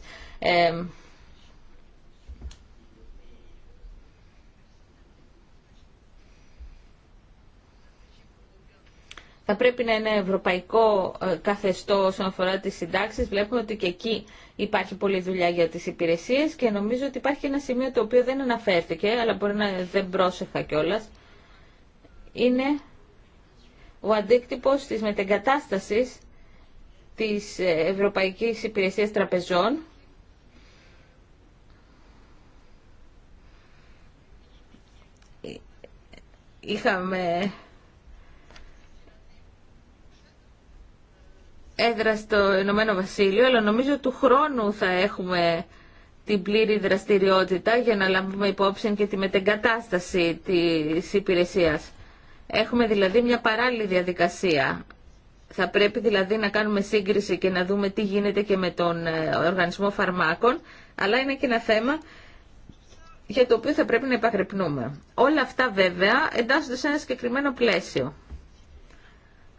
θα πρέπει να είναι ευρωπαϊκό ε, καθεστώ όσον αφορά τις συντάξεις. Βλέπουμε ότι και εκεί υπάρχει πολλή δουλειά για τις υπηρεσίες και νομίζω ότι υπάρχει ένα σημείο το οποίο δεν αναφέρθηκε, αλλά μπορεί να δεν πρόσεχα κιόλα. Είναι ο αντίκτυπος της μετεγκατάστασης της ε, Ευρωπαϊκής Υπηρεσίας Τραπεζών είχαμε έδρα στο Ηνωμένο Βασίλειο, αλλά νομίζω του χρόνου θα έχουμε την πλήρη δραστηριότητα για να λάβουμε υπόψη και τη μετεγκατάσταση της υπηρεσίας. Έχουμε δηλαδή μια παράλληλη διαδικασία. Θα πρέπει δηλαδή να κάνουμε σύγκριση και να δούμε τι γίνεται και με τον ε, οργανισμό φαρμάκων, αλλά είναι και ένα θέμα για το οποίο θα πρέπει να επαγρυπνούμε. Όλα αυτά βέβαια εντάσσονται σε ένα συγκεκριμένο πλαίσιο.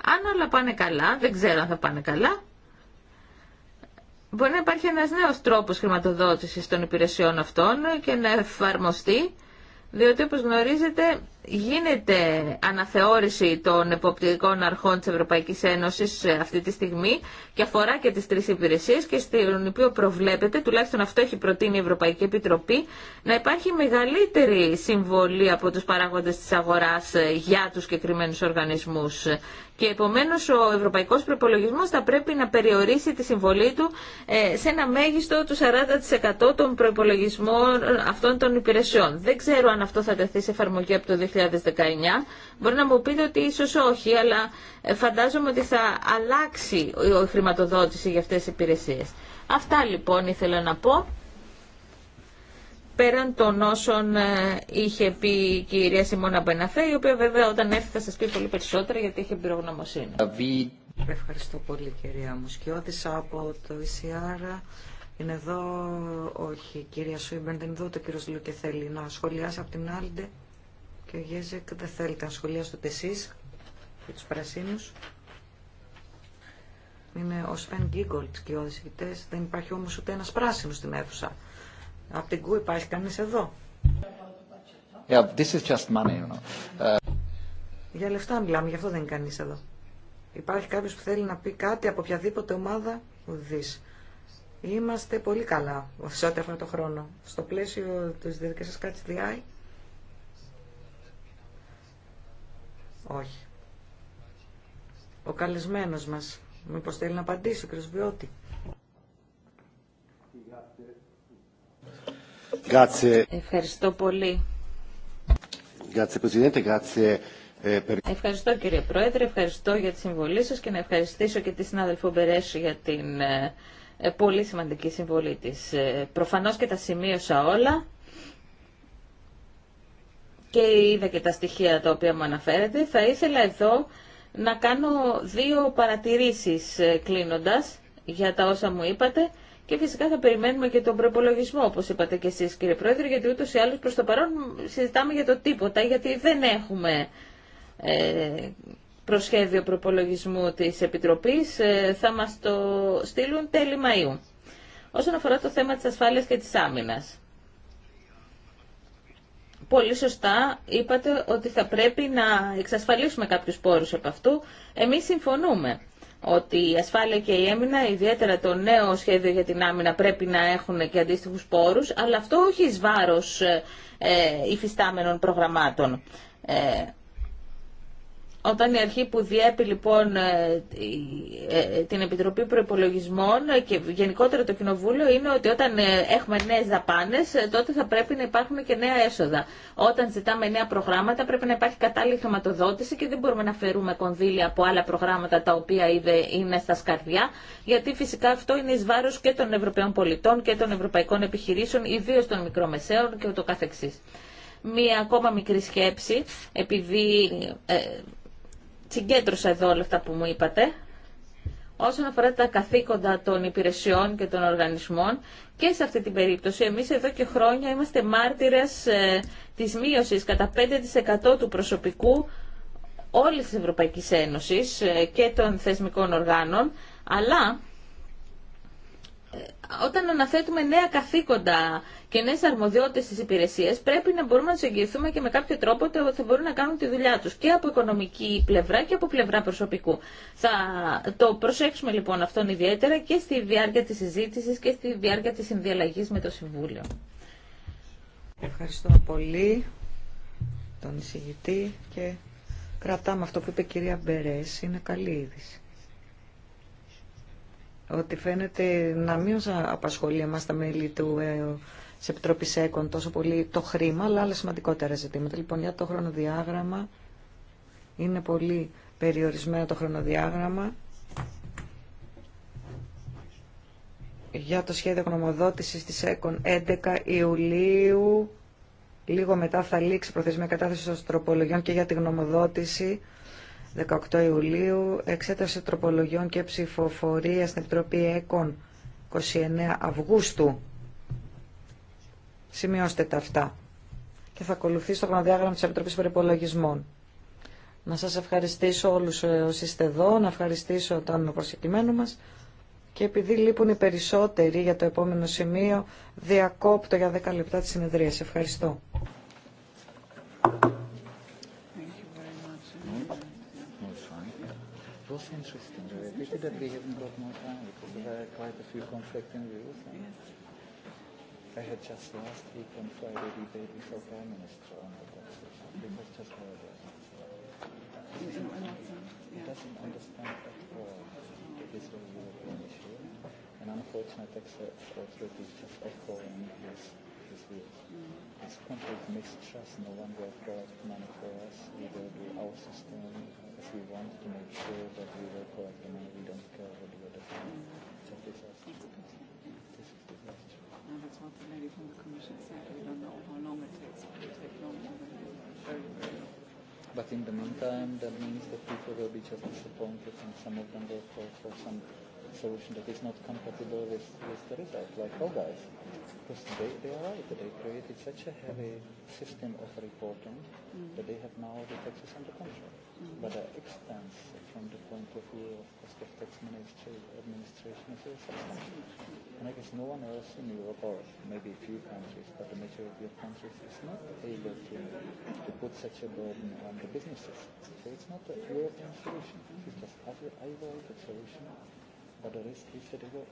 Αν όλα πάνε καλά, δεν ξέρω αν θα πάνε καλά, μπορεί να υπάρχει ένας νέος τρόπος χρηματοδότησης των υπηρεσιών αυτών και να εφαρμοστεί, διότι όπως γνωρίζετε γίνεται αναθεώρηση των εποπτικών αρχών της Ευρωπαϊκής Ένωσης αυτή τη στιγμή και αφορά και τις τρεις υπηρεσίες και στην οποία προβλέπεται, τουλάχιστον αυτό έχει προτείνει η Ευρωπαϊκή Επιτροπή, να υπάρχει μεγαλύτερη συμβολή από τους παράγοντες της αγοράς για τους συγκεκριμένου οργανισμούς. Και επομένως ο ευρωπαϊκός προπολογισμός θα πρέπει να περιορίσει τη συμβολή του ε, σε ένα μέγιστο του 40% των προπολογισμών αυτών των υπηρεσιών. Δεν ξέρω αν αυτό θα τεθεί σε εφαρμογή από το 2019. Μπορεί να μου πείτε ότι ίσως όχι, αλλά ε, φαντάζομαι ότι θα αλλάξει η χρηματοδότηση για αυτές τις υπηρεσίες. Αυτά λοιπόν ήθελα να πω. Πέραν των όσων ε, είχε πει η κυρία Σιμώνα Μπεναφέ, η οποία βέβαια όταν έρθει θα σας πει πολύ περισσότερα γιατί έχει εμπειρογνωμοσύνη. Ευχαριστώ πολύ κυρία Μουσκιώδησα από το ECR. Είναι εδώ, όχι, κυρία Σουίμπεν, δεν είναι εδώ, το κύριος Λουκε θέλει να σχολιάσει από την άλλη. Και Γέζεκ δεν θέλετε να σχολιάσετε εσεί και του πράσινου. Είναι ο Σφεν Γκίγκολ και οι Δεν υπάρχει όμω ούτε ένα πράσινο στην αίθουσα. Απ' την ΚΟΥ υπάρχει κανεί εδώ. Yeah, is just money, you know. Ε, για λεφτά μιλάμε, γι' αυτό δεν είναι κανείς εδώ. Υπάρχει κάποιο που θέλει να πει κάτι από οποιαδήποτε ομάδα ουδής. Είμαστε πολύ καλά σε ό,τι αφορά το χρόνο. Στο πλαίσιο τη διαδικασίας κάτι διάει, Όχι. Ο καλεσμένος μας. Μήπως θέλει να απαντήσει ο κ. Βιώτη. Ευχαριστώ πολύ. Eh, ευχαριστώ κύριε Πρόεδρε, ευχαριστώ για τη συμβολή σας και να ευχαριστήσω και τη συνάδελφο Μπερέσου για την ε, ε, πολύ σημαντική συμβολή της. Ε, προφανώς και τα σημείωσα όλα και είδα και τα στοιχεία τα οποία μου αναφέρετε. Θα ήθελα εδώ να κάνω δύο παρατηρήσεις ε, κλείνοντας για τα όσα μου είπατε και φυσικά θα περιμένουμε και τον προπολογισμό, όπως είπατε και εσείς κύριε Πρόεδρε, γιατί ούτως ή άλλως προς το παρόν συζητάμε για το τίποτα, γιατί δεν έχουμε ε, προσχέδιο προπολογισμού της Επιτροπής, ε, θα μας το στείλουν τέλη Μαΐου. Όσον αφορά το θέμα της ασφάλειας και της άμυνας πολύ σωστά είπατε ότι θα πρέπει να εξασφαλίσουμε κάποιους πόρους από αυτού. Εμείς συμφωνούμε ότι η ασφάλεια και η έμεινα, ιδιαίτερα το νέο σχέδιο για την άμυνα, πρέπει να έχουν και αντίστοιχους πόρους, αλλά αυτό όχι εις βάρος ε, ε, υφιστάμενων προγραμμάτων. Ε, όταν η αρχή που διέπει λοιπόν ε, ε, ε, την Επιτροπή Προπολογισμών και γενικότερα το Κοινοβούλιο είναι ότι όταν έχουμε νέες δαπάνες τότε θα πρέπει να υπάρχουν και νέα έσοδα. Όταν ζητάμε νέα προγράμματα πρέπει να υπάρχει κατάλληλη χρηματοδότηση και δεν μπορούμε να φέρουμε κονδύλια από άλλα προγράμματα τα οποία είναι στα σκαρδιά γιατί φυσικά αυτό είναι εις βάρος και των Ευρωπαίων πολιτών και των ευρωπαϊκών επιχειρήσεων ιδίως των μικρομεσαίων και ούτω καθεξής. Μία ακόμα μικρή σκέψη, επειδή συγκέντρωσα εδώ όλα αυτά που μου είπατε όσον αφορά τα καθήκοντα των υπηρεσιών και των οργανισμών και σε αυτή την περίπτωση εμείς εδώ και χρόνια είμαστε μάρτυρες ε, της μείωσης κατά 5% του προσωπικού όλης της Ευρωπαϊκής Ένωσης ε, και των θεσμικών οργάνων αλλά όταν αναθέτουμε νέα καθήκοντα και νέε αρμοδιότητε στι υπηρεσίε, πρέπει να μπορούμε να του εγγυηθούμε και με κάποιο τρόπο ότι θα μπορούν να κάνουν τη δουλειά του και από οικονομική πλευρά και από πλευρά προσωπικού. Θα το προσέξουμε λοιπόν αυτόν ιδιαίτερα και στη διάρκεια τη συζήτηση και στη διάρκεια τη συνδιαλλαγή με το Συμβούλιο. Ευχαριστώ πολύ τον εισηγητή και κρατάμε αυτό που είπε η κυρία Μπερέση. Είναι καλή είδηση ότι φαίνεται να μην απασχολεί εμάς τα μέλη του σε Επιτροπή ΣΕΚΟΝ τόσο πολύ το χρήμα, αλλά άλλα σημαντικότερα ζητήματα. Λοιπόν, για το χρονοδιάγραμμα είναι πολύ περιορισμένο το χρονοδιάγραμμα. Για το σχέδιο γνωμοδότησης της ΕΚΟΝ 11 Ιουλίου, λίγο μετά θα λήξει προθεσμία κατάθεση των τροπολογιών και για τη γνωμοδότηση 18 Ιουλίου, εξέταση τροπολογιών και ψηφοφορία στην Επιτροπή ΕΚΟΝ 29 Αυγούστου. Σημειώστε τα αυτά. Και θα ακολουθήσω το χρονοδιάγραμμα της Επιτροπής Περιπολογισμών. Να σας ευχαριστήσω όλους ε, όσοι είστε εδώ, να ευχαριστήσω τον προσκεκλημένο μας και επειδή λείπουν οι περισσότεροι για το επόμενο σημείο, διακόπτω για 10 λεπτά τη συνεδρία. Ευχαριστώ. was interesting. we pity that we haven't got more time because there are quite a few conflicting views. and I had just last week on Friday debate before Prime Minister on the It was just horrible. He doesn't understand at all this whole European issue. And unfortunately, Texas authorities just echoing his this week. This complete mistrust, no one will provide money for us, we will do our system, she want to make sure that we work for we don't care the But in the meantime, that means that people will be just disappointed and some of them will call for some solution that is not compatible with, with the result, like all guys because they, they are right. They created such a heavy system of reporting that they have now the taxes under control. But the expense from the point of view of cost of tax administration is substantial. And I guess no one else in Europe, or maybe a few countries, but the majority of countries is not able to, to put such a burden on the businesses. So it's not a European solution. It's just either isolated solution, but the risk is that it will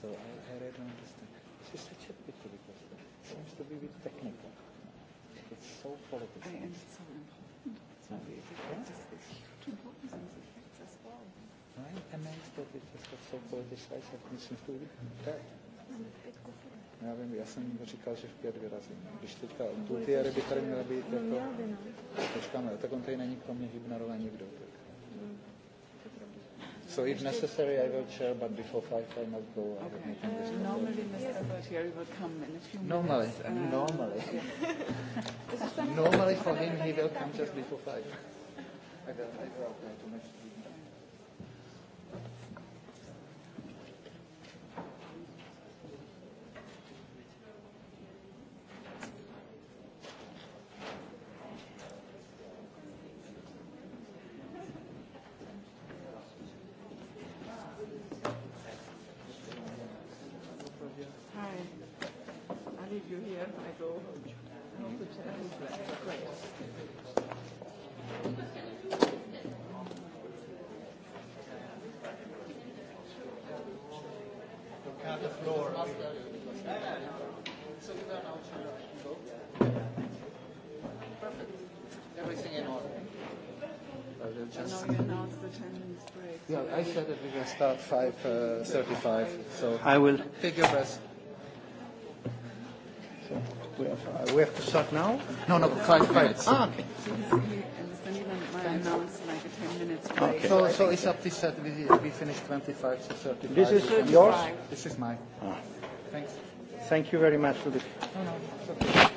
So I, I really don't understand. This is such a pity because it seems to be a bit technical. It's so political. I am so important. So the effects is huge importance in the effects as well. I'm amazed that it just got so politicized. I've been since já vím, já jsem říkal, že v pět vyrazí. Když teďka tu ty ryby tady měla být, jako, počkáme, tak on tady není kromě Hybnerova nikdo. Tak. So if necessary, I will chair, but before five I must go. I have normally, Mr. Gualtieri will come in a few normally, minutes. Normally, normally. normally for him, he will come just before five. I will, I will apply to just. Yeah, I said that we can start 5:35. So. I will. Take your So We have, we have to start now? No, no, five minutes. Ah, okay. Okay. So, so it's up to set. We, we finished 25 to 35. This is yours? This is mine. Thanks. Thank you very much. No, no, it's okay.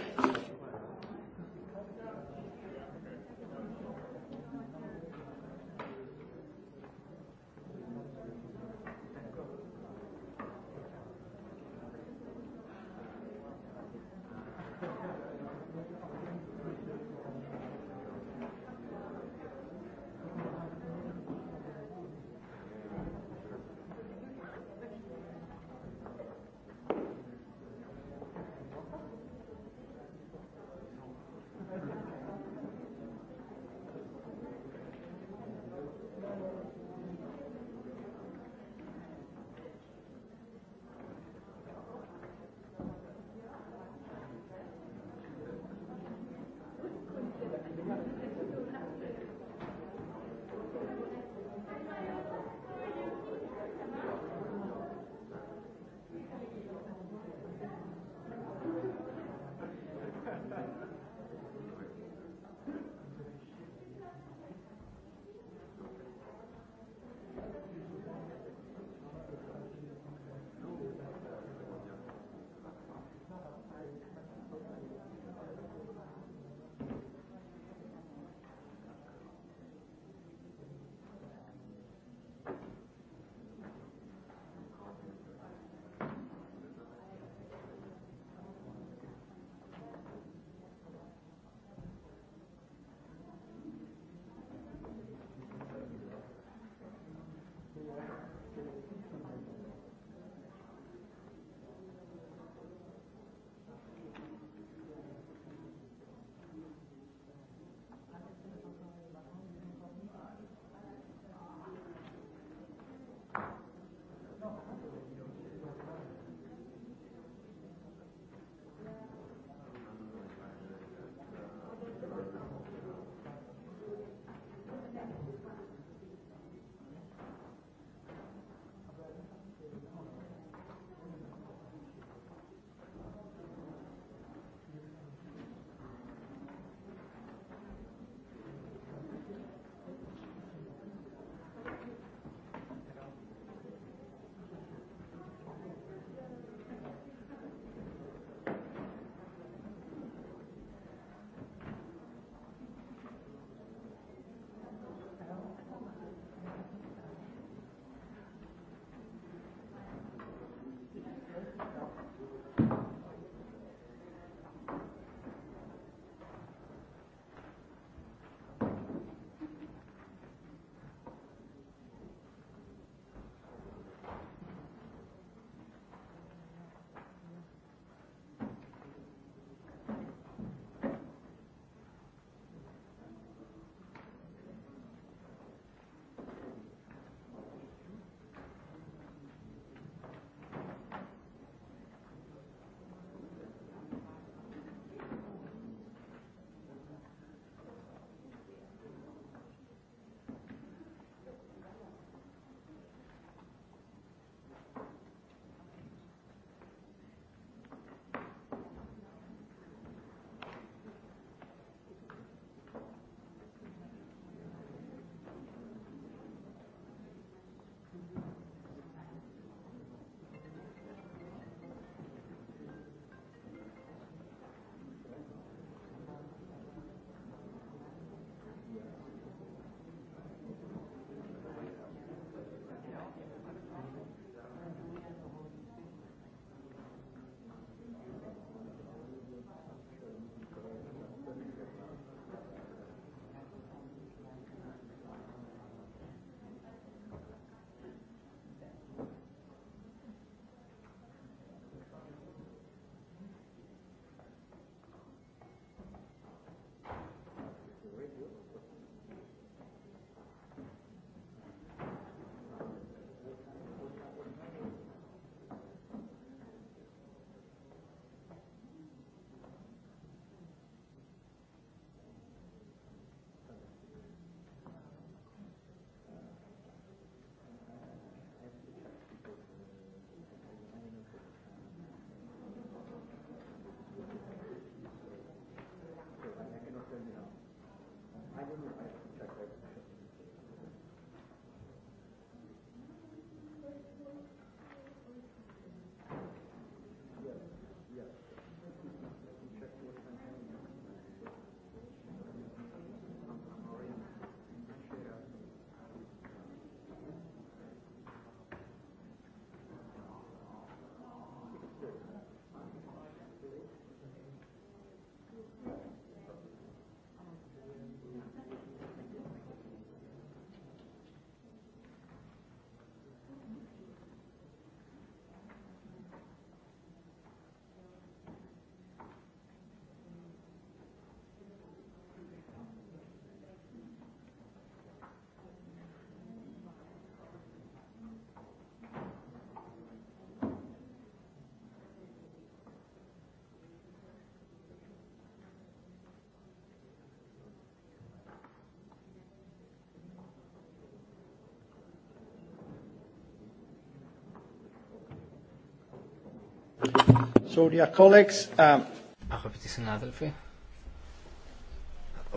Um, Αγαπητοί συνάδελφοι,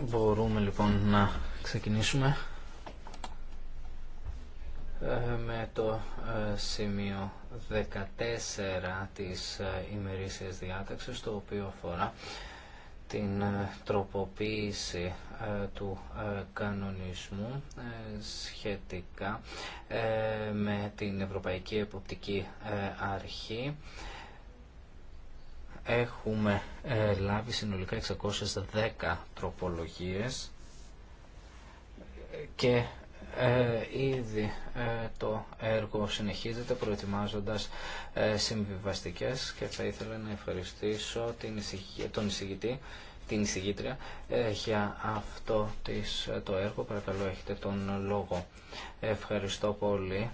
μπορούμε λοιπόν να ξεκινήσουμε ε, με το ε, σημείο 14 της ε, ημερήσιας διάταξης, το οποίο αφορά την τροποποίηση του κανονισμού σχετικά με την Ευρωπαϊκή Εποπτική Αρχή έχουμε ε, λάβει συνολικά 610 τροπολογίες και ε, ήδη ε, το έργο συνεχίζεται προετοιμάζοντας συμβιβαστικές και θα ήθελα να ευχαριστήσω τον εισηγητή την εισηγήτρια για αυτό το έργο. Παρακαλώ έχετε τον λόγο. Ευχαριστώ πολύ.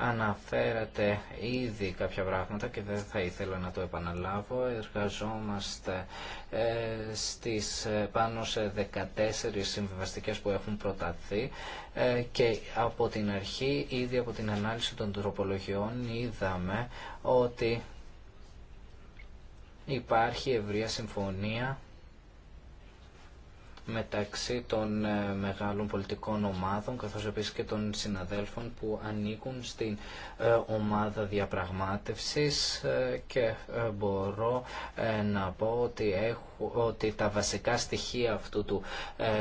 Αναφέρατε ήδη κάποια πράγματα και δεν θα ήθελα να το επαναλάβω. Εργαζόμαστε ε, στις, ε, πάνω σε 14 συμβιβαστικές που έχουν προταθεί ε, και από την αρχή, ήδη από την ανάλυση των τροπολογιών, είδαμε ότι υπάρχει ευρεία συμφωνία μεταξύ των ε, μεγάλων πολιτικών ομάδων καθώς επίσης και των συναδέλφων που ανήκουν στην ε, ομάδα διαπραγμάτευσης ε, και μπορώ να πω ότι, έχω, ότι τα βασικά στοιχεία αυτού του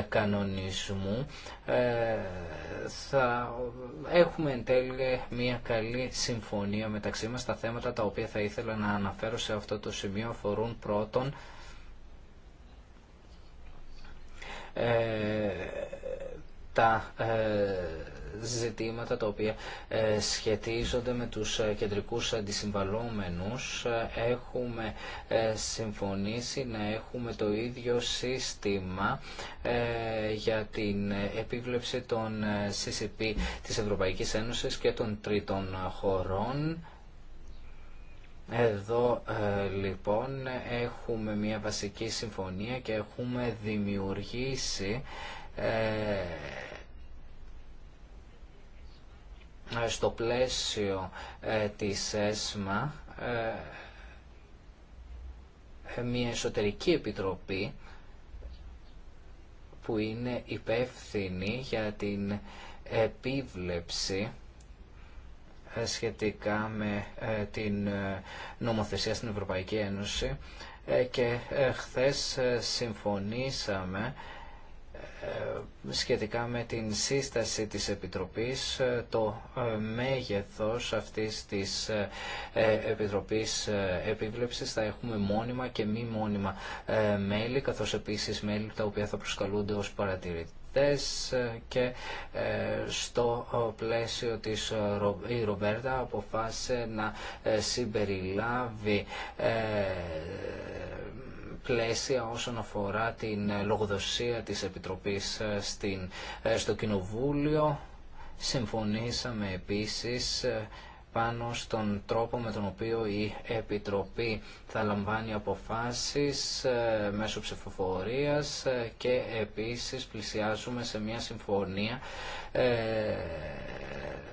κανονισμού θα έχουμε εν τέλει μια καλή συμφωνία μεταξύ μας. Τα θέματα τα οποία θα ήθελα να αναφέρω σε αυτό το σημείο αφορούν πρώτον Ε, τα ε, ζητήματα τα οποία ε, σχετίζονται με τους κεντρικούς αντισυμβαλόμενους. Έχουμε συμφωνήσει να έχουμε το ίδιο σύστημα για την επίβλεψη των CCP της Ευρωπαϊκής Ένωσης και των τρίτων χωρών εδώ ε, λοιπόν έχουμε μια βασική συμφωνία και έχουμε δημιουργήσει ε, στο πλαίσιο ε, της ΕΣΜΑ μια εσωτερική επιτροπή που είναι υπεύθυνη για την επίβλεψη ε, σχετικά με ε, την ε, νομοθεσία στην Ευρωπαϊκή Ένωση και χθες συμφωνήσαμε σχετικά με την σύσταση της Επιτροπής το μέγεθος αυτής της Επιτροπής Επίβλεψης θα έχουμε μόνιμα και μη μόνιμα μέλη καθώς επίσης μέλη τα οποία θα προσκαλούνται ως παρατηρητές ε, και ε, στο ε, πλαίσιο της η Ρομπέρτα αποφάσισε να συμπεριλάβει πλαίσια όσον αφορά την λογοδοσία της Επιτροπής στην, στο Κοινοβούλιο. Συμφωνήσαμε επίσης πάνω στον τρόπο με τον οποίο η Επιτροπή θα λαμβάνει αποφάσεις ε, μέσω ψηφοφορίας ε, και επίσης πλησιάζουμε σε μια συμφωνία ε,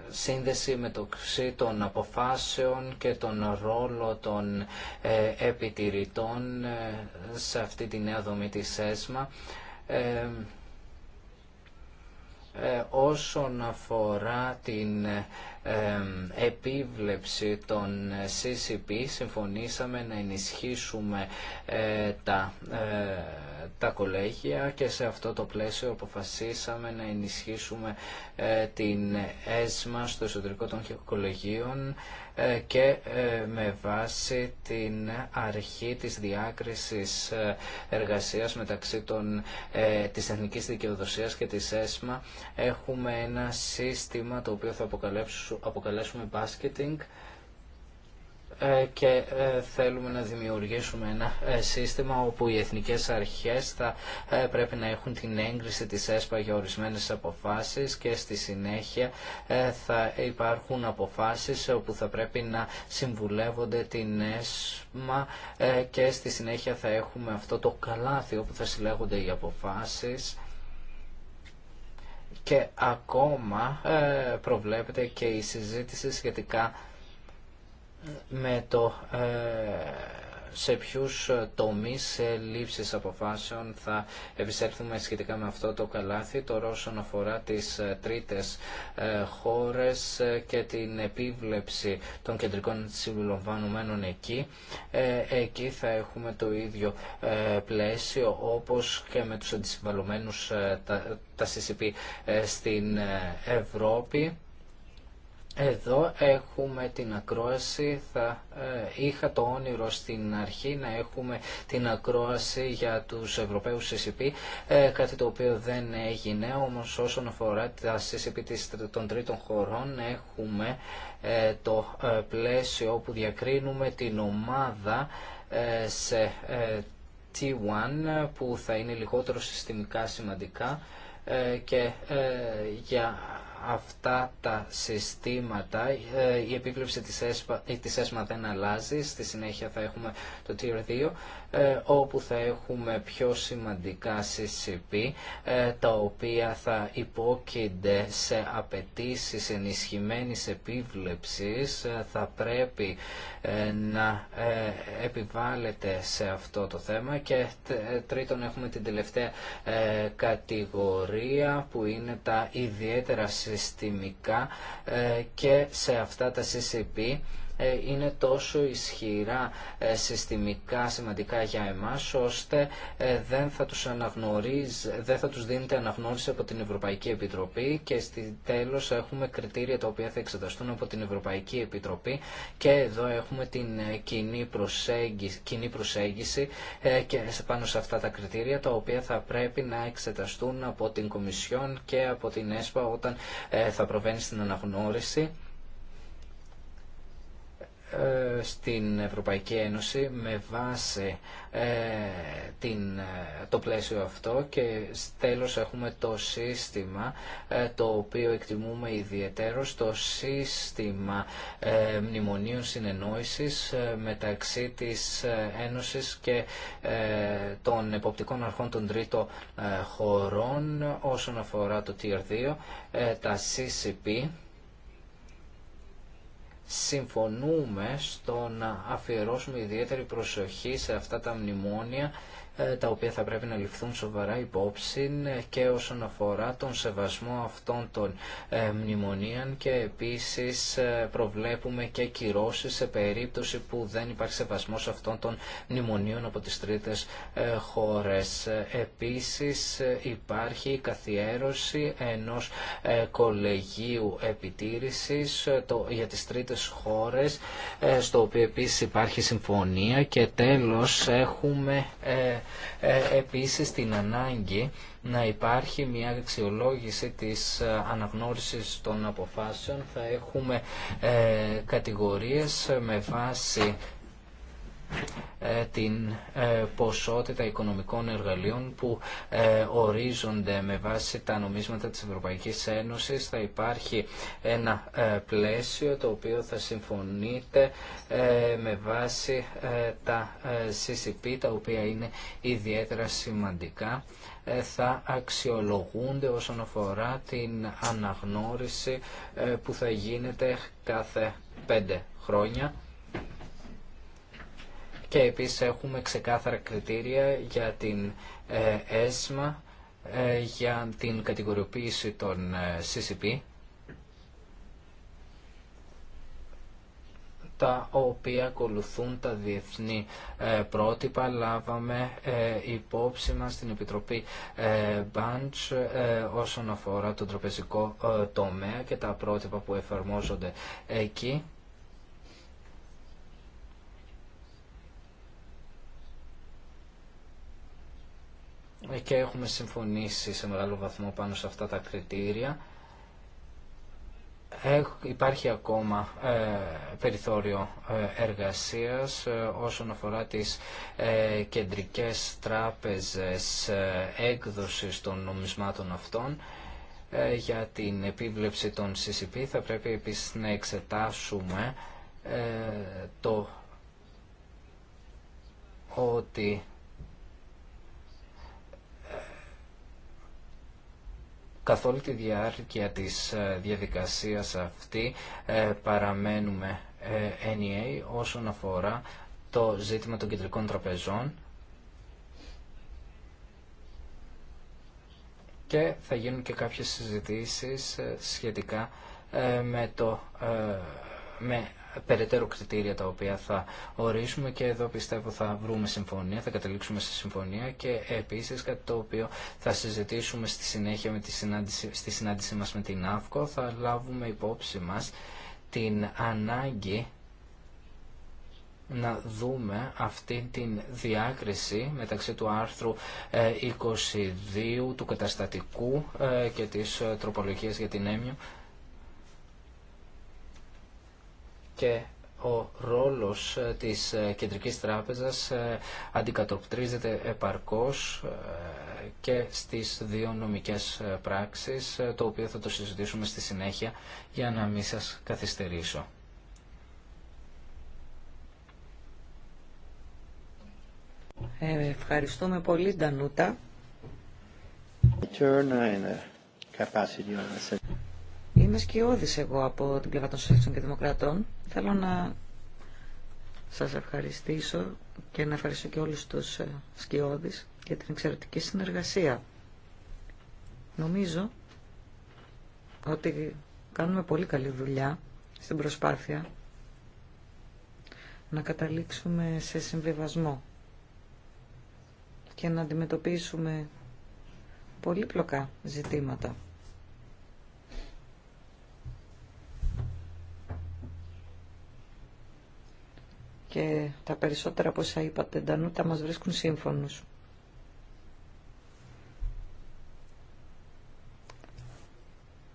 σύνδεση μεταξύ των αποφάσεων και τον ρόλο των επιτηρητών σε αυτή τη νέα δομή της ΕΣΜΑ. Όσον αφορά την επίβλεψη των ε, CCP συμφωνήσαμε να ενισχύσουμε ε, τα, ε, τα κολέγια και σε αυτό το πλαίσιο αποφασίσαμε να ενισχύσουμε την ΕΣΜΑ στο εσωτερικό των κολεγίων και με βάση την αρχή της διάκρισης εργασίας μεταξύ των, της Εθνικής Δικαιοδοσίας και της ΕΣΜΑ έχουμε ένα σύστημα το οποίο θα αποκαλέψουμε αποκαλέσουμε basketing ε, και ε, θέλουμε να δημιουργήσουμε ένα ε, σύστημα όπου οι εθνικές αρχές θα πρέπει να έχουν την έγκριση της ΕΣΠΑ για ορισμένες αποφάσεις και στη συνέχεια θα υπάρχουν αποφάσεις όπου θα πρέπει να συμβουλεύονται την ΕΣΜΑ και στη συνέχεια θα έχουμε αυτό το καλάθι όπου θα συλλέγονται οι αποφάσεις και ακόμα ε, προβλέπεται και η συζήτηση σχετικά με το ε, σε ποιους ε, τομείς λήψη αποφάσεων θα επισέλθουμε σχετικά με αυτό το καλάθι, Το όσον αφορά τις ε, τρίτες ε, χώρες και την επίβλεψη των κεντρικών συλλαμβανωμένων εκεί. Εκεί θα έχουμε το ίδιο πλαίσιο όπως και με τους αντισυμβαλωμένους τα CCP στην Ευρώπη εδώ έχουμε την ακρόαση, θα ε, είχα το όνειρο στην αρχή να έχουμε την ακρόαση για τους Ευρωπαίους CCP, e ε, κάτι το οποίο δεν έγινε, όμως όσον αφορά τα CCP e των τρίτων χωρών έχουμε ε, το ε, πλαίσιο όπου διακρίνουμε την ομάδα σε T1 που θα είναι λιγότερο συστημικά σημαντικά και για αυτά τα συστήματα ε, η επίκληψη της ΕΣΜΑ, δεν αλλάζει. Στη συνέχεια θα έχουμε το Tier 2 ε, όπου θα έχουμε πιο σημαντικά CCP ε, τα οποία θα υπόκεινται σε απαιτήσει ενισχυμένης επίβλεψης θα πρέπει να επιβάλλεται σε αυτό το θέμα και τρίτον έχουμε την τελευταία κατηγορία που είναι τα ιδιαίτερα συστήματα συστημικά ε, και σε αυτά τα CCP ε, είναι τόσο ισχυρά ε, συστημικά σημαντικά για εμάς ώστε ε, δεν θα τους, δεν θα τους δίνεται αναγνώριση από την Ευρωπαϊκή Επιτροπή και στη τέλος έχουμε κριτήρια τα οποία θα εξεταστούν από την Ευρωπαϊκή Επιτροπή και εδώ έχουμε την κοινή προσέγγιση, κοινή προσέγγιση και πάνω σε αυτά τα κριτήρια τα οποία θα πρέπει να εξεταστούν από την Κομισιόν και από την ΕΣΠΑ όταν θα προβαίνει στην αναγνώριση ε, στην Ευρωπαϊκή Ένωση με βάση ε, την, ε, το πλαίσιο αυτό και τέλος έχουμε το σύστημα το οποίο εκτιμούμε ιδιαίτερο το σύστημα μνημονίων συνεννόησης μεταξύ της Ένωσης και των εποπτικών αρχών των τρίτων χωρών όσον αφορά το Tier 2, τα CCP συμφωνούμε στο να αφιερώσουμε ιδιαίτερη προσοχή σε αυτά τα μνημόνια ε, τα οποία θα πρέπει να ληφθούν σοβαρά υπόψη και όσον αφορά τον σεβασμό αυτών των ε, μνημονίων και επίσης ε, προβλέπουμε και κυρώσεις σε περίπτωση που δεν υπάρχει σεβασμός αυτών των μνημονίων από τις τρίτες χώρες. Επίσης υπάρχει η καθιέρωση ενός κολεγίου επιτήρησης για τις τρίτες χώρες στο οποίο επίσης υπάρχει συμφωνία και τέλος έχουμε ε, επίσης την ανάγκη να υπάρχει μια αξιολόγηση της ε, αναγνώρισης των αποφάσεων. Θα έχουμε ε, κατηγορίες με βάση ε, την ε, ποσότητα οικονομικών εργαλείων που ε, ορίζονται με βάση τα νομίσματα της Ευρωπαϊκής Ένωσης. Θα υπάρχει ένα πλαίσιο το οποίο θα συμφωνείται με βάση τα CCP τα οποία είναι ιδιαίτερα σημαντικά θα αξιολογούνται όσον αφορά την αναγνώριση που θα γίνεται κάθε πέντε χρόνια και επίσης έχουμε ξεκάθαρα κριτήρια για την ε, ΕΣΜΑ, ε, για την κατηγοριοποίηση των ε, CCP, τα οποία ακολουθούν τα διεθνή πρότυπα. Λάβαμε υπόψη μας στην Επιτροπή Bunch όσον αφορά τον τροπεζικό τομέα και τα πρότυπα που εφαρμόζονται εκεί. Ε, και έχουμε συμφωνήσει σε μεγάλο βαθμό πάνω σε αυτά τα κριτήρια. Υπάρχει ακόμα ε, περιθώριο ε, εργασίας όσον αφορά τις κεντρικές τράπεζες έκδοσης των νομισμάτων αυτών για την επίβλεψη των CCP. Θα πρέπει επίσης να εξετάσουμε το ότι καθ' όλη τη διάρκεια της ε, διαδικασίας αυτή ε, παραμένουμε NEA ε, όσον αφορά το ζήτημα των κεντρικών τραπεζών και θα γίνουν και κάποιες συζητήσεις σχετικά με το με περαιτέρω κριτήρια τα οποία θα ορίσουμε και εδώ πιστεύω θα βρούμε συμφωνία, θα καταλήξουμε σε συμφωνία και επίσης κάτι το οποίο θα συζητήσουμε στη συνέχεια με τη συνάντηση, στη συνάντησή μας με την ΑΦΚΟ θα λάβουμε υπόψη μας την ανάγκη να δούμε αυτή την διάκριση μεταξύ του άρθρου 22 ε, του καταστατικού ε, και της ε, τροπολογίας για την έμειο και ο ρόλος ε, της ε, Κεντρικής Τράπεζας ε, αντικατοπτρίζεται επαρκώς και στις δύο νομικές πράξεις, το οποίο θα το συζητήσουμε στη συνέχεια για να μην σας καθυστερήσω. Ε, ευχαριστούμε πολύ, Ντανούτα. Είμαι σκιώδης εγώ από την πλευρά των Σοσιαλιστών και Δημοκρατών. Θέλω να σας ευχαριστήσω και να ευχαριστήσω και όλους τους ε, σκιώδης για την εξαιρετική συνεργασία. Νομίζω ότι κάνουμε πολύ καλή δουλειά στην προσπάθεια να καταλήξουμε σε συμβιβασμό και να αντιμετωπίσουμε πολύπλοκα ζητήματα. και τα περισσότερα από όσα είπατε, Ντανούτα, μας βρίσκουν σύμφωνους.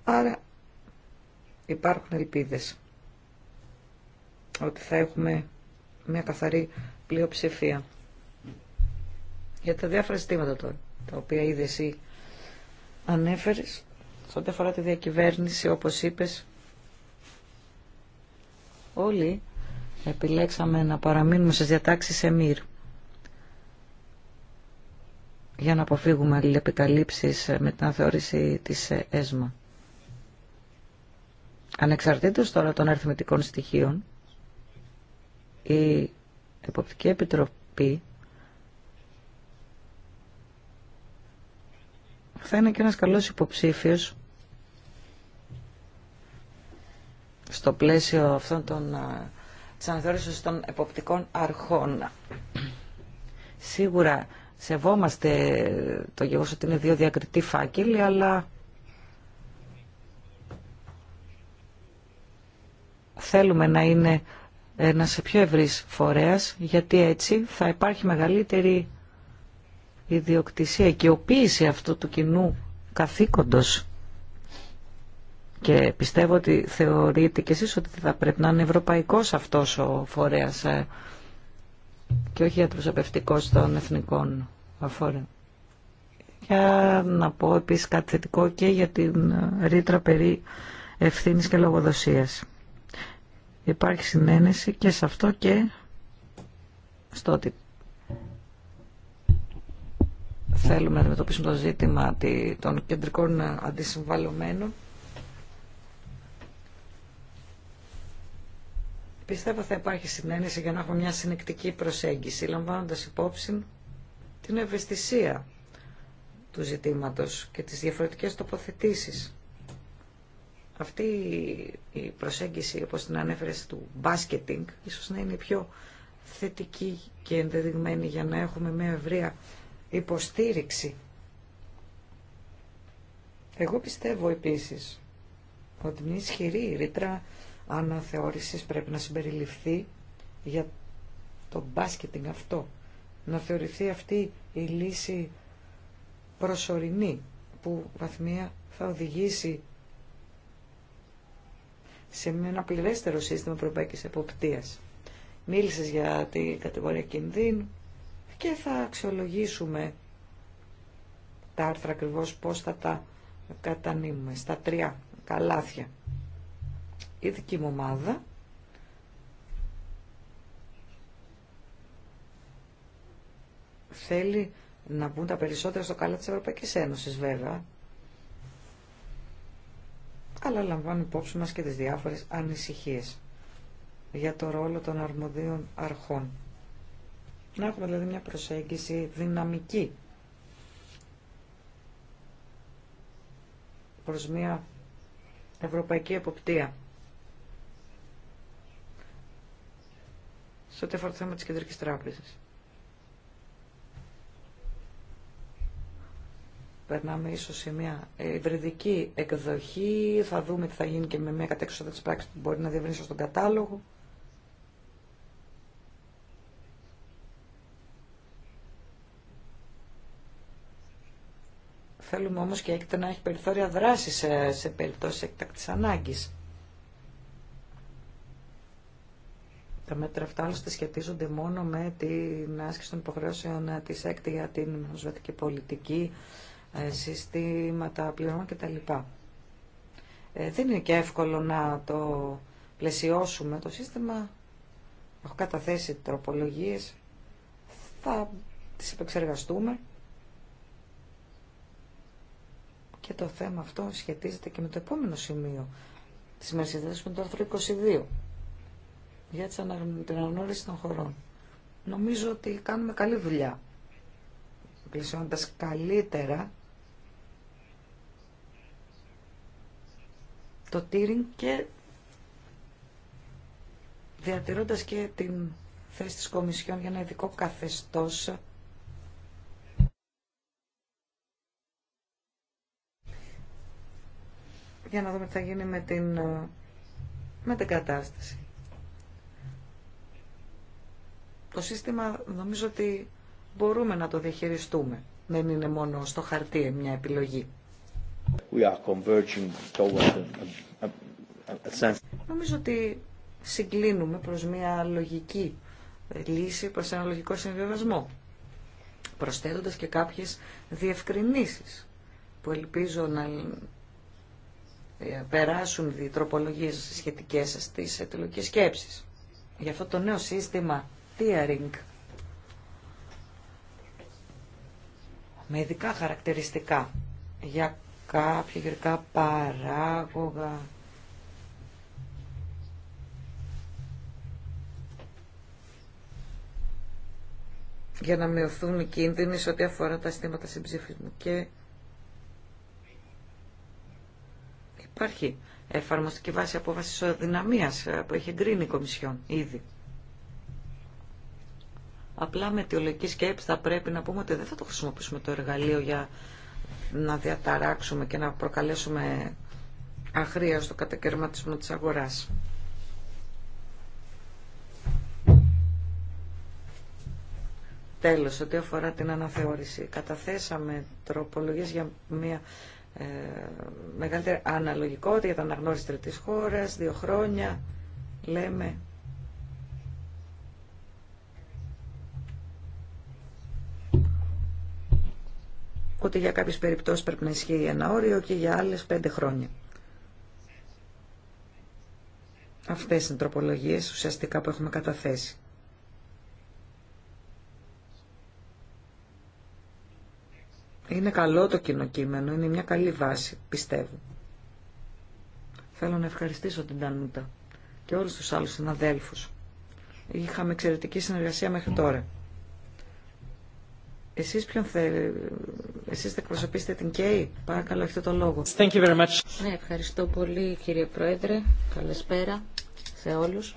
Άρα υπάρχουν ελπίδες ότι θα έχουμε μια καθαρή πλειοψηφία για τα διάφορα ζητήματα τώρα, τα οποία ήδη εσύ ανέφερες, σε ό,τι αφορά τη διακυβέρνηση, όπως είπες, όλοι επιλέξαμε να παραμείνουμε στις διατάξεις ΕΜΥΡ για να αποφύγουμε αλληλεπικαλύψεις με την αθεώρηση της ΕΣΜΑ. Ανεξαρτήτως τώρα των αριθμητικών στοιχείων, η Εποπτική Επιτροπή θα είναι και ένας καλός υποψήφιος στο πλαίσιο αυτών των ε, της αναθεώρησης των εποπτικών αρχών. Σίγουρα σεβόμαστε το γεγονός ότι είναι δύο διακριτή φάκελοι, αλλά θέλουμε να είναι σε πιο ευρύς φορέας, γιατί έτσι θα υπάρχει μεγαλύτερη ιδιοκτησία, και οποίηση αυτού του κοινού καθήκοντος και πιστεύω ότι θεωρείτε και εσείς ότι θα πρέπει να είναι ευρωπαϊκός αυτός ο φορέας ε, και όχι αντιπροσωπευτικός των εθνικών αφόρων. Για να πω επίσης κάτι θετικό και για την ε, ρήτρα περί ευθύνης και λογοδοσίας. Υπάρχει συνένεση και σε αυτό και στο ότι θέλουμε να αντιμετωπίσουμε το ζήτημα των κεντρικών ε, αντισυμβαλλομένων Πιστεύω θα υπάρχει συνένεση για να έχουμε μια συνεκτική προσέγγιση, λαμβάνοντας υπόψη την ευαισθησία του ζητήματος και τις διαφορετικές τοποθετήσεις. Αυτή η προσέγγιση, όπως την ανέφερε του μπάσκετινγκ, ίσως να είναι πιο θετική και ενδεδειγμένη για να έχουμε μια ευρεία υποστήριξη. Εγώ πιστεύω επίσης ότι μια ισχυρή ρήτρα αναθεώρησης πρέπει να συμπεριληφθεί για το μπάσκετινγκ αυτό. Να θεωρηθεί αυτή η λύση προσωρινή που βαθμία θα οδηγήσει σε ένα πληρέστερο σύστημα ευρωπαϊκής εποπτείας. Μίλησε για την κατηγορία κινδύνου και θα αξιολογήσουμε τα άρθρα ακριβώ πώς θα τα κατανείμουμε στα τρία καλάθια η δική μου ομάδα θέλει να μπουν τα περισσότερα στο καλά της Ευρωπαϊκής Ένωσης βέβαια αλλά λαμβάνουν υπόψη μας και τις διάφορες ανησυχίες για το ρόλο των αρμοδίων αρχών. Να έχουμε δηλαδή μια προσέγγιση δυναμική προς μια ευρωπαϊκή εποπτεία. σε ό,τι αφορά θέμα της Κεντρικής Τράπεζας. Περνάμε ίσως σε μια υβριδική εκδοχή, θα δούμε τι θα γίνει και με μια κατέξοδο της πράξης που μπορεί να διευρύνσω στον κατάλογο. Θέλουμε όμως και έκτα να έχει περιθώρια δράσης σε, σε περιπτώσεις έκτακτης ανάγκης. Τα μέτρα αυτά άλλωστε σχετίζονται μόνο με την άσκηση των υποχρεώσεων τη έκτη για την πολιτική, ε, συστήματα πληρώμα κτλ. Ε, δεν είναι και εύκολο να το πλαισιώσουμε το σύστημα. Έχω καταθέσει τροπολογίες. Θα τις επεξεργαστούμε. Και το θέμα αυτό σχετίζεται και με το επόμενο σημείο της Μερσιδέας με το άρθρο 22 για την αναγνώριση των χωρών. Νομίζω ότι κάνουμε καλή δουλειά, πλησιώντα καλύτερα το τύριν και διατηρώντας και την θέση της Κομισιόν για ένα ειδικό καθεστώς για να δούμε τι θα γίνει με την, με την κατάσταση το σύστημα νομίζω ότι μπορούμε να το διαχειριστούμε. Δεν είναι μόνο στο χαρτί μια επιλογή. We are a, νομίζω ότι συγκλίνουμε προς μια λογική ε, λύση, προς ένα λογικό συμβιβασμό, προσθέτοντας και κάποιες διευκρινήσεις που ελπίζω να ε, περάσουν οι σχετικές στις αιτηλογικές σκέψεις. Γι' αυτό το νέο σύστημα steering με ειδικά χαρακτηριστικά για κάποια γερικά παράγωγα για να μειωθούν οι κίνδυνοι σε ό,τι αφορά τα συστήματα συμψηφισμού και υπάρχει εφαρμοστική βάση απόφασης οδυναμίας ε, που έχει εγκρίνει η Κομισιόν ήδη. Απλά με τη σκέψη θα πρέπει να πούμε ότι δεν θα το χρησιμοποιήσουμε το εργαλείο για να διαταράξουμε και να προκαλέσουμε αχρία στο κατακαιρματισμό της αγοράς. Τέλος, ό,τι αφορά την αναθεώρηση, καταθέσαμε τροπολογίες για μια ε, μεγαλύτερη αναλογικότητα για τα αναγνώριση τρίτης χώρας, δύο χρόνια, λέμε ότι για κάποιε περιπτώσεις πρέπει να ισχύει ένα όριο και για άλλες πέντε χρόνια. Αυτές είναι οι τροπολογίες ουσιαστικά που έχουμε καταθέσει. Είναι καλό το κοινοκείμενο, είναι μια καλή βάση, πιστεύω. Θέλω να ευχαριστήσω την Τανούτα και όλους τους άλλους συναδέλφους. Είχαμε εξαιρετική συνεργασία μέχρι τώρα. Εσείς ποιον εσείς θα εκπροσωπήσετε την ΚΕΙ. Παρακαλώ, έχετε το λόγο. Thank you very much. Ναι, ευχαριστώ πολύ κύριε Πρόεδρε. Καλησπέρα σε όλους.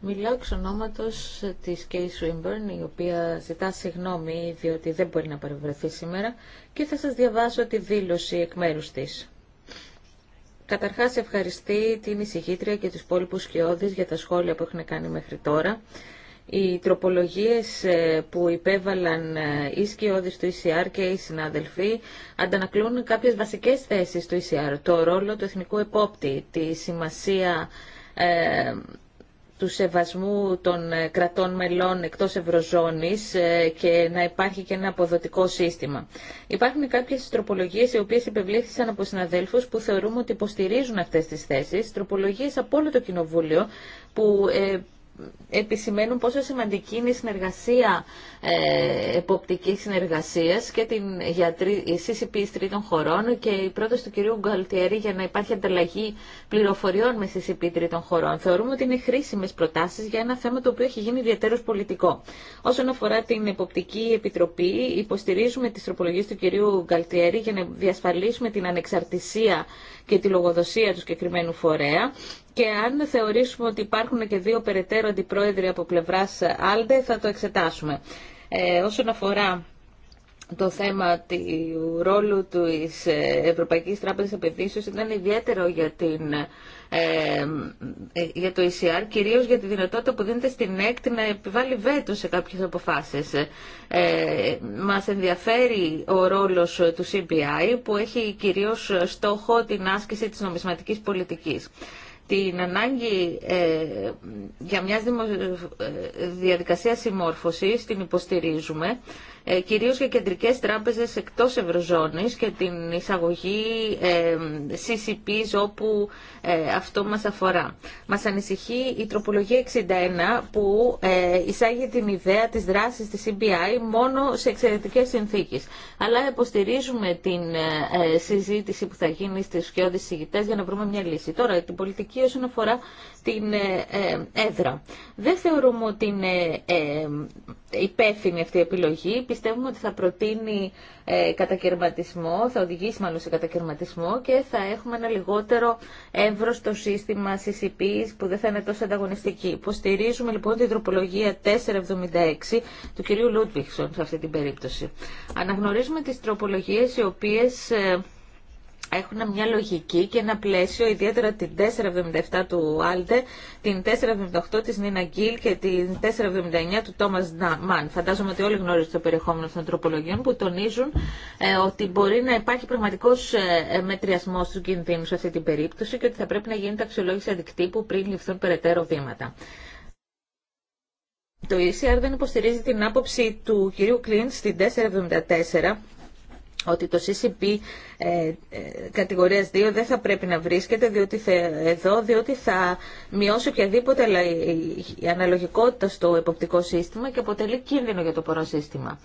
Μιλάω εξ ονόματος της Κέι Σουίμπερν, η οποία ζητά συγγνώμη διότι δεν μπορεί να παρευρεθεί σήμερα και θα σας διαβάσω τη δήλωση εκ μέρους της. Καταρχάς ευχαριστεί την εισηγήτρια και τους υπόλοιπους σκιώδεις για τα σχόλια που έχουν κάνει μέχρι τώρα οι τροπολογίες ε, που υπέβαλαν ε, οι σκιώδεις του ECR και οι συνάδελφοι αντανακλούν κάποιες βασικές θέσεις του ECR. Το ρόλο του εθνικού επόπτη, τη σημασία ε, του σεβασμού των ε, κρατών μελών εκτός Ευρωζώνης και να υπάρχει και ένα αποδοτικό σύστημα. Υπάρχουν κάποιες τροπολογίες οι οποίες υπευλήθησαν από συναδέλφους που θεωρούμε ότι υποστηρίζουν αυτές τις θέσεις, τροπολογίες από όλο το Κοινοβούλιο που επισημαίνουν πόσο σημαντική είναι η συνεργασία ε, εποπτική συνεργασία και την γιατρή, η CCP τρίτων χωρών και η πρόταση του κυρίου Γκαλτιέρη για να υπάρχει ανταλλαγή πληροφοριών με CCP τρίτων χωρών. Θεωρούμε ότι είναι χρήσιμε προτάσει για ένα θέμα το οποίο έχει γίνει ιδιαίτερος πολιτικό. Όσον αφορά την Εποπτική Επιτροπή, υποστηρίζουμε τι τροπολογίε του κυρίου Γκαλτιέρη για να διασφαλίσουμε την ανεξαρτησία και τη λογοδοσία του συγκεκριμένου φορέα και αν θεωρήσουμε ότι υπάρχουν και δύο περαιτέρω αντιπρόεδροι από πλευρά Άλντε θα το εξετάσουμε. Ε, όσον αφορά το θέμα του ρόλου της Ευρωπαϊκής Τράπεζας Επενδύσεως ήταν ιδιαίτερο για, την, ε, ε το ECR, κυρίως για τη δυνατότητα που δίνεται στην ΕΚΤ να επιβάλλει βέτο σε κάποιες αποφάσεις. Ε, μας ενδιαφέρει ο ρόλος του CBI που έχει κυρίως στόχο την άσκηση της νομισματικής πολιτικής την ανάγκη ε, για μια ε, διαδικασία συμμόρφωσης την υποστηρίζουμε ε, κυρίως για κεντρικές τράπεζες εκτός Ευρωζώνης και την εισαγωγή ε, CCPs όπου ε, αυτό μας αφορά. Μας ανησυχεί η τροπολογία 61 που εισάγει την ιδέα της δράσης της CBI μόνο σε εξαιρετικές συνθήκες. Αλλά υποστηρίζουμε την συζήτηση που θα γίνει στις σκιώδεις συγητές για να βρούμε μια λύση. Τώρα, την πολιτική όσον αφορά την ε, ε, έδρα. Δεν θεωρούμε ότι είναι ε, υπεύθυνη αυτή η επιλογή. Πιστεύουμε ότι θα προτείνει κατακαιρματισμό, θα οδηγήσει μάλλον σε κατακαιρματισμό και θα έχουμε ένα λιγότερο εύρο στο σύστημα CCP που δεν θα είναι τόσο ανταγωνιστική. Υποστηρίζουμε λοιπόν την τροπολογία 476 του κυρίου Λούτβιχσον σε αυτή την περίπτωση. Αναγνωρίζουμε τις τροπολογίες οι οποίες έχουν μια λογική και ένα πλαίσιο, ιδιαίτερα την 477 του Άλτε, την 478 της Νίνα Γκίλ και την 479 του Τόμας Μαν. Φαντάζομαι ότι όλοι γνωρίζετε το περιεχόμενο των τροπολογιών που τονίζουν ε, ότι μπορεί να υπάρχει πραγματικός ε, ε, μετριασμός του κινδύνου σε αυτή την περίπτωση και ότι θα πρέπει να γίνεται αξιολόγηση αντικτύπου πριν ληφθούν περαιτέρω βήματα. Το ECR δεν υποστηρίζει την άποψη του κυρίου Κλίντ στην 474 ότι το CCP ε, ε, κατηγορίας 2 δεν θα πρέπει να βρίσκεται διότι εδώ, διότι θα μειώσει οποιαδήποτε η αναλογικότητα στο εποπτικό σύστημα και αποτελεί κίνδυνο για το πορό σύστημα.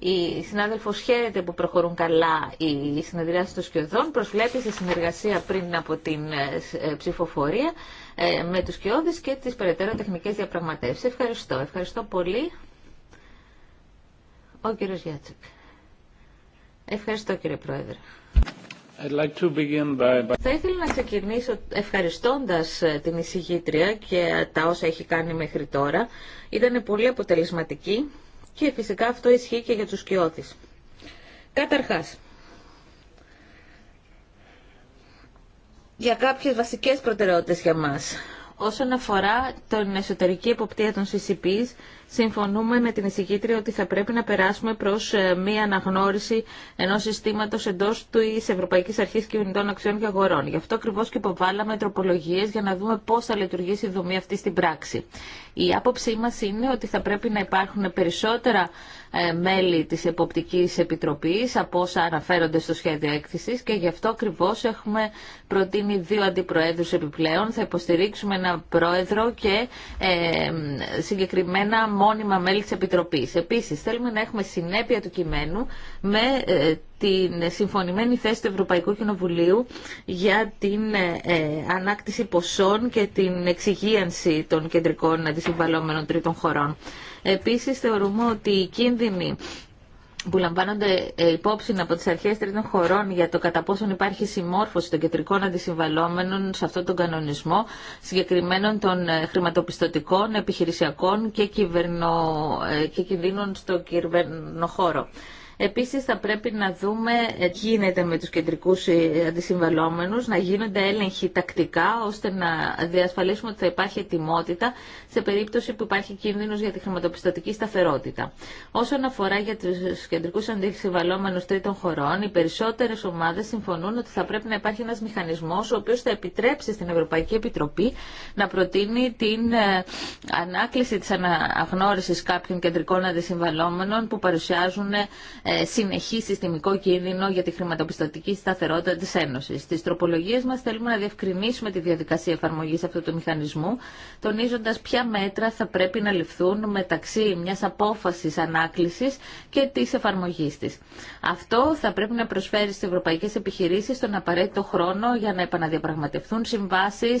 Η συνάδελφο χαίρεται που προχωρούν καλά οι συνεδριάσει των σκιωδών, προσβλέπει σε συνεργασία πριν από την ε, ε, ψηφοφορία με τους σκιώδες και τις περαιτέρω τεχνικές διαπραγματεύσεις. Ευχαριστώ. Ευχαριστώ πολύ. Ο κύριος Γιάτσεκ. Ευχαριστώ κύριε Πρόεδρε. Θα ήθελα να ξεκινήσω ευχαριστώντας ε, την εισηγήτρια και τα όσα έχει κάνει μέχρι τώρα. Ήταν πολύ αποτελεσματική και φυσικά αυτό ισχύει και για τους κοιότης. Καταρχάς, για κάποιες βασικές προτεραιότητες για μας. Όσον αφορά την εσωτερική εποπτεία των CCP, συμφωνούμε με την εισηγήτρια ότι θα πρέπει να περάσουμε προς ε, μία αναγνώριση ενός συστήματος εντός της Ευρωπαϊκής Αρχής Κοινωνικών Αξιών και Αγορών. Γι' αυτό ακριβώ και υποβάλαμε τροπολογίες για να δούμε πώς θα λειτουργήσει η δομή αυτή στην πράξη. Η άποψή μας είναι ότι θα πρέπει να υπάρχουν περισσότερα ε, μέλη της Εποπτικής Επιτροπής από όσα αναφέρονται στο σχέδιο έκθεσης και γι' αυτό ακριβώ έχουμε προτείνει δύο αντιπροέδρους επιπλέον. Θα υποστηρίξουμε ένα πρόεδρο και ε, συγκεκριμένα μόνιμα μέλη της Επιτροπής. Επίσης θέλουμε να έχουμε συνέπεια του κειμένου με ε, την συμφωνημένη θέση του Ευρωπαϊκού Κοινοβουλίου για την ανάκτηση ποσών και την εξυγίανση των κεντρικών αντισυμβαλλόμενων τρίτων χωρών. Επίσης θεωρούμε ότι οι κίνδυνοι που λαμβάνονται ε, υπόψη από τις αρχές τρίτων χωρών για το κατά πόσον υπάρχει συμμόρφωση των κεντρικών αντισυμβαλόμενων σε αυτόν τον κανονισμό, συγκεκριμένων των ε, χρηματοπιστωτικών, επιχειρησιακών και, κυβερνο... Ε, και κινδύνων στο κυβερνοχώρο. Επίσης θα πρέπει να δούμε ε, τι γίνεται με τους κεντρικούς ε, αντισυμβαλόμενους, να γίνονται έλεγχοι τακτικά ώστε να διασφαλίσουμε ότι θα υπάρχει ετοιμότητα σε περίπτωση που υπάρχει κίνδυνος για τη χρηματοπιστωτική σταθερότητα. Όσον αφορά για τους κεντρικούς αντισυμβαλόμενους τρίτων χωρών, οι περισσότερες ομάδες συμφωνούν ότι θα πρέπει να υπάρχει ένας μηχανισμός ο οποίος θα επιτρέψει στην Ευρωπαϊκή Επιτροπή να προτείνει την ε, ανάκληση της αναγνώρισης κάποιων κεντρικών αντισυμβαλόμενων που παρουσιάζουν ε, συνεχή συστημικό κίνδυνο για τη χρηματοπιστωτική σταθερότητα τη Ένωση. Στι τροπολογίε μα θέλουμε να διευκρινίσουμε τη διαδικασία εφαρμογή αυτού του μηχανισμού, τονίζοντα ποια μέτρα θα πρέπει να ληφθούν μεταξύ μια απόφαση ανάκληση και τη εφαρμογή τη. Αυτό θα πρέπει να προσφέρει στι ευρωπαϊκέ επιχειρήσει τον απαραίτητο χρόνο για να επαναδιαπραγματευτούν συμβάσει,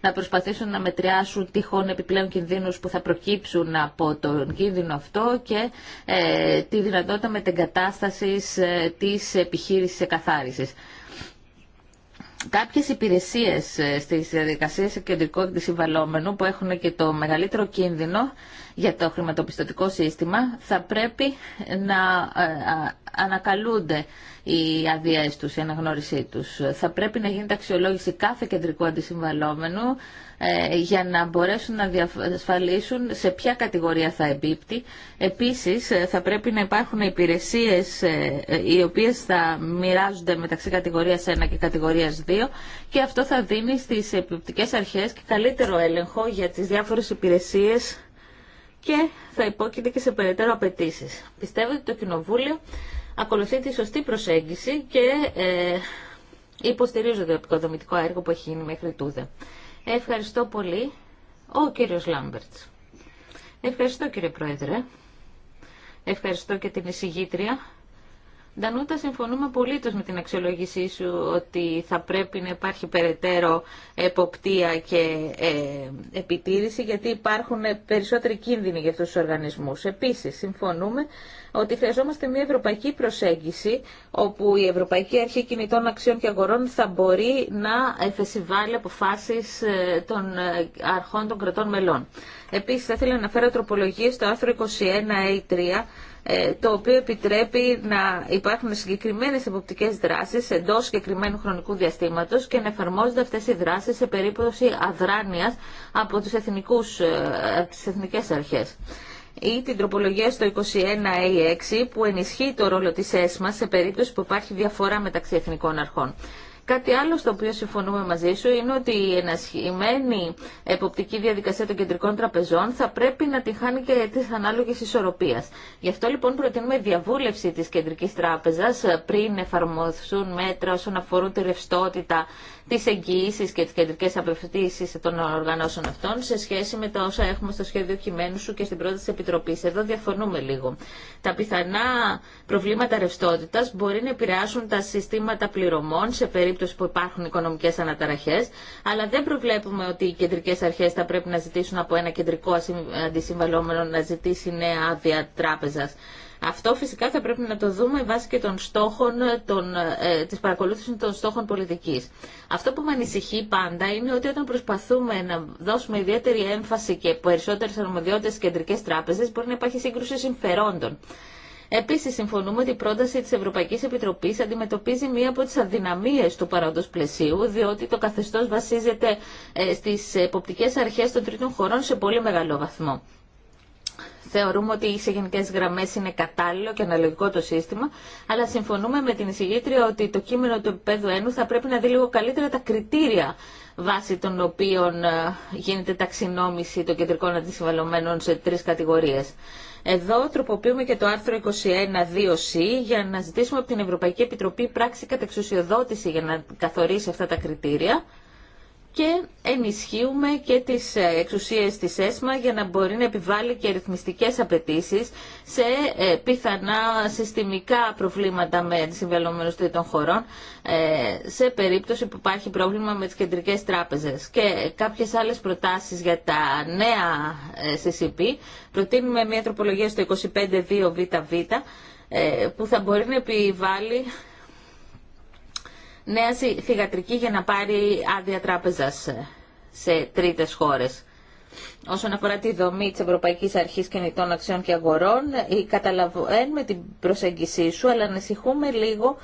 να προσπαθήσουν να μετριάσουν τυχόν επιπλέον κινδύνου που θα προκύψουν από τον κίνδυνο αυτό και ε, τη δυνατότητα εγκατάστασης ε, της επιχείρησης εκαθάρισης. Κάποιες υπηρεσίες ε, στις διαδικασίες κεντρικού αντισυμβαλόμενου που έχουν και το μεγαλύτερο κίνδυνο για το χρηματοπιστωτικό σύστημα θα πρέπει να ε, ανακαλούνται οι αδειές τους, η αναγνώρισή τους. Θα πρέπει να γίνεται αξιολόγηση κάθε κεντρικού αντισυμβαλόμενου ε, για να μπορέσουν να διασφαλίσουν σε ποια κατηγορία θα εμπίπτει. Επίσης, ε, θα πρέπει να υπάρχουν υπηρεσίες ε, οι οποίες θα μοιράζονται μεταξύ κατηγορίας 1 και κατηγορίας 2 και αυτό θα δίνει στις επιπτικές αρχές και καλύτερο έλεγχο για τις διάφορες υπηρεσίες και θα υπόκειται και σε περαιτέρω απαιτήσει. Πιστεύω ότι το Κοινοβούλιο ακολουθεί τη σωστή προσέγγιση και ε, υποστηρίζω το επικοδομητικό έργο που έχει γίνει μέχρι τούδε. Ευχαριστώ πολύ. Ο κύριος Λάμπερτς. Ευχαριστώ κύριε Πρόεδρε. Ευχαριστώ και την εισηγήτρια Ντανούτα, συμφωνούμε πολύ με την αξιολόγησή σου ότι θα πρέπει να υπάρχει περαιτέρω εποπτεία και ε, επιτήρηση γιατί υπάρχουν περισσότεροι κίνδυνοι για αυτούς τους οργανισμούς. Επίσης, συμφωνούμε ότι χρειαζόμαστε μια ευρωπαϊκή προσέγγιση όπου η Ευρωπαϊκή Αρχή Κινητών Αξιών και Αγορών θα μπορεί να εφεσιβάλλει αποφάσεις ε, των ε, αρχών των κρατών μελών. Επίσης, θα ήθελα να αναφέρω τροπολογίες στο άρθρο 21A3 ε, το οποίο επιτρέπει να υπάρχουν συγκεκριμένες εποπτικές δράσεις εντός συγκεκριμένου χρονικού διαστήματος και να εφαρμόζονται αυτές οι δράσεις σε περίπτωση αδράνειας από τους εθνικούς, ε, τις εθνικές αρχές ή την τροπολογία στο 21A6 που ενισχύει το ρόλο της ΕΣΜΑ σε περίπτωση που υπάρχει διαφορά μεταξύ εθνικών αρχών. Κάτι άλλο στο οποίο συμφωνούμε μαζί σου είναι ότι η ενασχημένη εποπτική διαδικασία των κεντρικών τραπεζών θα πρέπει να τη χάνει και τη ανάλογη ισορροπία. Γι' αυτό λοιπόν προτείνουμε διαβούλευση τη κεντρική τράπεζα ε, πριν εφαρμοστούν μέτρα όσον αφορούν τη ρευστότητα τι εγγυήσει και τι κεντρικέ απευθύνσει των οργανώσεων αυτών σε σχέση με τα όσα έχουμε στο σχέδιο κειμένου σου και στην πρόταση τη Επιτροπής. Εδώ διαφωνούμε λίγο. Τα πιθανά προβλήματα ρευστότητα μπορεί να επηρεάσουν τα συστήματα πληρωμών σε περίπτωση που υπάρχουν οικονομικέ αναταραχέ, αλλά δεν προβλέπουμε ότι οι κεντρικέ αρχέ θα πρέπει να ζητήσουν από ένα κεντρικό αντισυμβαλόμενο να ζητήσει νέα άδεια τράπεζα. Αυτό φυσικά θα πρέπει να το δούμε βάσει και των στόχων των, ε, της παρακολούθησης των στόχων πολιτικής. Αυτό που με ανησυχεί πάντα είναι ότι όταν προσπαθούμε να δώσουμε ιδιαίτερη έμφαση και περισσότερες αρμοδιότητες στις κεντρικές τράπεζες μπορεί να υπάρχει σύγκρουση συμφερόντων. Επίση, συμφωνούμε ότι η πρόταση τη Ευρωπαϊκή Επιτροπή αντιμετωπίζει μία από τι αδυναμίε του παρόντο πλαισίου, διότι το καθεστώ βασίζεται ε, στι εποπτικέ αρχέ των τρίτων χωρών σε πολύ μεγάλο βαθμό. Θεωρούμε ότι οι γενικέ γραμμέ είναι κατάλληλο και αναλογικό το σύστημα, αλλά συμφωνούμε με την εισηγήτρια ότι το κείμενο του επίπεδου ένου θα πρέπει να δει λίγο καλύτερα τα κριτήρια βάσει των οποίων ε, γίνεται ταξινόμηση των κεντρικών αντισυμβαλωμένων σε τρει κατηγορίε. Εδώ τροποποιούμε και το άρθρο 21.2c για να ζητήσουμε από την Ευρωπαϊκή Επιτροπή πράξη κατεξουσιοδότηση για να καθορίσει αυτά τα κριτήρια και ενισχύουμε και τις ε, εξουσίες της ΕΣΜΑ για να μπορεί να επιβάλλει και ρυθμιστικές απαιτήσεις σε ε, πιθανά συστημικά προβλήματα με συμβελόμενους τρίτων χωρών ε, σε περίπτωση που υπάρχει πρόβλημα με τις κεντρικές τράπεζες. Και κάποιες άλλες προτάσεις για τα νέα CCP. Προτείνουμε μια τροπολογία στο 25.2 ββ που θα μπορεί να επιβάλλει νέα θηγατρική για να πάρει άδεια τράπεζα σε τρίτε χώρε. Όσον αφορά τη δομή τη Ευρωπαϊκής Αρχής Κινητών Αξιών και Αγορών, καταλαβαίνουμε την προσέγγισή σου, αλλά ανησυχούμε λίγο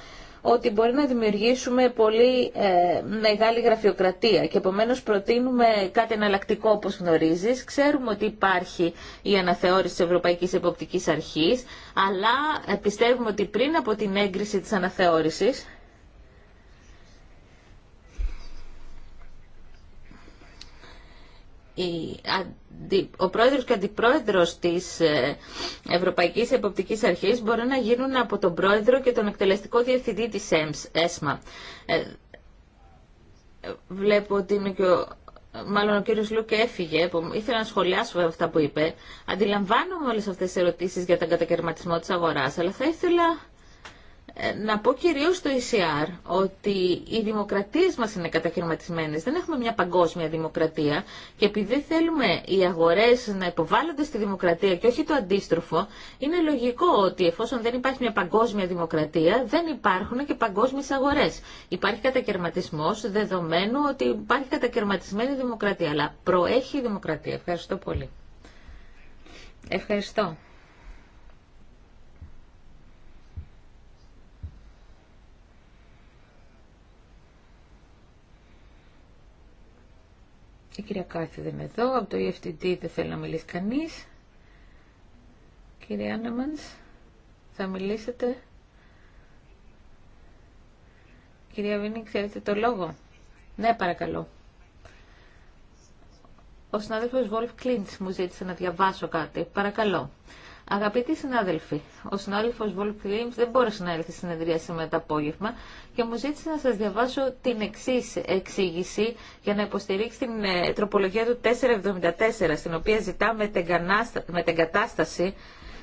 ότι μπορεί να δημιουργήσουμε πολύ ε, μεγάλη γραφειοκρατία και επομένω προτείνουμε κάτι εναλλακτικό όπω γνωρίζει, Ξέρουμε ότι υπάρχει η αναθεώρηση της Ευρωπαϊκής Εποπτικής Αρχής, αλλά ε, πιστεύουμε ότι πριν από την έγκριση τη αναθεώρηση. ο πρόεδρος και αντιπρόεδρος της ε, Ευρωπαϊκής Εποπτικής Αρχής μπορεί να γίνουν από τον πρόεδρο και τον εκτελεστικό διευθυντή της ΕΣΜΑ. Ε, βλέπω ότι είναι και ο μάλλον ο κύριος Λουκ έφυγε, ήθελα να σχολιάσω αυτά που είπε. Αντιλαμβάνομαι όλες αυτές τις ερωτήσεις για τον κατακαιρματισμό της αγοράς, αλλά θα ήθελα να πω κυρίω στο ECR ότι οι δημοκρατίε μας είναι καταχειρηματισμένες. Δεν έχουμε μια παγκόσμια δημοκρατία και επειδή θέλουμε οι αγορές να υποβάλλονται στη δημοκρατία και όχι το αντίστροφο, είναι λογικό ότι εφόσον δεν υπάρχει μια παγκόσμια δημοκρατία, δεν υπάρχουν και παγκόσμιες αγορές. Υπάρχει κατακαιρματισμό δεδομένου ότι υπάρχει κατακαιρματισμένη δημοκρατία, αλλά προέχει η δημοκρατία. Ευχαριστώ πολύ. Ευχαριστώ. Η κυρία Κάθη δεν είναι εδώ. Από το EFTD δεν θέλει να μιλήσει κανείς. Κύριε Άνεμανς, θα μιλήσετε. Κυρία Βίνη, ξέρετε το λόγο. Ναι, παρακαλώ. Ο συνάδελφος Βόλφ Κλίντς μου ζήτησε να διαβάσω κάτι. Παρακαλώ. Αγαπητοί συνάδελφοι, ο συνάδελφο Βολκ δεν μπόρεσε να έρθει στην συνεδρία σήμερα το απόγευμα και μου ζήτησε να σα διαβάσω την εξή εξήγηση για να υποστηρίξει την ε, τροπολογία του 474, στην οποία ζητάμε κατάσταση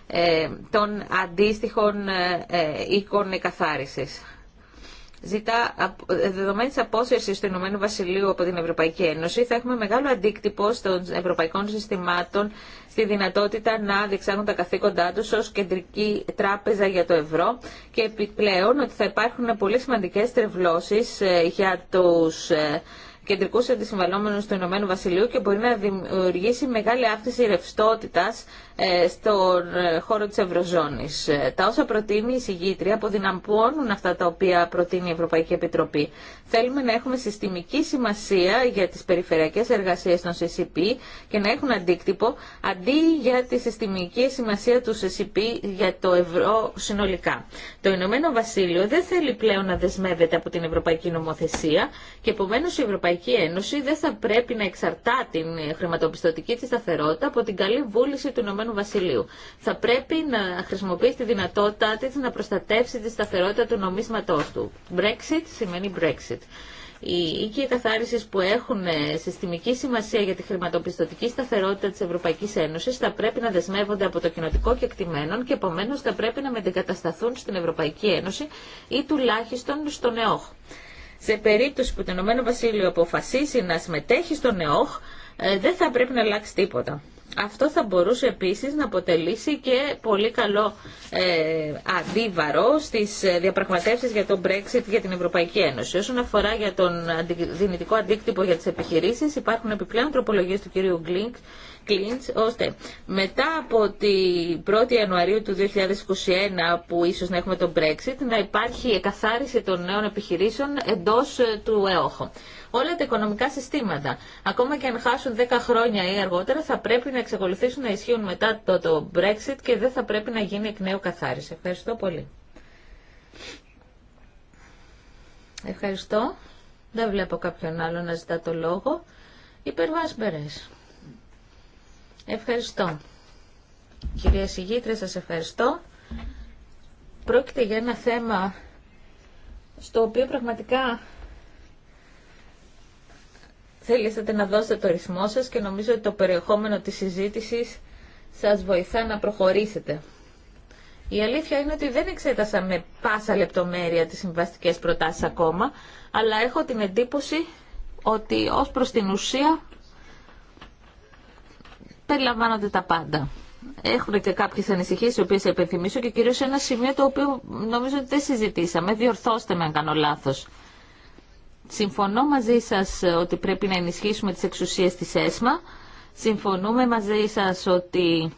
ε, των αντίστοιχων ε, ε οίκων εκαθάρισης ζητά ε, δεδομένης απόσυρση του Ηνωμένου Βασιλείου από την Ευρωπαϊκή Ένωση, θα έχουμε μεγάλο αντίκτυπο των ευρωπαϊκών συστημάτων στη δυνατότητα να διεξάγουν τα καθήκοντά του ω κεντρική τράπεζα για το ευρώ και επιπλέον ότι θα υπάρχουν πολύ σημαντικέ τρευλώσει ε, για τους ε, Κεντρικού αντισυμβαλόμενου του Ηνωμένου Βασιλείου και μπορεί να δημιουργήσει μεγάλη αύξηση ρευστότητα ε, στον ε, χώρο τη Ευρωζώνη. Ε, τα όσα προτείνει η συγγήτρια αποδυναμώνουν αυτά τα οποία προτείνει η Ευρωπαϊκή Επιτροπή. Θέλουμε να έχουμε συστημική σημασία για τι περιφερειακέ εργασίε των CCP και να έχουν αντίκτυπο αντί για τη συστημική σημασία του CCP για το ευρώ συνολικά. Το Ηνωμένο Βασίλειο δεν θέλει πλέον να δεσμεύεται από την Ευρωπαϊκή Νομοθεσία και επομένω η Ευρωπαϊκή Ευρωπαϊκή Ένωση δεν θα πρέπει να εξαρτά την χρηματοπιστωτική της σταθερότητα από την καλή βούληση του Ηνωμένου Βασιλείου. Θα πρέπει να χρησιμοποιήσει τη δυνατότητά της να προστατεύσει τη σταθερότητα του νομίσματός του. Brexit σημαίνει Brexit. Οι οίκοι καθάριση που έχουν συστημική σημασία για τη χρηματοπιστωτική σταθερότητα τη Ευρωπαϊκή Ένωση θα πρέπει να δεσμεύονται από το κοινοτικό κεκτημένο και επομένω θα πρέπει να μετεγκατασταθούν στην Ευρωπαϊκή Ένωση ή τουλάχιστον στον ΕΟΧ σε περίπτωση που το Ηνωμένο Βασίλειο αποφασίσει να συμμετέχει στον ΕΟΧ, ε, δεν θα πρέπει να αλλάξει τίποτα. Αυτό θα μπορούσε επίσης να αποτελήσει και πολύ καλό ε, αντίβαρο στις ε, διαπραγματεύσεις για τον Brexit για την Ευρωπαϊκή Ένωση. Όσον αφορά για τον δυνητικό αντίκτυπο για τις επιχειρήσεις, υπάρχουν επιπλέον τροπολογίες του κυρίου Γκλίνκ, Κλίντς, ώστε μετά από την 1η Ιανουαρίου του 2021 που ίσως να έχουμε τον Brexit να υπάρχει εκαθάριση των νέων επιχειρήσεων εντός ε, του ΕΟΧΟ όλα τα οικονομικά συστήματα. Ακόμα και αν χάσουν 10 χρόνια ή αργότερα θα πρέπει να εξακολουθήσουν να ισχύουν μετά το, το Brexit και δεν θα πρέπει να γίνει εκ νέου καθάριση. Ευχαριστώ πολύ. Ευχαριστώ. Δεν βλέπω κάποιον άλλο να ζητά το λόγο. Υπερβάσπερες. Ευχαριστώ. Κυρία Συγήτρια, σας ευχαριστώ. Πρόκειται για ένα θέμα στο οποίο πραγματικά Θέλησατε να δώσετε το ρυθμό σας και νομίζω ότι το περιεχόμενο της συζήτησης σας βοηθά να προχωρήσετε. Η αλήθεια είναι ότι δεν εξέτασα με πάσα λεπτομέρεια τις συμβαστικές προτάσεις ακόμα, αλλά έχω την εντύπωση ότι ως προς την ουσία περιλαμβάνονται τα πάντα. Έχουν και κάποιες ανησυχίες, οι οποίες θα υπενθυμίσω και κυρίως ένα σημείο το οποίο νομίζω ότι δεν συζητήσαμε. Διορθώστε με αν κάνω λάθος. Συμφωνώ μαζί σας ότι πρέπει να ενισχύσουμε τις εξουσίες της ΕΣΜΑ. Συμφωνούμε μαζί σας ότι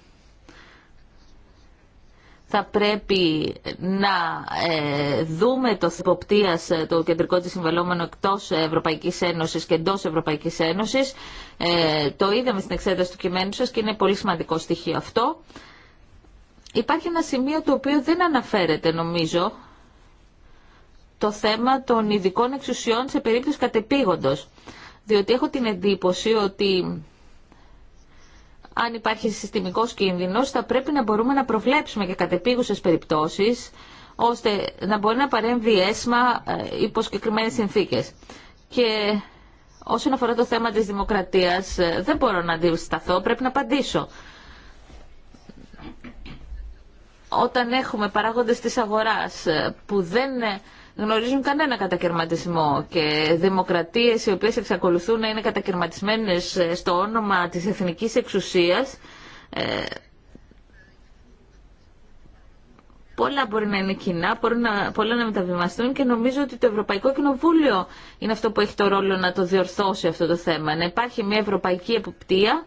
θα πρέπει να ε, δούμε το υποπτίας ε, το κεντρικό της συμβαλόμενο εκτός Ευρωπαϊκής Ένωσης και εντός Ευρωπαϊκής Ένωσης. Ε, το είδαμε στην εξέταση του κειμένου σας και είναι πολύ σημαντικό στοιχείο αυτό. Υπάρχει ένα σημείο το οποίο δεν αναφέρεται νομίζω το θέμα των ειδικών εξουσιών σε περίπτωση κατεπήγοντος. Διότι έχω την εντύπωση ότι αν υπάρχει συστημικός κίνδυνος θα πρέπει να μπορούμε να προβλέψουμε και κατεπήγουσες περιπτώσεις ώστε να μπορεί να παρέμβει έσμα ε, υπό συγκεκριμένε συνθήκες. Και όσον αφορά το θέμα της δημοκρατίας ε, δεν μπορώ να αντισταθώ, πρέπει να απαντήσω. Όταν έχουμε παράγοντες της αγοράς ε, που δεν γνωρίζουν κανένα κατακαιρματισμό και δημοκρατίες οι οποίες εξακολουθούν να είναι κατακαιρματισμένες ε, στο όνομα της εθνικής εξουσίας ε, Πολλά μπορεί να είναι κοινά, μπορεί να, πολλά να μεταβιβαστούν και νομίζω ότι το Ευρωπαϊκό Κοινοβούλιο είναι αυτό που έχει το ρόλο να το διορθώσει αυτό το θέμα. Να υπάρχει μια ευρωπαϊκή εποπτεία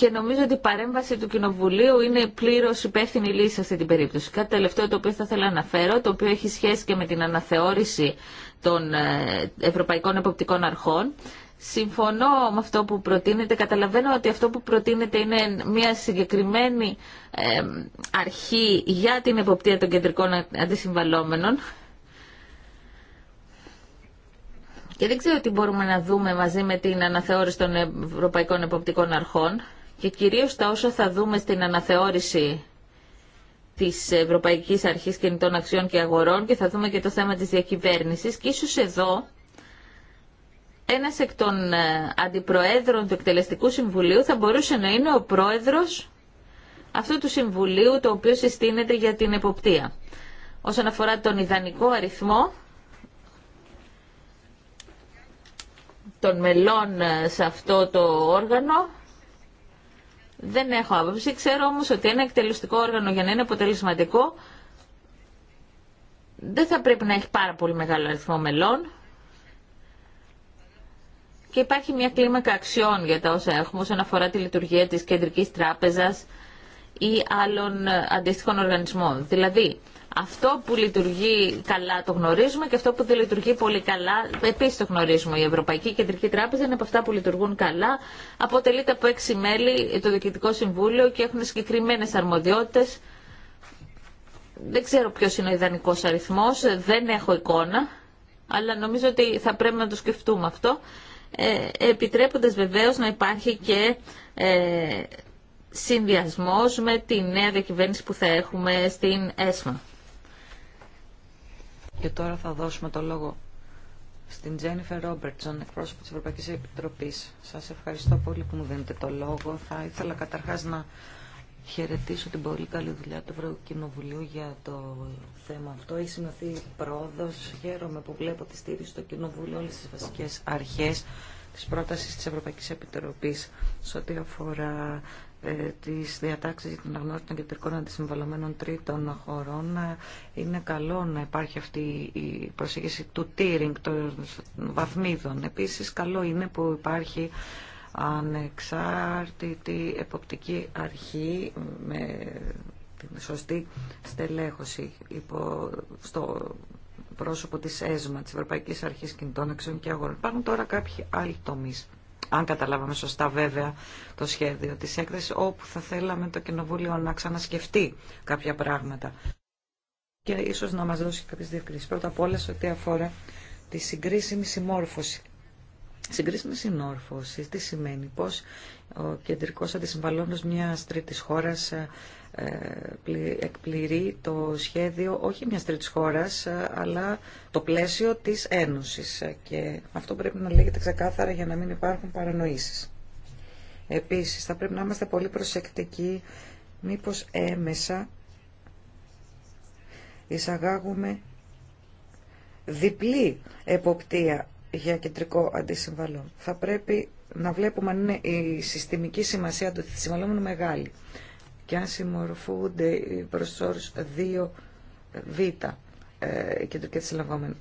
και νομίζω ότι η παρέμβαση του Κοινοβουλίου είναι πλήρω υπεύθυνη λύση σε αυτή την περίπτωση. Κάτι τελευταίο το οποίο θα ήθελα να αναφέρω, το οποίο έχει σχέση και με την αναθεώρηση των ε, Ευρωπαϊκών Εποπτικών Αρχών. Συμφωνώ με αυτό που προτείνεται. Καταλαβαίνω ότι αυτό που προτείνεται είναι μια συγκεκριμένη ε, αρχή για την εποπτεία των κεντρικών αντισυμβαλόμενων. Και δεν ξέρω τι μπορούμε να δούμε μαζί με την αναθεώρηση των Ευρωπαϊκών Εποπτικών Αρχών και κυρίως τα όσα θα δούμε στην αναθεώρηση της Ευρωπαϊκής Αρχής Κινητών Αξιών και Αγορών και θα δούμε και το θέμα της διακυβέρνησης και ίσως εδώ ένας εκ των ε, αντιπροέδρων του Εκτελεστικού Συμβουλίου θα μπορούσε να είναι ο πρόεδρος αυτού του Συμβουλίου το οποίο συστήνεται για την εποπτεία. Όσον αφορά τον ιδανικό αριθμό των μελών ε, σε αυτό το όργανο, δεν έχω άποψη. Ξέρω όμως ότι ένα εκτελεστικό όργανο για να είναι αποτελεσματικό δεν θα πρέπει να έχει πάρα πολύ μεγάλο αριθμό μελών και υπάρχει μια κλίμακα αξιών για τα όσα έχουμε όσον αφορά τη λειτουργία της Κεντρικής Τράπεζας ή άλλων ε, αντίστοιχων οργανισμών. Δηλαδή, αυτό που λειτουργεί καλά το γνωρίζουμε και αυτό που δεν λειτουργεί πολύ καλά επίση το γνωρίζουμε. Η Ευρωπαϊκή Κεντρική Τράπεζα είναι από αυτά που λειτουργούν καλά. Αποτελείται από έξι μέλη το Διοικητικό Συμβούλιο και έχουν συγκεκριμένε αρμοδιότητε. Δεν ξέρω ποιο είναι ο ιδανικό αριθμό, δεν έχω εικόνα, αλλά νομίζω ότι θα πρέπει να το σκεφτούμε αυτό. Ε, επιτρέποντας βεβαίως να υπάρχει και ε, συνδυασμός με τη νέα διακυβέρνηση που θα έχουμε στην ΕΣΜΑ. Και τώρα θα δώσουμε το λόγο στην Τζένιφερ Ρόμπερτσον, εκπρόσωπο της Ευρωπαϊκής Επιτροπής. Σας ευχαριστώ πολύ που μου δίνετε το λόγο. Θα ήθελα καταρχάς να χαιρετήσω την πολύ καλή δουλειά του Ευρωκοινοβουλίου για το θέμα αυτό. Έχει σημειωθεί πρόοδος. Χαίρομαι που βλέπω τη στήριξη στο Κοινοβούλιο όλες τις βασικές αρχές της πρότασης της Ευρωπαϊκής Επιτροπής σε ό,τι αφορά ε, τις διατάξεις για την αγνώριση των κεντρικών αντισυμβαλωμένων τρίτων χωρών ε, είναι καλό να υπάρχει αυτή η προσέγγιση του tiering των βαθμίδων. Επίσης καλό είναι που υπάρχει ανεξάρτητη εποπτική αρχή με την σωστή στελέχωση υπό, στο εκπρόσωπο της ΕΣΜΑ, της Ευρωπαϊκής Αρχής Κινητών και Αγορών. Υπάρχουν τώρα κάποιοι άλλοι τομείς, αν καταλάβαμε σωστά βέβαια το σχέδιο της έκθεσης, όπου θα θέλαμε το Κοινοβούλιο να ξανασκεφτεί κάποια πράγματα και ίσως να μας δώσει κάποιες διευκρινήσεις. Πρώτα απ' όλα σε ό,τι αφορά τη συγκρίσιμη συμμόρφωση. Συγκρίσιμη συμμόρφωση, τι σημαίνει, πώς ο κεντρικός αντισυμβαλόμενος μιας τρίτης χώρας ε, ε, εκπληρεί το σχέδιο όχι μιας τρίτης χώρας, ε, αλλά το πλαίσιο της Ένωσης. Ε, και αυτό πρέπει να λέγεται ξεκάθαρα για να μην υπάρχουν παρανοήσεις. Επίσης, θα πρέπει να είμαστε πολύ προσεκτικοί μήπως έμεσα εισαγάγουμε διπλή εποπτεία για κεντρικό αντισυμβαλό. Θα πρέπει να βλέπουμε αν είναι η συστημική σημασία του αντισυμβαλόμενου μεγάλη και αν συμμορφούνται προς όρους 2β και το και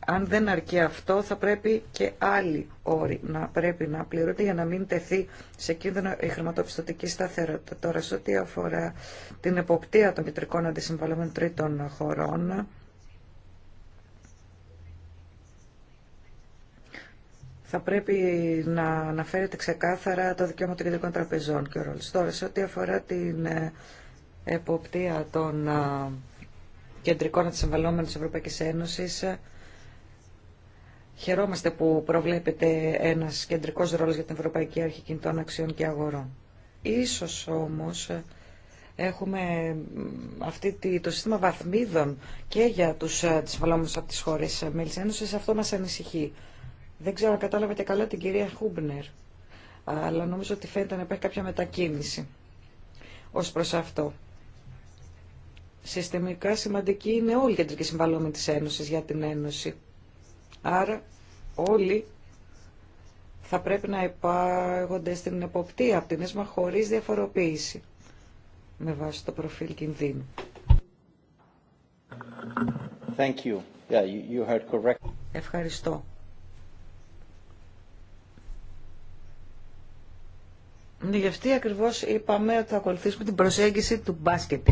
Αν δεν αρκεί αυτό, θα πρέπει και άλλοι όροι να πρέπει να πληρούνται για να μην τεθεί σε κίνδυνο η χρηματοπιστωτική σταθερότητα. Τώρα, σε ό,τι αφορά την εποπτεία των κεντρικών αντισυμβαλλόμενων τρίτων χωρών, θα πρέπει να αναφέρεται ξεκάθαρα το δικαίωμα των κεντρικών τραπεζών και ο ρόλος. Τώρα, σε ό,τι αφορά την ε, εποπτεία των κεντρικών αντισυμβαλόμενων της Ευρωπαϊκής Ένωσης. Χαιρόμαστε που προβλέπεται ένας κεντρικός ρόλος για την Ευρωπαϊκή Αρχή Κινητών Αξιών και Αγορών. Ίσως όμως έχουμε αυτή τη, το σύστημα βαθμίδων και για τους αντισυμβαλλόμενους από τις χώρες μέλης Ένωσης. Αυτό μας ανησυχεί. Δεν ξέρω αν κατάλαβα και καλά την κυρία Χούμπνερ, αλλά νομίζω ότι φαίνεται να υπάρχει κάποια μετακίνηση ως προς αυτό συστημικά σημαντική είναι όλοι οι κεντρικοί συμβαλόμενοι της Ένωσης για την Ένωση. Άρα όλοι θα πρέπει να υπάγονται στην εποπτεία από την ΕΣΜΑ χωρίς διαφοροποίηση με βάση το προφίλ κινδύνου. Thank you. Yeah, you correct. Ευχαριστώ. Ναι, γι' αυτή ακριβώ είπαμε ότι θα ακολουθήσουμε την προσέγγιση του μπάσκετ.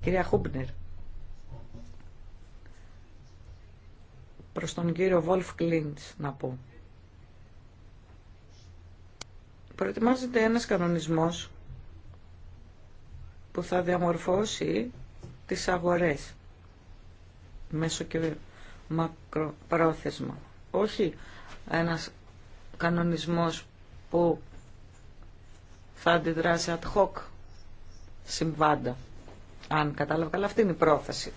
Κυρία Χούμπνερ. Προς τον κύριο Βόλφ Κλίντς να πω. Προετοιμάζεται ένας κανονισμός που θα διαμορφώσει τις αγορές μέσω και μακροπρόθεσμα. Όχι ένας κανονισμός που θα αντιδράσει ad hoc συμβάντα. Αν κατάλαβα καλά, αυτή είναι η πρόθεση.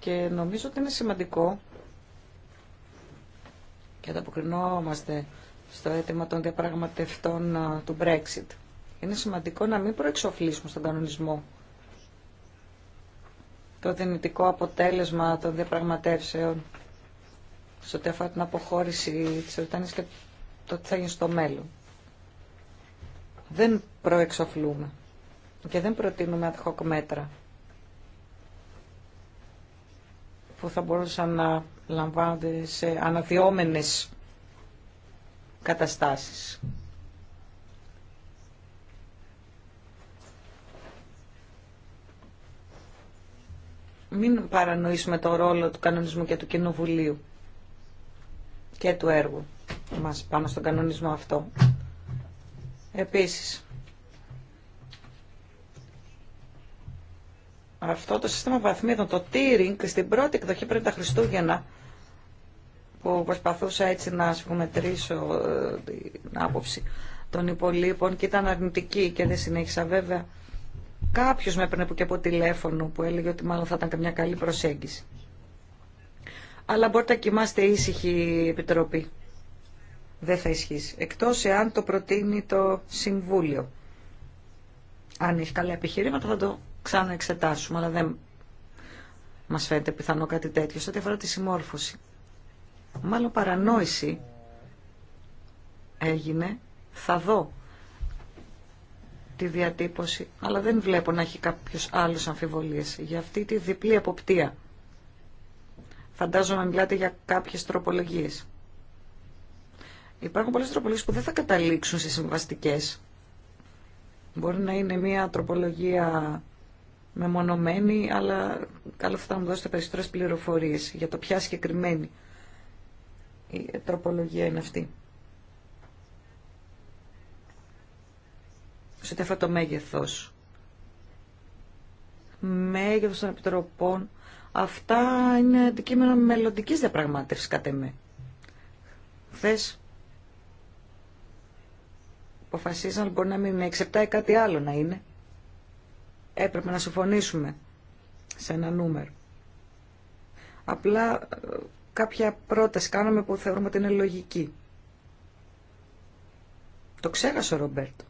Και νομίζω ότι είναι σημαντικό και ανταποκρινόμαστε στο αίτημα των διαπραγματευτών του Brexit. Είναι σημαντικό να μην προεξοφλήσουμε στον κανονισμό το δυνητικό αποτέλεσμα των διαπραγματεύσεων σε ό,τι αφορά την αποχώρηση της και το τι θα γίνει στο μέλλον. Δεν προεξοφλούμε και δεν προτείνουμε ad hoc μέτρα που θα μπορούσαν να λαμβάνονται σε αναδυόμενες καταστάσεις. Μην παρανοήσουμε το ρόλο του κανονισμού και του κοινοβουλίου και του έργου μας πάνω στον κανονισμό αυτό. Επίσης, αυτό το σύστημα βαθμίδων, το tiering, στην πρώτη εκδοχή πριν τα Χριστούγεννα, που προσπαθούσα έτσι να συμμετρήσω ε, την άποψη των υπολείπων και ήταν αρνητική και δεν συνέχισα βέβαια. Κάποιος με έπαιρνε και από τηλέφωνο που έλεγε ότι μάλλον θα ήταν καμιά καλή προσέγγιση αλλά μπορείτε να κοιμάστε ήσυχη Επιτροπή. Δεν θα ισχύσει. Εκτός εάν το προτείνει το Συμβούλιο. Αν έχει καλά επιχειρήματα θα το ξαναεξετάσουμε, αλλά δεν μας φαίνεται πιθανό κάτι τέτοιο. Σε ό,τι αφορά τη συμμόρφωση. Μάλλον παρανόηση έγινε. Θα δω τη διατύπωση, αλλά δεν βλέπω να έχει κάποιος άλλος αμφιβολίες για αυτή τη διπλή αποπτία. Φαντάζομαι μιλάτε για κάποιε τροπολογίε. Υπάρχουν πολλέ τροπολογίε που δεν θα καταλήξουν σε συμβαστικέ. Μπορεί να είναι μια τροπολογία μεμονωμένη, αλλά καλό θα μου δώσετε περισσότερες πληροφορίες για το ποια συγκεκριμένη η τροπολογία είναι αυτή. Σε τέφα το μέγεθος. Μέγεθος των επιτροπών Αυτά είναι αντικείμενα μελλοντική διαπραγμάτευση κατά με. Χθε αποφασίσαν μπορεί να μην με κάτι άλλο να είναι. Έπρεπε να συμφωνήσουμε σε ένα νούμερο. Απλά ε, κάποια πρόταση κάναμε που θεωρούμε ότι είναι λογική. Το ξέχασε ο Ρομπέρτο.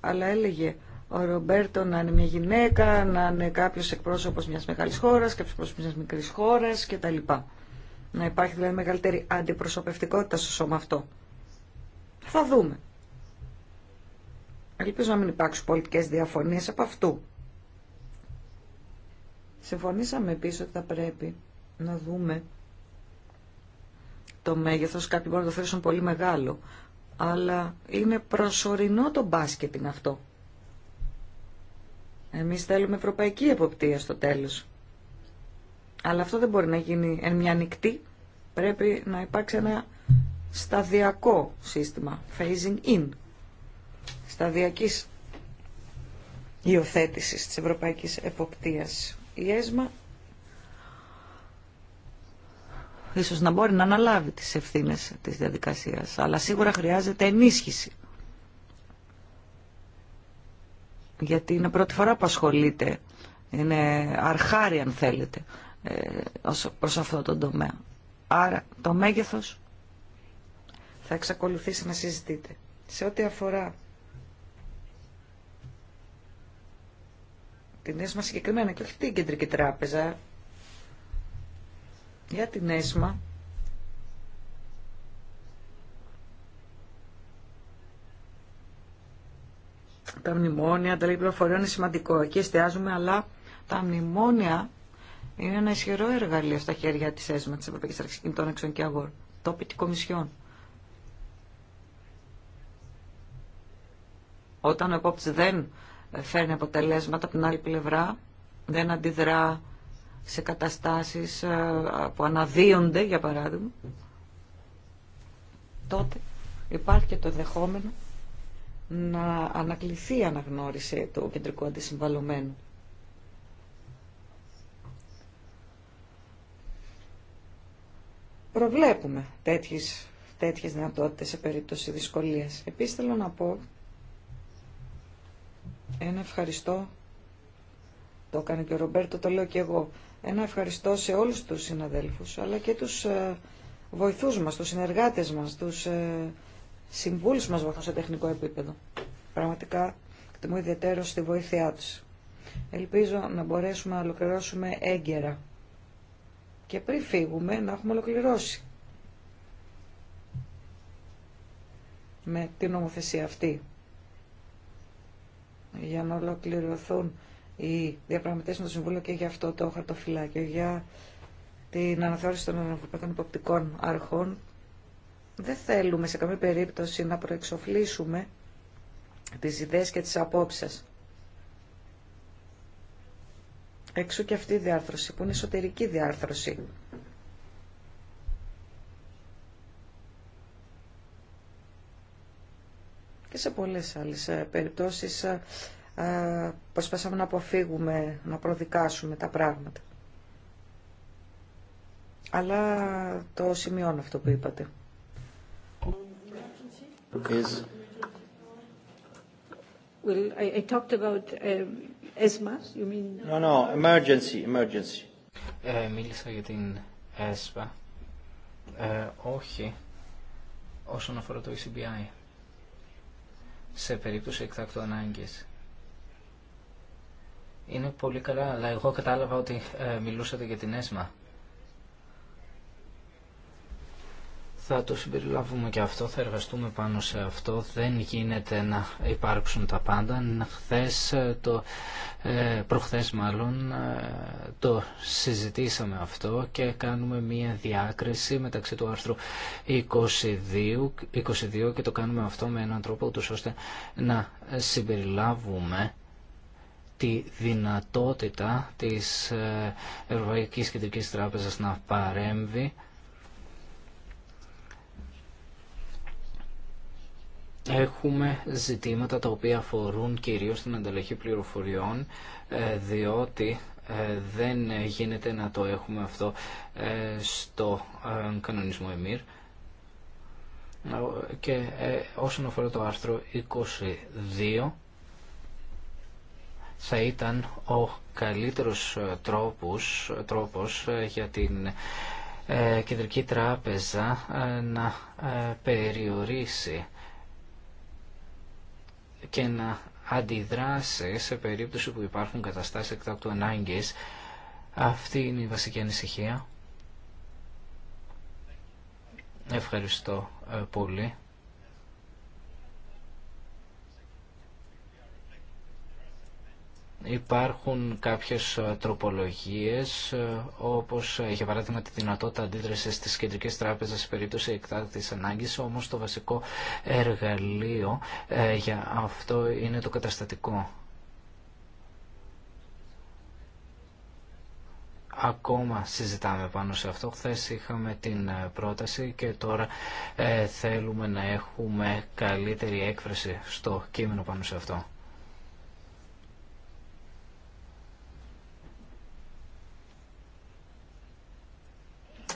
Αλλά έλεγε ο Ρομπέρτο να είναι μια γυναίκα, να είναι κάποιο εκπρόσωπο μια μεγάλη χώρα, κάποιο εκπρόσωπο μια μικρή χώρα κτλ. Να υπάρχει δηλαδή μεγαλύτερη αντιπροσωπευτικότητα στο σώμα αυτό. Θα δούμε. Ελπίζω να μην υπάρξουν πολιτικέ διαφωνίε από αυτού. Συμφωνήσαμε επίση ότι θα πρέπει να δούμε το μέγεθο. Κάποιοι μπορεί να το θεωρήσουν πολύ μεγάλο. Αλλά είναι προσωρινό το μπάσκετινγκ αυτό. Εμείς θέλουμε ευρωπαϊκή εποπτεία στο τέλος. Αλλά αυτό δεν μπορεί να γίνει εν μια νυχτή. Πρέπει να υπάρξει ένα σταδιακό σύστημα, phasing in, σταδιακής υιοθέτησης της ευρωπαϊκής εποπτείας. Η ΕΣΜΑ ίσως να μπορεί να αναλάβει τις ευθύνες της διαδικασίας, αλλά σίγουρα χρειάζεται ενίσχυση γιατί είναι πρώτη φορά που ασχολείται, είναι αρχάρι αν θέλετε, ε, προς αυτό το τομέα. Άρα το μέγεθος θα εξακολουθήσει να συζητείτε. Σε ό,τι αφορά την ΕΣΜΑ συγκεκριμένα και όχι την Κεντρική Τράπεζα, για την ΕΣΜΑ τα μνημόνια, τα λίγη πληροφοριών είναι σημαντικό. Εκεί εστιάζουμε, αλλά τα μνημόνια είναι ένα ισχυρό εργαλείο στα χέρια τη ΕΣΜΑ, τη Ευρωπαϊκή Αρχή Κινητών Αξιών και Αγορών. τοπική Κομισιόν. Όταν ο επόπτη δεν φέρνει αποτελέσματα από την άλλη πλευρά, δεν αντιδρά σε καταστάσεις ε, που αναδύονται, για παράδειγμα, τότε υπάρχει και το δεχόμενο να ανακληθεί η αναγνώριση του κεντρικού αντισυμβαλωμένου. Προβλέπουμε τέτοιες, τέτοιες δυνατότητες σε περίπτωση δυσκολίας. Επίσης θέλω να πω ένα ευχαριστώ, το έκανε και ο Ρομπέρτο, το λέω και εγώ, ένα ευχαριστώ σε όλους τους συναδέλφους, αλλά και τους ε, βοηθούς μας, τους συνεργάτες μας, τους ε, συμβούλου μα βοηθούν σε τεχνικό επίπεδο. Πραγματικά εκτιμώ ιδιαίτερο στη βοήθειά του. Ελπίζω να μπορέσουμε να ολοκληρώσουμε έγκαιρα. Και πριν φύγουμε, να έχουμε ολοκληρώσει. με την νομοθεσία αυτή για να ολοκληρωθούν οι διαπραγματεύσει με το Συμβούλιο και για αυτό το χαρτοφυλάκιο, για την αναθεώρηση των ευρωπαϊκών υποπτικών αρχών δεν θέλουμε σε καμία περίπτωση να προεξοφλήσουμε τις ιδέες και τις απόψεις. Έξω και αυτή η διάρθρωση που είναι εσωτερική διάρθρωση. Και σε πολλές άλλες ε, περιπτώσεις ε, ε, προσπαθούμε να αποφύγουμε, να προδικάσουμε τα πράγματα. Αλλά το σημειώνω αυτό που είπατε is well I, talked about uh, ESMA you mean no no emergency emergency ε, μίλησα για την ΕΣΠΑ ε, όχι όσον αφορά το ECBI σε περίπτωση εκτάκτου ανάγκης είναι πολύ καλά αλλά εγώ κατάλαβα ότι ε, μιλούσατε για την ΕΣΜΑ Θα το συμπεριλάβουμε και αυτό, θα εργαστούμε πάνω σε αυτό. Δεν γίνεται να υπάρξουν τα πάντα. Χθες, ε, το, ε, προχθές μάλλον, ε, το συζητήσαμε αυτό και κάνουμε μία διάκριση μεταξύ του άρθρου 22, 22 και το κάνουμε αυτό με έναν τρόπο ούτως ώστε να συμπεριλάβουμε τη δυνατότητα της Ευρωπαϊκής Κεντρικής Τράπεζας να παρέμβει έχουμε ζητήματα τα οποία αφορούν κυρίως την ανταλλαγή πληροφοριών ε, διότι ε, δεν γίνεται να το έχουμε αυτό ε, στο κανονισμό ΕΜΗΡ και όσον αφορά το άρθρο 22 θα ήταν ο καλύτερος τρόπος, τρόπος για την Κεντρική Τράπεζα να περιορίσει και να αντιδράσει σε περίπτωση που υπάρχουν καταστάσεις εκτάκτου ανάγκης. Αυτή είναι η βασική ανησυχία. Ευχαριστώ ε, πολύ. Υπάρχουν κάποιες ε, τροπολογίες, ε, όπως ε, για παράδειγμα τη δυνατότητα αντίδρασης της κεντρικής τράπεζας σε περίπτωση εκτάκτης ανάγκης, όμως το βασικό εργαλείο για αυτό είναι το καταστατικό. Ακόμα συζητάμε πάνω σε αυτό. Χθε είχαμε την πρόταση και τώρα θέλουμε να έχουμε καλύτερη έκφραση στο κείμενο πάνω σε αυτό.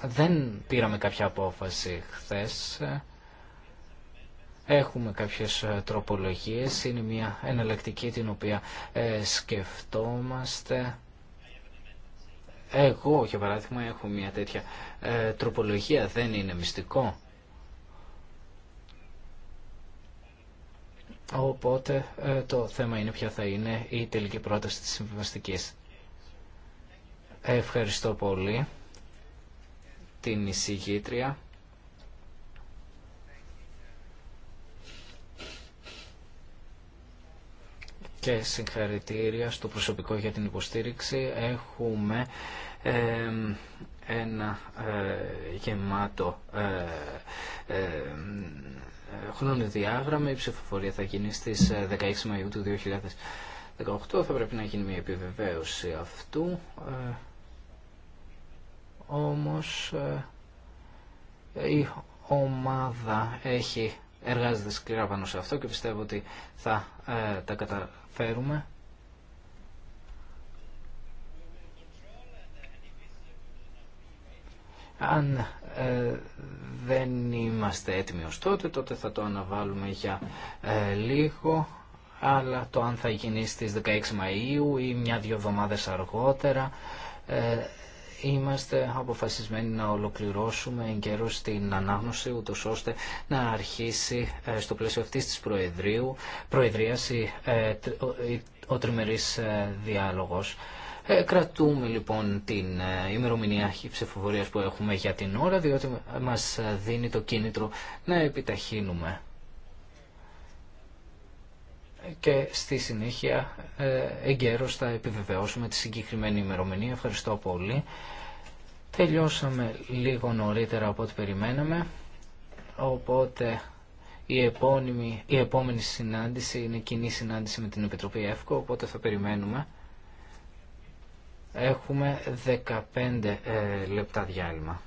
Δεν πήραμε κάποια απόφαση χθες. Έχουμε κάποιες ε, τροπολογίες. Είναι μια εναλλακτική την οποία ε, σκεφτόμαστε. Εγώ, για παράδειγμα, έχω μια τέτοια ε, τροπολογία. Δεν είναι μυστικό. Οπότε το θέμα είναι ποια θα είναι η τελική πρόταση της συμβιβαστικής. Ευχαριστώ πολύ την εισηγήτρια. και συγχαρητήρια στο προσωπικό για την υποστήριξη. Έχουμε ένα ε, γεμάτο ε, ε, ε διάγραμμα. Η ψηφοφορία θα γίνει στις 16 ε, Μαΐου του 2018. Θα πρέπει να γίνει μια επιβεβαίωση αυτού όμως ε, η ομάδα έχει εργάζεται σκληρά πάνω σε αυτό και πιστεύω ότι θα ε, τα καταφέρουμε. Αν ε, δεν είμαστε έτοιμοι ως τότε, τότε θα το αναβάλουμε για λίγο, αλλά το αν θα γίνει στις 16 Μαΐου ή μια-δυο εβδομάδες αργότερα Είμαστε αποφασισμένοι να ολοκληρώσουμε εν καιρό την ανάγνωση, ούτω ώστε να αρχίσει ε, στο πλαίσιο αυτής της προεδρίου, προεδρίας ε, ο τριμερής ε, διάλογος. κρατούμε λοιπόν την ημερομηνία ψηφοφορίας που έχουμε για την ώρα, διότι μας δίνει το κίνητρο να επιταχύνουμε και στη συνέχεια ε, εγκαίρως θα επιβεβαιώσουμε τη συγκεκριμένη ημερομηνία. Ευχαριστώ πολύ. Τελειώσαμε λίγο νωρίτερα από ό,τι περιμέναμε, οπότε η, η επόμενη συνάντηση είναι κοινή συνάντηση με την Επιτροπή ΕΦΚΟ, οπότε θα περιμένουμε. Έχουμε 15 ε, λεπτά διάλειμμα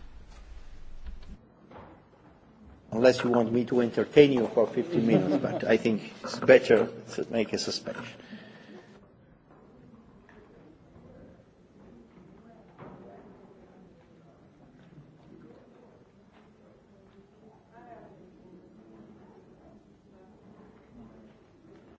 unless you want me to entertain you for 50 minutes, but I think it's better to make a suspension.